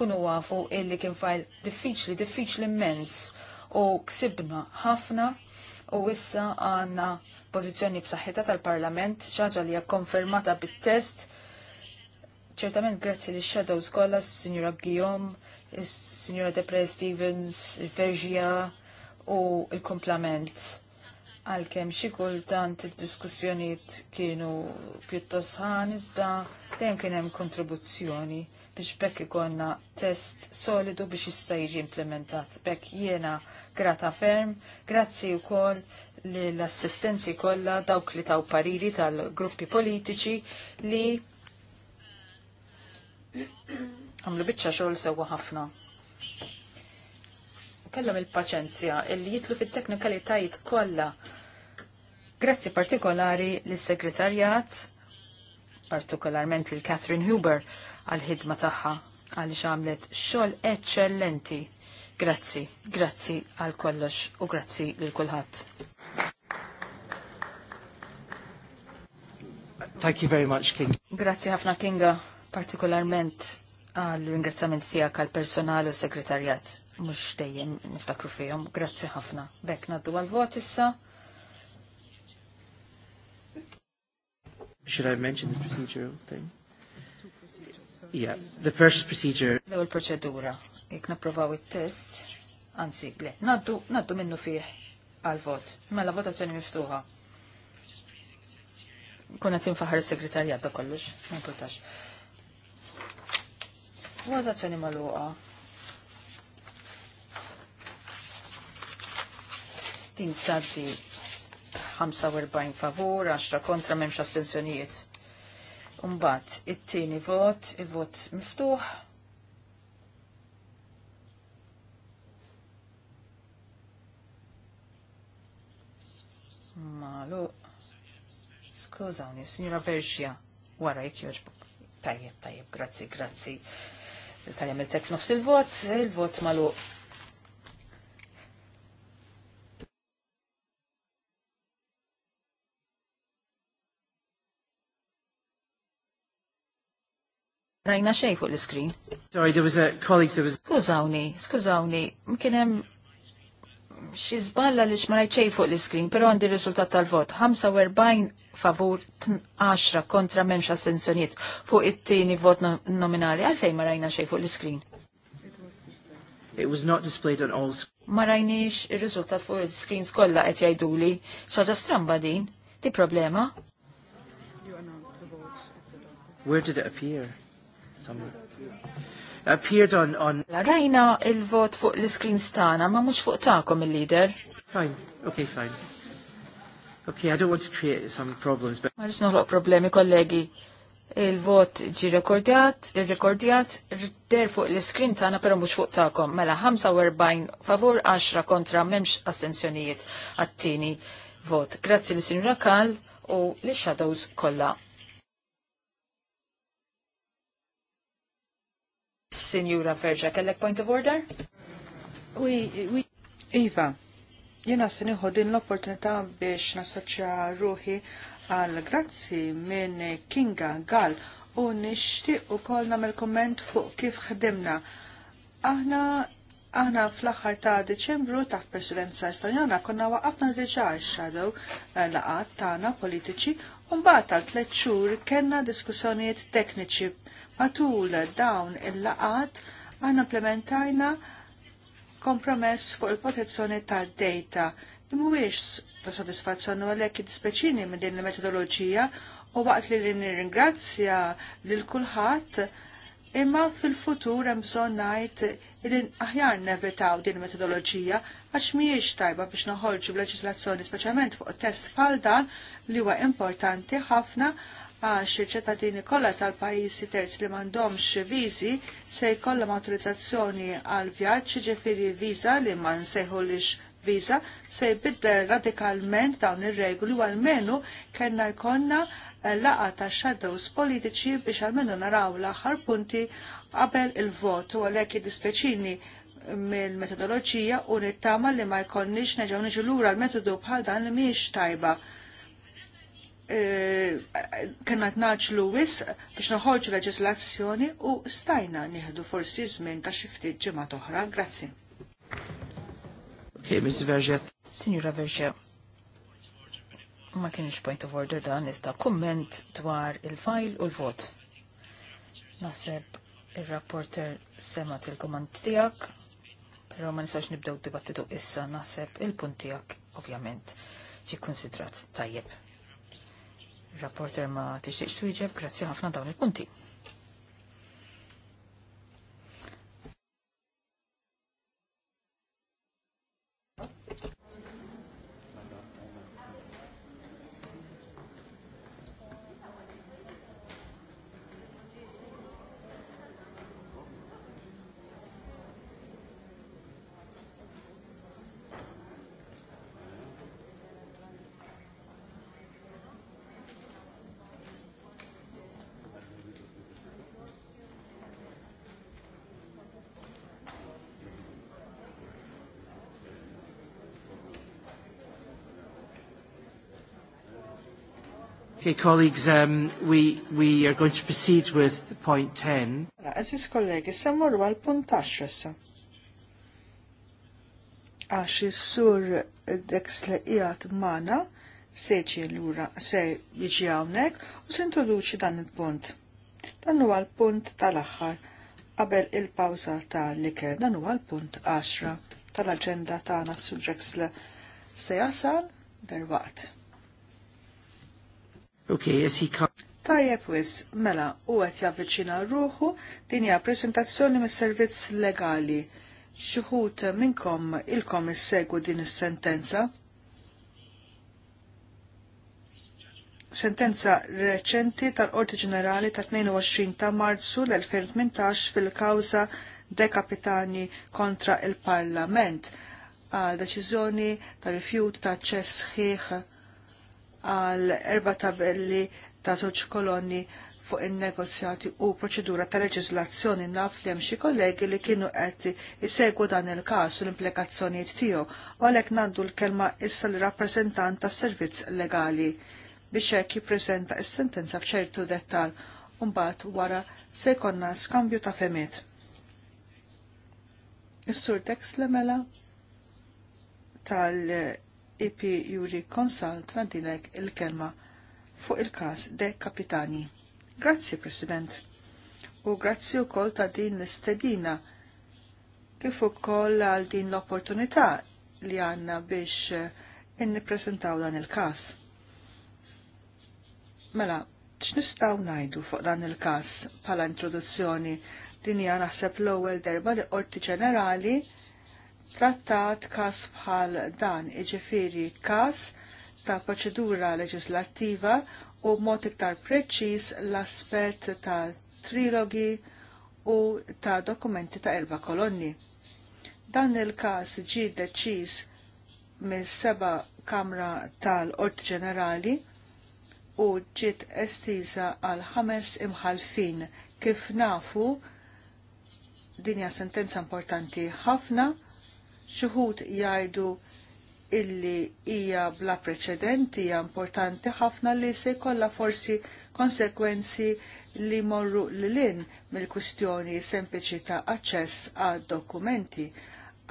kunu għafu illi kien fajl diffiċli, diffiċli immens u ksibna ħafna u issa għanna pożizzjoni b'saħħitha tal-Parlament ċaġa li hija konfermata bit-test ċertament grazzi li Shadows kollha, Signora Guillaume, Signora Depre Stevens, Vergia, u il-komplement għal-kem xikultant il-diskussjoniet kienu pjuttos ħan, iżda dejjem kien hemm kontribuzzjoni biex bekk ikonna test solidu biex jista' jiġi implementat. Bekk jiena grata ferm, grazzi wkoll l-assistenti kollha dawk li taw pariri tal-gruppi politiċi li għamlu biċċa xol sewa ħafna kellhom il-paċenzja illi jitlu fit-teknikalitajiet kollha. Grazzi partikolari lis-segretarjat, partikolarment lil Catherine Huber għal-ħidma tagħha għaliex għamlet xogħol eċċellenti. Grazzi, grazzi għal kollox u grazzi lil kulħadd. Thank you very much, King. Grazzi ħafna Kinga, partikolarment għal ringrazzjament tiegħek għal personal u segretarjat mhux dejjem niftakru fihom. Grazzi ħafna. Bekk naddu għal-vot issa. Should I mention the procedural thing? Yeah, the first procedure. L-ewwel proċedura. Jekk napprovaw it-test, anzi, le, naddu, naddu minnu fih għal-vot. Mela votazzjoni miftuħa. Kuna tinfaħar il segretarjat da kollux. ma importax. Votazzjoni maluqa. Din taddi 45 favur, 10 kontra memx astensjonijiet. Umbat, it-tieni vot, il-vot miftuħ. Malu. Skużawni, signora Verxia, wara jek joġbuk. Tajjeb, tajjeb, grazzi, grazzi. Tajjeb, il-tek nofs il-vot, il-vot malu rajna xej fuq l-iskrin. Sorry, there was a colleague, there was... Skużawni, skużawni, mkienem xi li xmaraj xej fuq l-iskrin, però għandi r-riżultat tal-vot. 45 favur 10 kontra memx assenzjoniet fuq it-tieni vot nominali. Għalfejn ma rajna xej fuq l-iskrin? It was not displayed on all Ma rajniex ir-riżultat fuq l-iskrin skolla qed jgħiduli. Xaġa stramba din, ti problema? Where did it appear? appeared on, on... Rajna il-vot fuq l-screen stana, ma mux fuq ta'kom il-lider. Fine, okay, fine. Okay, I don't want to create some problems, but... Marġ noħloq problemi, kollegi. Il-vot ġi rekordjat, il-rekordjat, der fuq l-screen tana, pero mux fuq ta'kom. Mela, 45 favur, 10 kontra, memx astensjonijiet għattini vot. Grazzi l-Sinjura Kal u l-Shadows kolla Signora Verġa, kellek point of order? Oui, oui. Iva, jena se nieħu din l-opportunità biex nassoċja ruħi għal grazzi minn Kinga Gall u nixtieq ukoll nagħmel komment fuq kif ħdimna. Aħna aħna fl-aħħar ta' Deċembru taħt presidenza Estonjana konna waqafna diġà x-shadow eh, laqat tagħna politiċi Umbat għal tliet xhur kellna diskussjonijiet tekniċi matul dawn il-laqat għan implementajna kompromess fuq il-protezzjoni ta' data mhuwiex ta' sodisfazzjon u għalhekk dispeċini minn din il-metodoloġija u waqt li nirringrazzja lil kulħadd imma fil-futur hemm bżonn ngħid li aħjar nevitaw din metodoloġija għax mhijiex tajba biex noħolġu b'leġislazzjoni speċjalment fuq test bħal dan li huwa importanti ħafna għax il-ċittadini kollha tal-pajjiżi terz li m'għandhomx viżi se jkollhom awtorizzazzjoni għal vjaġġ, ġifieri viża li ma nsejħulix viża se jbiddel radikalment dawn ir-regoli u almenu kellna jkollna laqa ta' shadows politiċi biex għalmenu naraw l-aħħar punti qabel il-vot u għalhekk jiddispeċini mill-metodoloġija u nittama li ma jkollniex neġgħu niġu lura l-metodu bħal dan li mhijiex tajba. E, Kena naċlu wis biex noħolġu leġislazzjoni u stajna nieħdu forsi żmien ta' xi ftit ġimgħa oħra. Grazzi. Okay, Miss Signora Verget. Ma kienx point of order dan iżda kumment dwar il-fajl u l-vot. Naseb il-rapporter sema il-komand tijak, pero ma nistax nibdew dibattitu issa naseb il-punt tijak ovvjament ġi konsidrat tajjeb. Rapporter ma tixtieq twieġeb, grazzi ħafna dawn il-punti. Okay, colleagues, um, we, we are going to proceed with point 10. Aziz mela, kollegi, semmurru għal punt 10 issa. Għax sur deks li qiegħed magħna se jiġi lura se jiġi hawnhekk u se introduċi dan il-punt. Dan huwa l-punt tal-aħħar qabel il-pawża tal-liker dan huwa l-punt 10 tal-aġenda tagħna sur Drexler se jasal derwaqt. Okay, yes, he comes. Tajjeb wis, mela, u għet javvicina ruħu hija prezentazzjoni mis servizz legali. Xuħut minnkom ilkom segwu din is-sentenza. Sentenza reċenti tal-Qorti Ġenerali ta' 22 ta' Marzu l-2018 fil-kawza dekapitani kontra il-Parlament għal deċiżjoni ta' rifjut ta' ċess għal erba tabelli ta' żewġ kolonni fuq il-negozjati u proċedura ta' leġislazzjoni naf li hemm xi kollegi li kienu qed isegwu dan il-każ u l-implikazzjonijiet tiegħu u għalhekk ngħaddu l-kelma issa l rappresentant tas-servizz legali biex hekk jippreżenta s-sentenza f'ċertu dettal u mbagħad wara se jkollna skambju ta' femiet. Is-sur Tex Lemela tal IP Juri Consul nadilek il-kelma fuq il-kas de kapitani. Grazzi, President. U grazzi u kol ta' din l-istedina kif ukoll għal din l-opportunità li għanna biex eh, nippreżentaw dan il-kas. Mela, x'nistgħu ngħidu fuq dan il-kas bħala introduzzjoni din hija naħseb l-ewwel derba li Qorti Ġenerali trattat kas bħal dan iġifiri kas ta' proċedura leġislattiva u mod iktar preċiż l-aspett ta' trilogi u ta' dokumenti ta' erba' kolonni. Dan il-kas ġi deċiż mis-seba Kamra tal-Qorti Ġenerali u ġiet estiża għal ħames imħalfin kif nafu dinja sentenza importanti ħafna Xuħut jgħidu illi hija bla preċedenti hija importanti ħafna li se jkollha forsi konsekwenzi li morru lilin lin mill-kustjoni sempliċi ta' aċċess għal dokumenti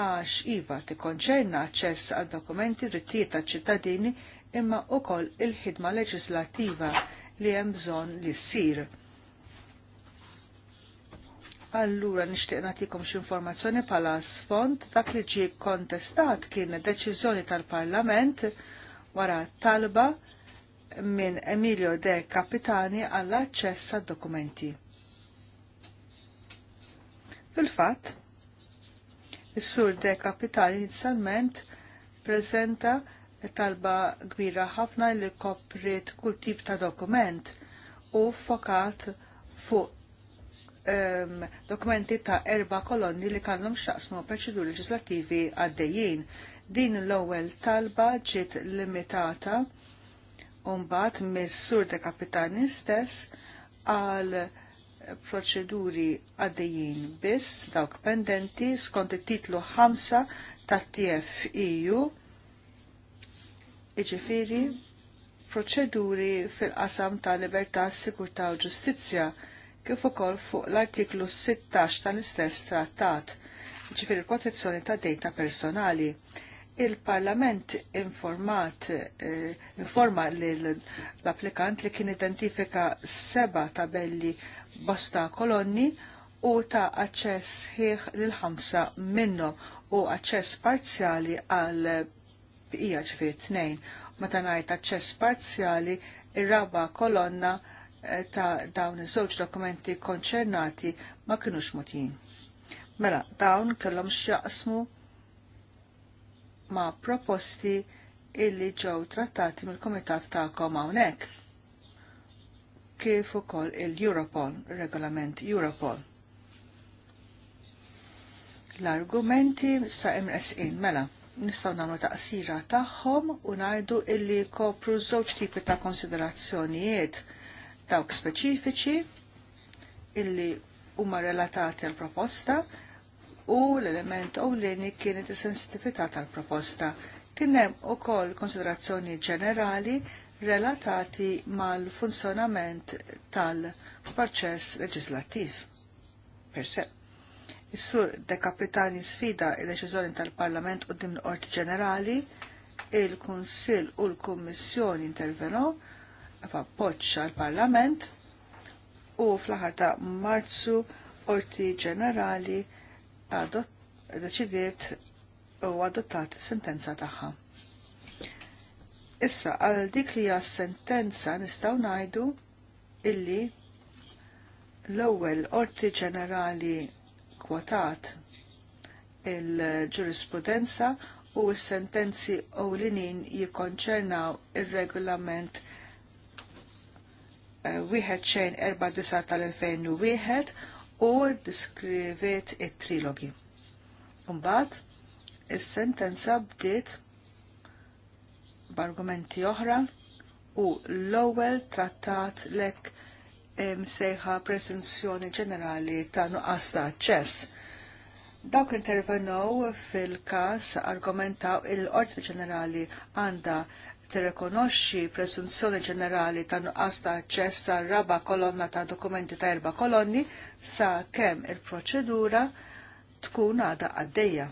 għax iva tikkonċerna aċċess għad dokumenti drittijiet ta' ċittadini imma ukoll il-ħidma leġislattiva li hemm bżonn li ssir Allura nixtieq nagħtikom xi informazzjoni bħala sfond dak li ġie kontestat kien deċiżjoni tal-Parlament wara talba minn Emilio De Capitani għall-aċċess għad dokumenti. Fil-fatt, is-sur De Capitani inizjalment prezenta talba kbira ħafna li koprit kull tip ta' dokument u fokat fuq um, dokumenti ta' erba kolonni li kellhom xaqsmu proċeduri leġislattivi għaddejjin. Din l-ewwel talba ġiet limitata mbagħad mis-sur de kapitani stess għal proċeduri għaddejjin biss dawk pendenti skont it-titlu 5 tat-TFEU iġifiri proċeduri fil-qasam ta' libertà, sikurtà u ġustizzja kif ukoll fuq l-artiklu 16 tal-istess trattat ġifir il-protezzjoni ta' data personali. Il-Parlament informat eh, informa l-applikant li kien identifika seba tabelli bosta kolonni u ta' aċċess ħieħ lil ħamsa minnhom u aċċess parzjali għal bqija ġifir tnejn. Meta ngħid aċċess parzjali ir-raba kolonna Eh, ta' dawn iż-żewġ dokumenti konċernati ma kinux mutin. Mela, dawn kellhom x'jaqsmu ma' proposti illi ġew trattati mill-Kumitat tagħkom hawnhekk kif ukoll il-Europol, regolament Europol. L-argumenti sa' imresqin mela nistgħu nagħmlu taqsira tagħhom u ngħidu illi kopru żewġ tipi ta' konsiderazzjonijiet dawk speċifiċi illi huma relatati għal proposta u l-element ewlieni kienet is-sensitività tal-proposta. Kien hemm ukoll konsiderazzjoni ġenerali relatati mal-funzjonament tal-proċess leġislattiv. Per se. Is-sur dekapitani sfida il-deċiżjoni tal-Parlament u dim l-Qorti Ġenerali, il-Kunsill u l-Kummissjoni intervenu f'appoġġ għall-Parlament u fl-aħħar ta' Marzu Orti Ġenerali deċidiet u adottat sentenza tagħha. Issa għal dik li hija sentenza nistgħu ngħidu illi l-ewwel Orti Ġenerali kwotat il-ġurisprudenza u s-sentenzi ewlinin jikkonċernaw ir-regolament il wieħed xejn erba' disa tal-2001 u diskrivet it-trilogi. Mbagħad is-sentenza bdiet b'argumenti oħra u l-ewwel trattat lek msejħa presenzjoni ġenerali ta' nuqqas ta' ċess. Dawk intervenu fil-kas argumentaw il-Ordni Ġenerali għanda tirrekonoxxi presunzjoni ġenerali ta' nuqqas ta' aċċess raba kolonna ta' dokumenti ta' erba kolonni sa' kemm il-proċedura tkun għada għaddejja.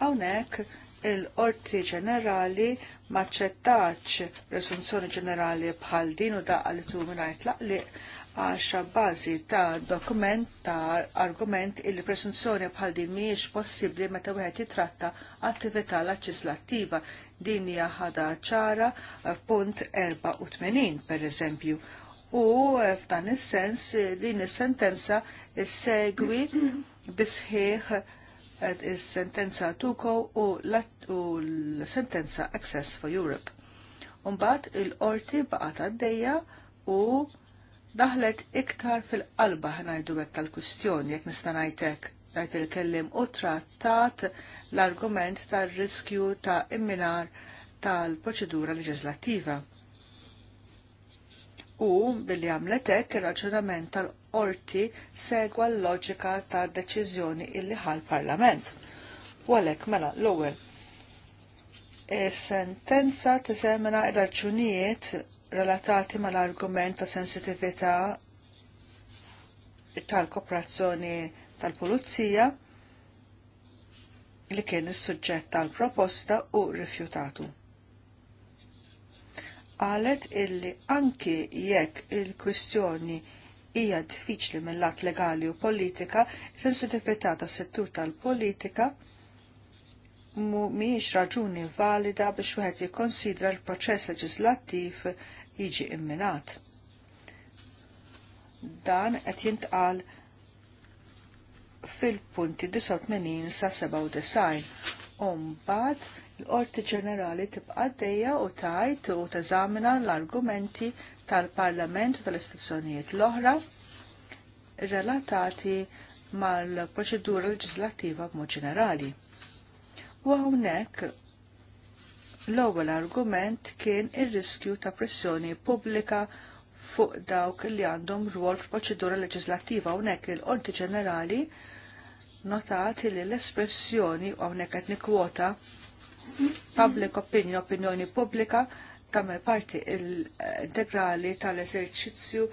Hawnhekk il-Qorti Ġenerali maċċettax presunzjoni ġenerali bħal din u daqqa li tu mingħajr għax għaxa bazi ta' dokument ta' argument il presunzjoni bħal din miex possibli meta wieħed jitratta attività leġislattiva din hija ħada ċara eh, punt 84 per eżempju. U eh, f'dan is-sens eh, din is-sentenza segwi bisħieħ is-sentenza Tuko u l-sentenza Access for Europe. Umbat il-qorti baqat għaddejja u daħlet iktar fil-qalba ħnajdu hekk tal-kwistjoni jekk nista' ngħidlek Rajt il-kellim u trattat l-argument tal-riskju ta' imminar tal-proċedura leġislativa. U billi għamletek il-raġunament tal-orti segwa l-loġika ta' deċiżjoni illi ħal parlament. U għalek mela l-ewwel. E sentenza teżemina il raġunijiet relatati mal-argument ta' sensitività tal-kooperazzjoni tal-Pulizija li kien is-suġġett tal-proposta u rifjutatu. Qalet illi anki jekk il-kwistjoni hija diffiċli mill-lat legali u politika, sensitività tas settur tal-politika mhumiex raġuni valida biex wieħed jikkonsidra l-proċess leġislattiv jiġi imminat. Dan qed jintqal fil-punti 89 sa 97. Ombad, l-Qorti Ġenerali tibqa' dejja u tajt u teżamina l-argumenti tal-Parlament u tal-istituzzjonijiet l-oħra relatati mal-proċedura leġislattiva b'mod ġenerali. U hawnhekk l-ewwel argument kien ir-riskju ta' pressjoni pubblika fuq dawk li għandhom rwol f'proċedura leġislattiva hawnhekk il-Qorti Ġenerali notat li l-espressjoni hawnhekk qed nikkwota public opinion, opinjoni pubblika tagħmel parti integrali tal-eżerċizzju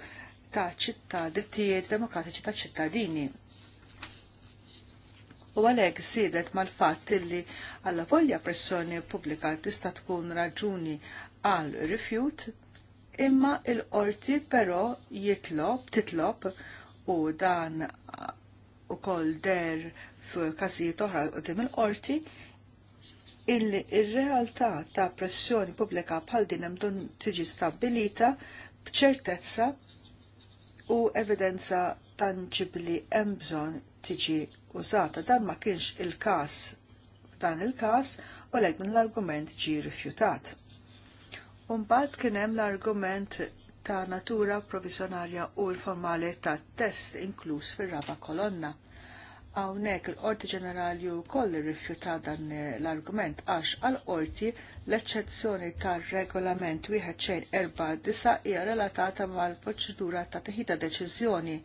ta' ċitta drittijiet demokratiċi ta' ċittadini. U għalek sidet mal-fatt illi għalla volja pressjoni pubblika tista' tkun raġuni għal rifjut imma il-qorti però jitlob, titlob u dan u kol der f'kasijiet oħra qudiem il-qorti illi ir-realtà ta' pressjoni pubblika bħal din hemm tiġi stabbilita b'ċertezza u evidenza tanġibli hemm bżonn tiġi użata. Dan ma kienx il-każ f'dan il-każ u lejn l-argument ġi rifjutat. Umbat kienem l-argument ta' natura provizjonarja u l-formali ta' test inkluż fir-raba kolonna. Hawnhekk il-Qorti Ġenerali wkoll irrifjuta dan l-argument għax għal qorti l-eċċezzjoni tar-regolament wieħed xejn erba' disa hija relatata mal-proċedura ta' teħida deċiżjoni.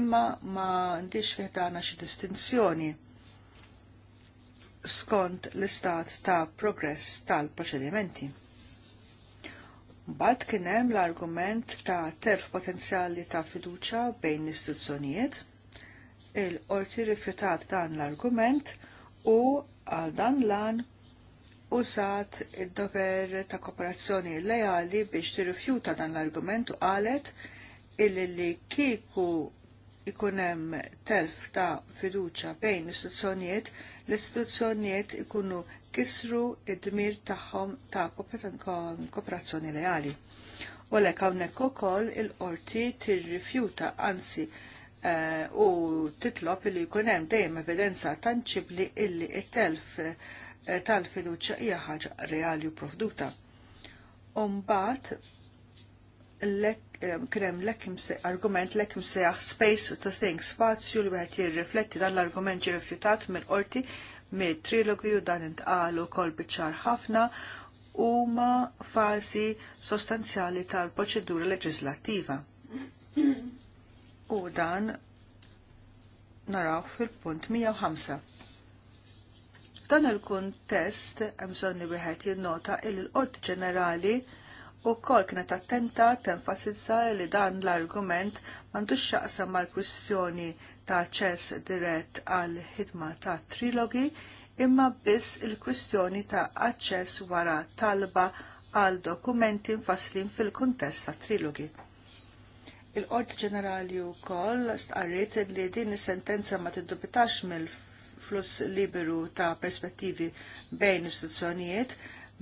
Imma ma ndix fiħdana xi distinzjoni skont l-istat ta' progress tal-proċedimenti. Mbagħad kien hemm l-argument ta' terf potenzjali ta' fiduċja bejn l-istituzzjonijiet. Il-qorti rifjutat dan l-argument u għal dan lan użat id-dover ta' kooperazzjoni lejali biex tirrifjuta dan l-argument u qalet illi li kiku ikunem telf ta' fiduċa bejn istituzzjonijiet l-istituzzjonijiet ikunu kisru id-dmir tagħhom ta' kooperazzjoni leali. U lek hawnhekk ukoll il-qorti tirrifjuta anzi eh, u titlob li jkun hemm dejjem evidenza tanċibli illi it-telf eh, tal-fiduċja hija ħaġa reali u profduta. Umbat l Um, krem lekkim se argument lekkim sejaħ space to think spazju li għet jirrifletti dan l-argument ġirrifjutat mill qorti trilogi u dan intqalu kol biċar ħafna u ma fazi sostanzjali tal-proċedura leġislativa. U dan naraw fil-punt 105. F'dan il-kuntest hemm bżonn li wieħed jinnota il-Qorti Ġenerali u kol kienet attenta tenfasizza li dan l-argument mandu xaqsa mal kwistjoni ta' ċels dirett għal ħidma ta' trilogi imma biss il-kwistjoni ta' aċċess wara talba għal dokumenti mfasslin fil-kuntest ta' trilogi. Il-Qorti Ġenerali u koll stqarriet li din is-sentenza ma tiddubitax mill-fluss liberu ta' perspettivi bejn istituzzjonijiet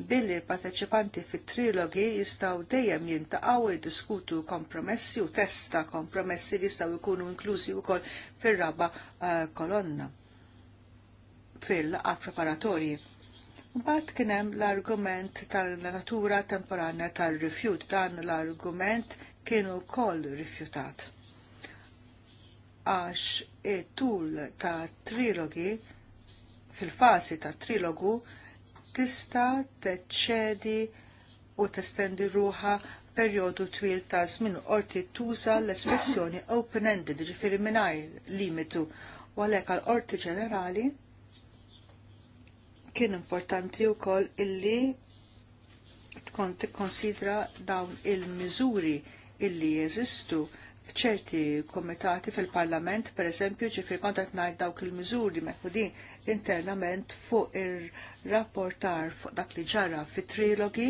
billi l-parteċipanti fit-trilogi jistgħu dejjem jintaqgħu diskutu kompromessi u testa kompromessi li jistgħu jkunu inklużi wkoll fir-raba uh, kolonna fil-qat preparatorji. Mbagħad kien hemm l-argument tal-natura temporanja tar-rifjut dan l-argument kienu wkoll rifjutat. Għax it-tul ta' trilogi fil-fasi ta' trilogu tista' teċċedi u testendi ruħa perjodu twil ta' żmien qorti tuża l-espressjoni open-ended, ġifieri mingħajr limitu, u għalhekk għall-Qorti Ġenerali kien importanti wkoll illi tkun tikkonsidra dawn il-miżuri illi jeżistu fċerti komitati fil-parlament, per eżempju, ġifir kontat najt dawk il-mizuri meħudin internament fuq ir-rapportar fuq dak li ġara fit trilogi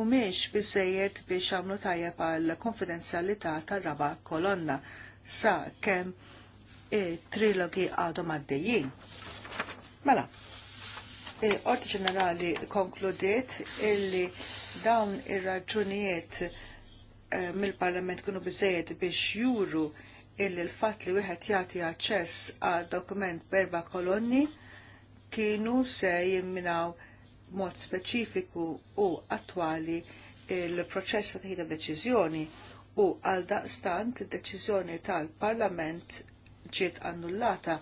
mumiex bizzejiet biex għamlu tajja għal konfidenzjalità tar-raba kolonna sa kem trilogi għadhom għaddejjin. Mela, il-Qorti Ġenerali konkludiet illi dawn ir-raġunijiet il Eh, mill-Parlament kienu bizzejed biex juru il l-fatt li wieħed jagħti aċċess għal dokument berba kolonni kienu se jimminaw mod speċifiku u attwali il-proċess ta' ħida deċiżjoni u għal daqstant id-deċiżjoni tal-Parlament ġiet annullata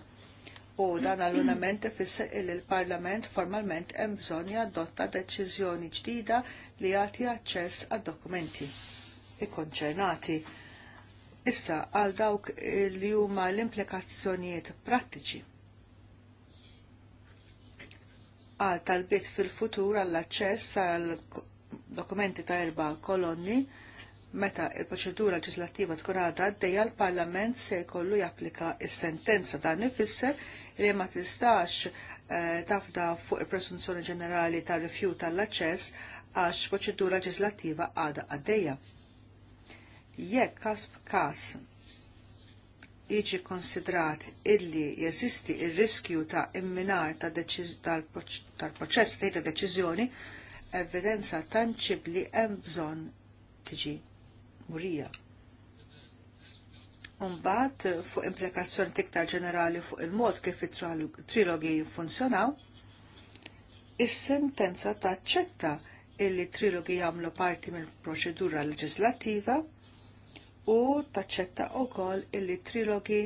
u dan għall-unament ifisser il l-Parlament formalment hemm bżonn jadotta deċiżjoni ġdida li jagħti aċċess għad-dokumenti ikkonċernati. Issa għal dawk li huma l-implikazzjonijiet prattiċi. Għal tal-bit fil-futur għall-aċċess għal dokumenti ta' erba' kolonni meta il-proċedura leġislattiva tkun għadha għaddejja l-Parlament se jkollu japplika s-sentenza dan ifisser li ma tistax eh, tafda fuq il-presunzjoni ġenerali ta' rifjut għall aċċess għax proċedura leġislattiva għadha għaddejja jekk kas iġi jiġi konsidrat illi jeżisti il-riskju ta' imminar ta' tal-proċess li ta' deċiżjoni, evidenza tanċibli hemm bżonn tiġi murija. Umbat, fuq implikazzjoni tiktar ġenerali fuq il-mod kif it-trilogi funzjonaw, is-sentenza taċċetta illi trilogi jagħmlu parti mill-proċedura leġislattiva u taċċetta wkoll illi trilogi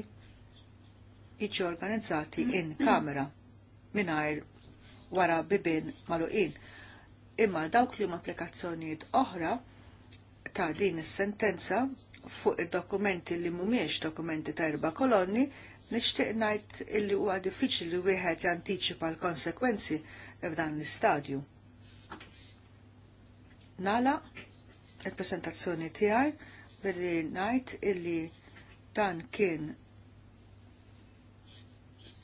jiġu organizzati in kamera mingħajr wara bibin maluqin. Imma dawk li huma applikazzjonijiet oħra ta' din is-sentenza fuq id-dokumenti li mhumiex dokumenti ta' erba' kolonni, nixtieq ngħid illi huwa diffiċli li wieħed jantiċipa l-konsekwenzi f'dan l-istadju. Nala il-presentazzjoni tiegħi billi ngħid illi dan kien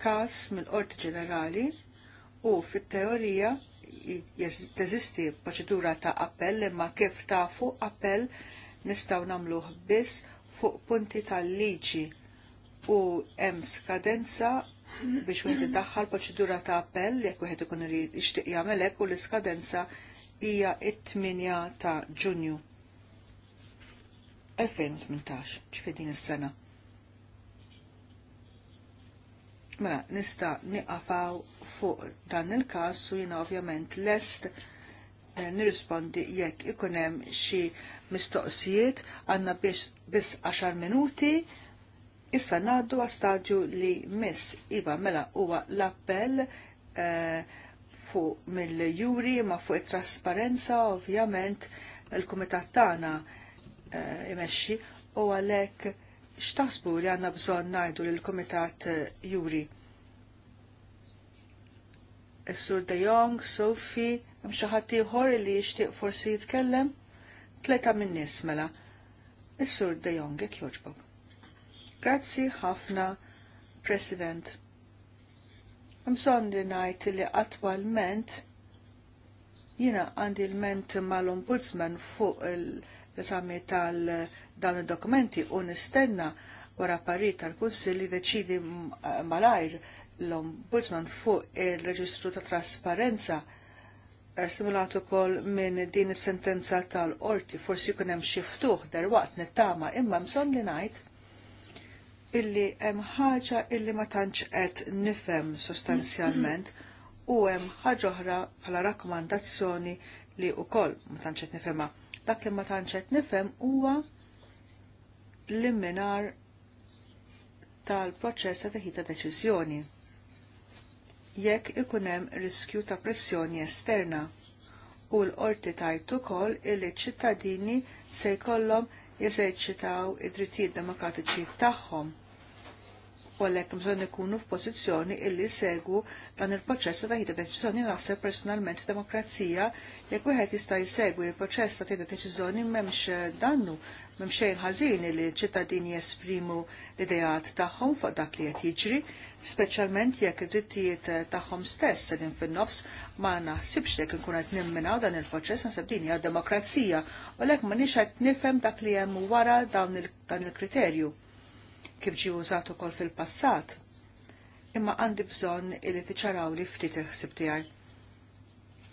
każ mill-Qorti Ġenerali u fit-teorija teżisti proċedura ta' appell imma kif tafu appell nistgħu nagħmluh biss fuq punti tal-liġi u hemm skadenza biex wieħed iddaħħal proċedura ta' appell jekk wieħed ikun irid jixtieq jagħmel hekk u l-iskadenza hija t 8 ta' Ġunju. 2018, ċifi din is-sena. Mela, nista niqafaw fuq dan il-kas u jina ovvjament lest eh, nirrispondi jekk ikunem xi mistoqsijiet għanna biss 10 minuti issa naddu għastadju li miss Iva mela huwa l-appell eh, fuq mill-juri ma fuq it-trasparenza ovvjament il-kumitat tagħna Eh, imexxi u għalhekk x'taħsbu li għandna bżonn ngħidu lill-Kumitat eh, Juri. Is-Sur De Jong, Sofi, hemm xi ħadd ieħor li jixtieq forsi jitkellem? Tleta minn nismela. mela. Is-Sur De Jong qed jogħġbok. Grazzi ħafna, President. Mżon li najt li attwalment jina għandi l-ment mal-ombudsman fuq il- l esami tal dawn id-dokumenti u nistenna wara parir tal kunsil li deċidi malajr l-Ombudsman fuq il-Reġistru ta' Trasparenza eh, stimulatu kol minn din is-sentenza tal-qorti forsi jkun hemm xi ftuħ derwaqt nittama imma mson li ngħid illi hemm ħaġa illi ma tantx qed nifhem sostanzjalment u hemm ħaġa oħra bħala rakkomandazzjoni li wkoll ma tantx qed nifhemha Dak li ma tanċet nifem huwa l-imminar tal-proċess ta' ħita' deċiżjoni. Jekk ikunem riskju ta' pressjoni esterna u l-qorti tajt ukoll illi ċittadini se jkollhom jeżerċitaw id-drittijiet demokratiċi tagħhom kollek bżon bżonn ikunu f'pożizzjoni illi segwu dan il-proċess ta' ħita deċiżjoni naħseb personalment demokrazija jekk wieħed jista' jsegwi il-proċess ta' ħita deċiżjoni m'hemmx eh, dannu m'hemm xejn ħażin li ċittadini jesprimu l-idejat tagħhom fuq dak li qed jiġri, speċjalment jekk id-drittijiet eh, tagħhom stess sedin fin-nofs ma naħsibx jekk inkun qed nimminaw dan il-proċess naħseb din hija demokrazija u ma m'għandix qed nifhem dak li hemm wara dawn il-kriterju. il kriterju kif ġi użat ukoll fil-passat, imma għandi bżonn li tiċaraw li ftit il tiegħi.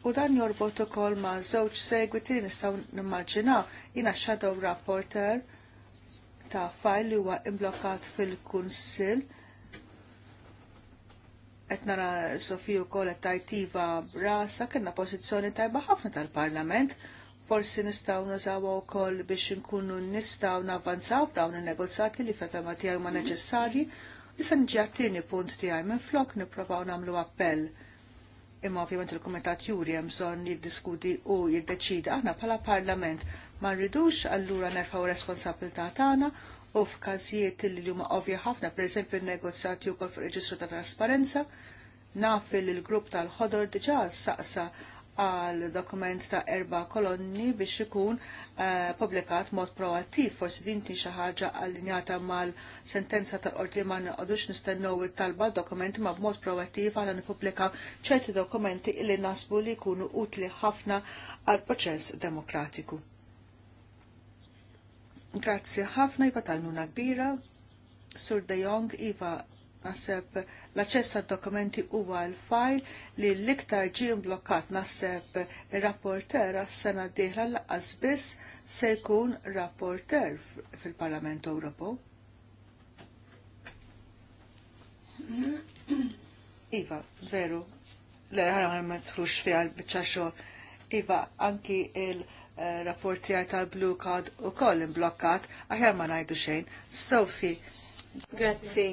U dan jorbot ukoll ma' żewġ segwiti li nistgħu nimmaġinaw jiena shadow rapporter ta' fajl li huwa imblokkat fil-kunsill qed nara Sofiju wkoll qed tajtiva brasa kienna pożizzjoni tajba ħafna tal-Parlament forsi nistaw nazawa u koll biex nkunu nistaw navvanzaw dawn il-negozjati li fefema tijaj ma neċessarji, jisa nġi punt tijaj minn flok niprofaw namlu appell. Imma ovvijament il-Komitat Juri hemm bżonn jiddiskuti u jiddeċida aħna bħala Parlament ma rridux allura nerfaw responsabilità tagħna u f'każijiet li huma ovvja ħafna, pereżempju n-negozjati wkoll fuq reġistru ta' trasparenza, naf li l-grupp tal-ħodor diġà saqsa għal dokument ta' erba kolonni biex ikun uh, publikat mod proattiv. Forsi din ti xi ħaġa allinjata mal-sentenza tal-qorti ma għadux nistennew it-talba dokumenti ma b'mod proattiv għal nippubblika ċerti dokumenti illi nasbu li jkunu utli ħafna għal proċess demokratiku. Grazzi ħafna jiva talnuna kbira. Sur De Jong, Iva, Naħseb l-aċċess għad dokumenti huwa l-fajl li l-iktar ġie mblokkat naħseb ir-rapporter għas-sena d-dieħla laqqas biss se jkun rapporter fil-Parlament Ewropew. Iva, veru, le ħana ma tħrux fiha l-biċċa xogħol. Iva, anki il-rapporti tal-Blue Card u koll imblokkat, aħjar ma ngħidu xejn. Sophie, Grazzi.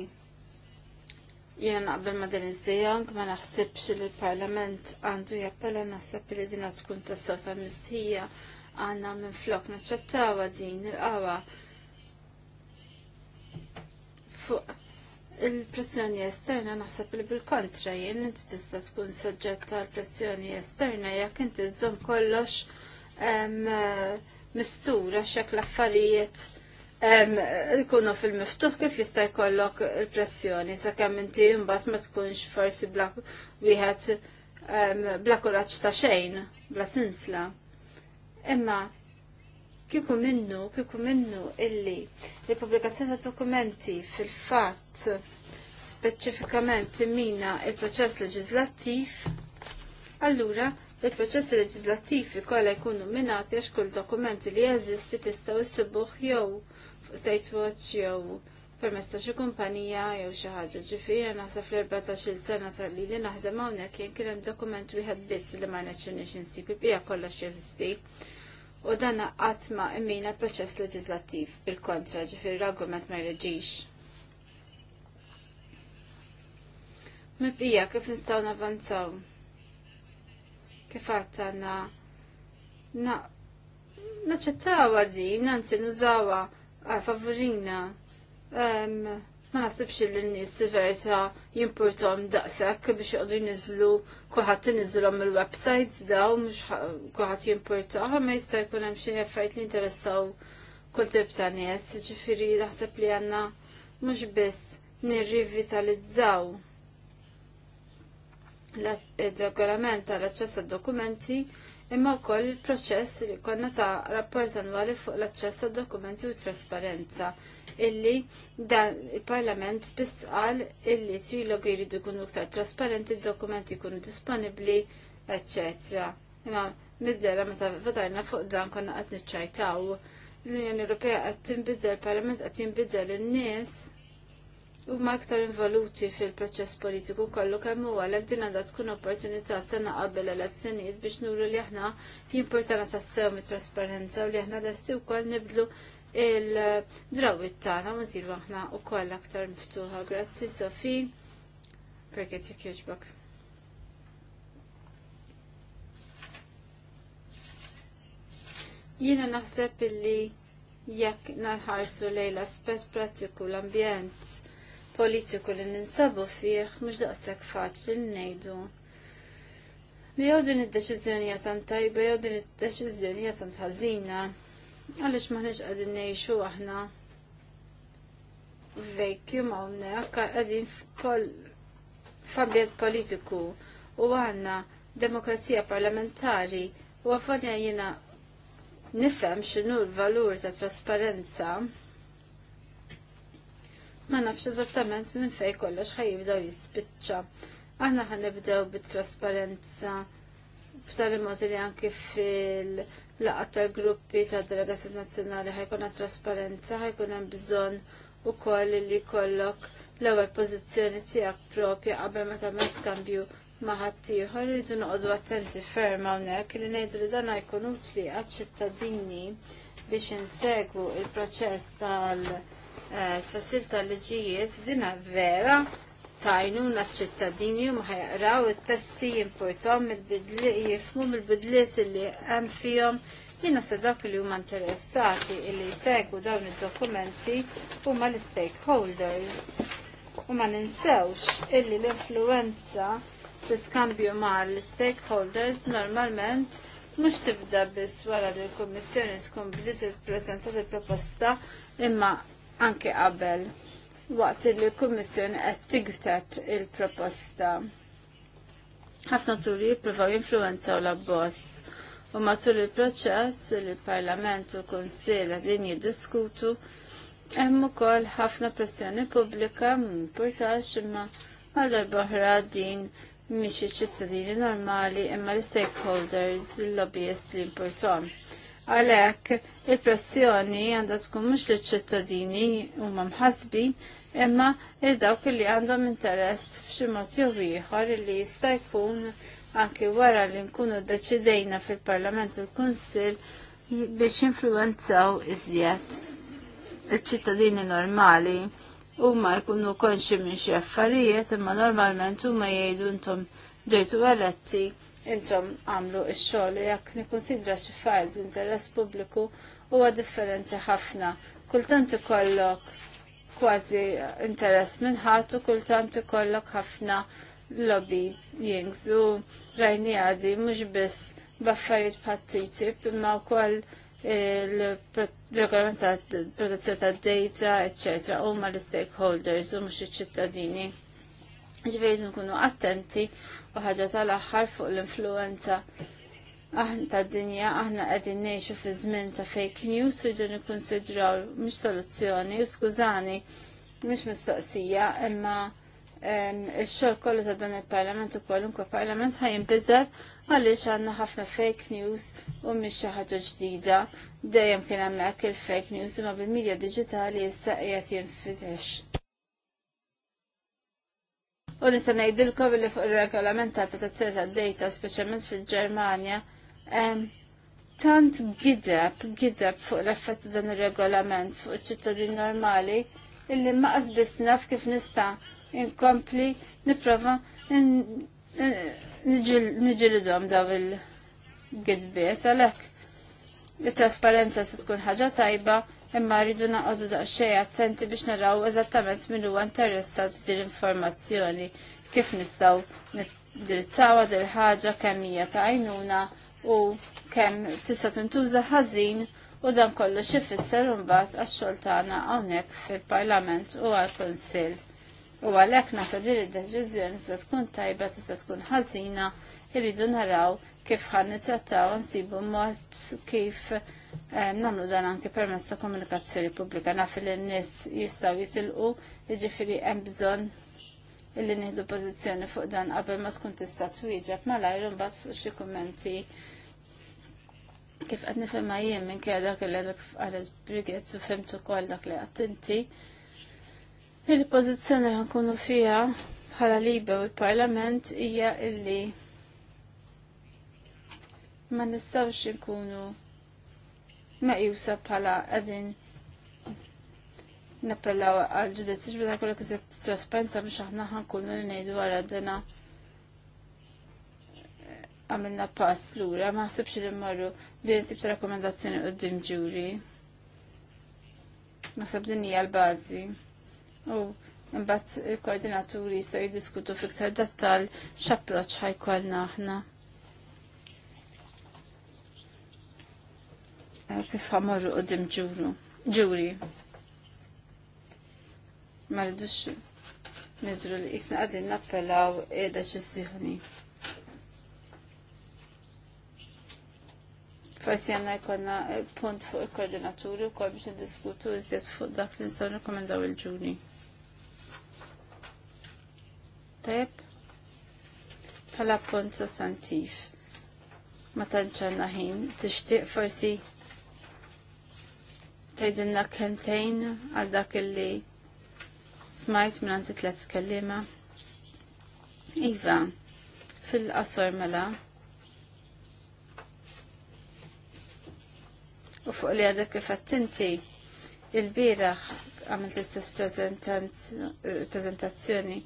Jena naqbel ma Denis De Jong ma naħsibx li l-Parlament għandu jappella naħseb li dina tkun tassaw ta' mistħija għanna minn flok naċċettawa din il-qawa fuq il-pressjoni esterna naħseb li bil-kontra jien inti tista' tkun soġġetta għal pressjoni esterna jekk inti żżomm kollox mistura x'ek l-affarijiet ikunu fil-miftuħ kif jista' jkollok il-pressjoni sakemm inti mbagħad ma tkunx forsi bla wieħed bla kuraġġ ta' xejn, bla sinsla. Imma kieku minnu, kieku minnu illi l pubblikazzjoni ta' dokumenti fil-fatt speċifikament timina il-proċess leġislattiv, allura il-proċess leġislattiv ikolla jkunu minnati għax kull dokumenti li jeżisti tistgħu jsibuh jew fuq State Watch jew permess ta' xi kumpanija jew xi ħaġa ġifieri naħseb fl-14-il sena tal-li li naħdem hawnhekk kien kien hemm dokument wieħed biss li ma rnexxinniex insib bija kollox jeżisti. U dan qatt ma immina proċess leġislattiv bil-kontra ġifieri l-argument ma jreġix. Mibija, kif nistgħu navanzaw. Kif qatt għandna naċċettawha din, anzi nużawha Ah, favorina. Ma nasibx li n-nis versa jimportom daqsak biex jgħodu jnizlu kuħat jnizlom il-websites daw mux kuħat jimportaw ma jista' jkun hemm xi affarijiet li interessaw kull tip ta' nies, ġifiri naħseb li għandna mhux biss nirrivitalizzaw l regolament tal-aċċess għad-dokumenti imma wkoll proċess li konna ta' rapport annwali fuq l-aċċess ta' dokumenti u trasparenza illi dan il-Parlament spiss qal illi trilog jridu jkunu iktar trasparenti, dokumenti jkunu disponibbli, eccetera. Imma middera meta vadajna fuq dan konna qed niċċajtaw l-Unjoni Ewropea qed tinbidel, il-Parlament qed jinbidel in-nies u ma aktar involuti fil-proċess politiku kollu kemm huwa għalhekk din għandha tkun opportunità sena qabel elezzjonijiet biex nuru li aħna jimportana tassew mit-trasparenza u li aħna lesti wkoll nibdlu il-drawit tagħna u nsiru aħna wkoll aktar miftuħa. Grazzi Sofi. Cricket jekk jogħġbok. Jiena naħseb illi jekk naħarsu lejn l aspett pratiku l-ambjent politiku li ninsabu fih mhux daqshekk faċli li ngħidu. Li jew din id deċizjoni jatan tajba jew din id deċizjoni jatan tħazina, ħażina. Għaliex għadin qegħdin ngħixu aħna vacuum hawnhekk qegħdin f'ambjent politiku u għandna demokrazija parlamentari u għafonja jina nifhem x'inhu l-valur ta' trasparenza ma nafx eżattament minn fej kollox ħajibdaw jispiċċa. Aħna ħanibdew bit-trasparenza b'tali mod li anke fil laqgħa tal-gruppi tad delegazzjoni nazzjonali ħajkuna trasparenza, ħajkun hemm bżonn ukoll li jkollok l-ewwel pożizzjoni tiegħek propja qabel ma tagħmel skambju ma' ħaddieħor irridu noqogħdu attenti ferm hawnhekk li ngħidu li dan jkun utli għaċ-ċittadini biex insegwu il-proċess tal- Eh, tfassil tal-liġijiet dina vera tajnuna ċittadini u maħjaqraw il-testi jimportom jifmu mill-bidliet li għem fijom jina sa dak li huma interessati li jsegwu dawn id-dokumenti huma l-stakeholders. U ma ninsewx illi l-influenza l-iskambju ma l-stakeholders normalment mux tibda biss wara li l-Kommissjoni tkun bdiet ippreżentat il-proposta imma anke qabel waqt li l-Kummissjoni qed tikteb il-proposta. Ħafna turi jippruvaw jinfluwenzaw l-abbozz u matul il-proċess li l-Parlament u l-Kunsill għedin jiddiskutu hemm ukoll ħafna pressjoni pubblika m'purtax imma għal darba din mhix iċ-ċittadini normali imma l-stakeholders l-lobbyists li importom. Għalhekk il-pressjoni għandha tkun mhux liċ-ċittadini huma mħasbin imma id dawk li għandhom interess f'xi mod ieħor li jista' jkun anke wara li nkunu deċidejna fil-Parlament u l kunsill biex influenzaw iżjed il-ċittadini normali huma jkunu konxi minn xi affarijiet imma normalment huma jgħidu intom ġejtu eletti intom għamlu il-xol jekk nikonsidra xi fajl interess pubbliku huwa differenti ħafna. Kultant ikollok kważi interess ħadd u kultant ikollok ħafna lobbyings u rajni għadi mhux biss baffariet bħat-TTIP imma wkoll il-regolament protezzjoni ta' data, eccetera, u ma' l-stakeholders u mhux iċ-ċittadini. Ġvejdu nkunu attenti U ħaġa tal-aħħar fuq l-influenza aħna ta' dinja aħna qegħdin ngħixu fi żmien ta' fake news u ġu nikkonsidraw mhux soluzzjoni u skużani mhux mistoqsija imma il-xogħol kollu ta' dan il-Parlament u kwalunkwe Parlament ħajinbiżel għaliex għandna ħafna fake news u mhix xi ħaġa ġdida dejjem kien hemmhekk il-fake news imma bil midja diġitali issa qiegħed jinfitex. U nista' ngħidilkom li fuq ir-regolament ta' protezzjoni ta' data speċjalment fil-Ġermanja, tant gideb, gideb fuq l-effett dan ir-regolament fuq ċittadin normali illi maqas bisnaf naf kif nista' inkompli nipprova niġilidhom daw il-gidbiet għalhekk. it trasparenza se tkun ħaġa tajba imma rridu naqgħodu daqsxejn attenti biex naraw eżattament min huwa interessat f'din informazzjoni kif nistgħu ndirizzawa dil ħaġa kemm hija ta' għajnuna u kemm tista' tintuża ħażin u dan kollu xi fisser imbagħad għax-xogħol tagħna hawnhekk fil-Parlament u għall-Kunsill. U għalhekk nasa li d-deċiżjoni tista' tkun tajba tista' tkun ħażina irridu naraw kif ħan nittrattaw nsibu mod kif Namlu dan anke permezz ta' komunikazzjoni pubblika naf li n-nies jistgħu jitilqu, jiġifieri hemm bżonn illi nieħdu pożizzjoni fuq dan qabel ma tkun tista' twieġeb malajr imbagħad fuq xi kummenti kif qed nifhimha jien minn kien dak li brigett u fimt ukoll dak li attinti. Il-pożizzjoni li nkunu fiha bħala liba u l-Parlament hija illi ma nistgħux inkunu meqjusa bħala qegħdin nappellaw għal ġudizzju biex kollha kizet traspenza biex aħna ħankunu li ngħidu wara dina għamilna pass lura, ma ħsibx li mmorru bi tip ta' rakkomandazzjoni qudiem ġuri. Naħseb din hija l-bażi. U mbagħad il-koordinaturi jistgħu jiddiskutu f'iktar dettal x'approċċ ħajkollna aħna. Eh, kif ħamorru qudiem ġuru. Ġuri. Ma rridux nidru li jisna qegħdin nappellaw deċiżjoni. Forsi għanna jkollna eh, punt fuq il-koordinaturi kol biex n-diskutu iżjed fuq dak li nistgħu rekomendaw il-ġuri. Tajab? Pala punt sostantiv ma tanċanna ħin, tixtieq forsi Tgħidilna kemtejn għal dak illi smajt minn għandi tliet skellima. Iva, fil-qasor mela. U fuq li għadek kif attinti, il-biraħ għamil l-istess prezentazzjoni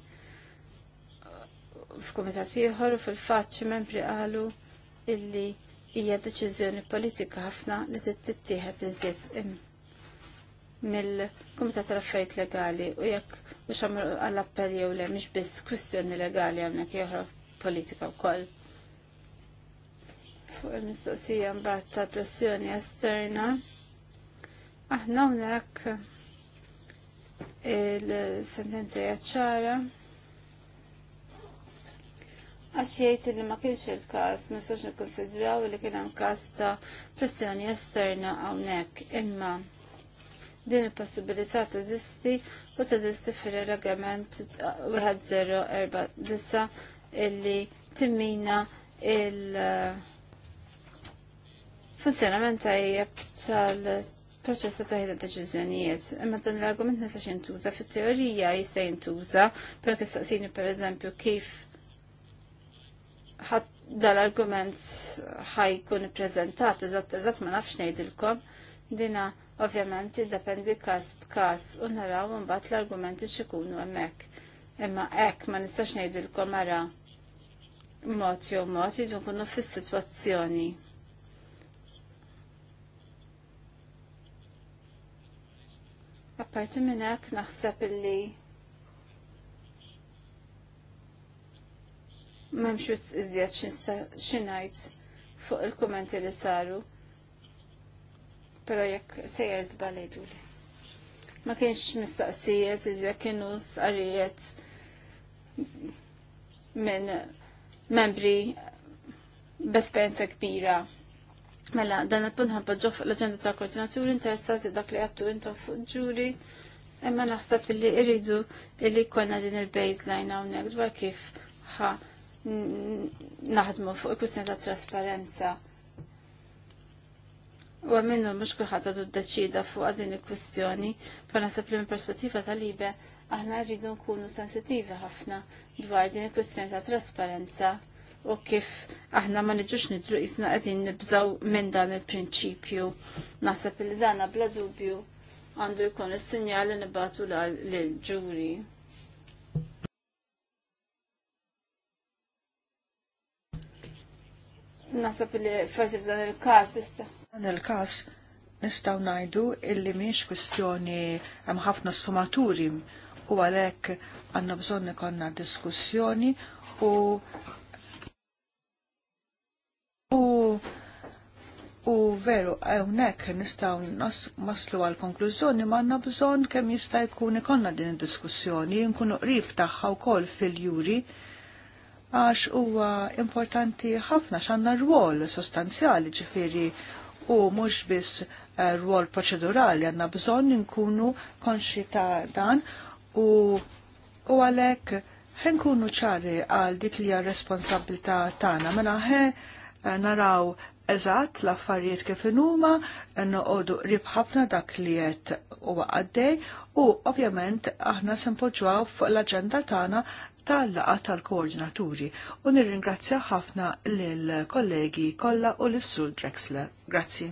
f'komitat ieħor u fil-fatt xi membri qalu illi hija deċiżjoni politika ħafna li tittieħed iżjed mill-Kumitat tal-Affarijiet Legali u jekk mhux għall-appell jew le mhix biss kwistjoni legali hawnhekk jeħra politika wkoll. Fuq il-mistoqsija mbagħad ta' pressjoni esterna. Aħna hawnhekk il-sentenza ċara. Għax jgħid li ma kienx il-każ, ma nistax nikkonsidraw li kien hemm każ ta' pressjoni esterna hawnhekk imma Din il-possibilità teżisti u teżisti fil-regament 1049 illi timmina il- funzjonament tajjeb tal-proċess ta' taħid deċiżjonijiet. Imma dan l-argument nistax jintuża fit-teorija jista' jintuża, però kistaqsini pereżempju kif dal-argument ħajkun ippreżentat eżatt eżatt ma nafx ngħidilkom dina Ovvjament jiddependi każ b'każ u naraw imbagħad l-argumenti x'ikunu hemmhekk. Imma hekk ma nistax ngħidilkom ara mod jew mod jiġu nkunu fis-sitwazzjoni. Apparti minn hekk naħseb illi m'hemmx iżjed x'ingħid fuq il-kumenti li saru pero jekk sejjer zbalejdu li. Ma kienx mistaqsijiet, iżja kienu sqarijiet minn membri b'esperjenza kbira. Mela, dan il-punt ħabba fuq l-agenda ta' koordinaturi interessati dak li għattu intom fuq ġuri, imma naħseb illi irridu illi konna din il-baseline hawnhekk dwar kif ħa naħdmu fuq il-kwistjoni ta' trasparenza U għamennu mux kullħat għadu d-deċida fuq għadin il-kwistjoni, pa nasab li minn perspettiva tal-libe, aħna rridu nkunu sensitivi ħafna dwar din il-kwistjoni ta' trasparenza u kif aħna ma nġuġ nidru jisna għadin nibżaw minn dan il-prinċipju. Nasab li dana bla dubju għandu jkun il-sinjali nibbatu l-ġuri. Nasab li forsi f'dan il-kas tista' Dan il-każ nistgħu ngħidu illi miex kustjoni hemm ħafna sfumaturi u għalhekk għandna bżonn ikollna diskussjoni u u veru hawnhekk nistgħu maslu għal konklużjoni ma għandna bżonn kemm jista' jkun ikollna din id-diskussjoni nkunu qrib tagħha wkoll fil-juri għax huwa importanti ħafna x'għandna rwol sostanzjali ġifiri u mhux biss eh, rwol proċedurali għandna bżonn inkunu konxi ta' dan u u għalhekk ħenkunu ċari għal dik li għal responsabilità tagħna mela ħe eh, naraw eżatt l-affarijiet kif inuma eh, noqogħdu qrib ħafna dak li qed huwa għaddej u ovvjament aħna npoġġaw fuq l-aġenda tagħna tal-laqa tal-koordinaturi u nirringrazzja ħafna lill kollegi kollha u l-Sul Drexler. Grazzi.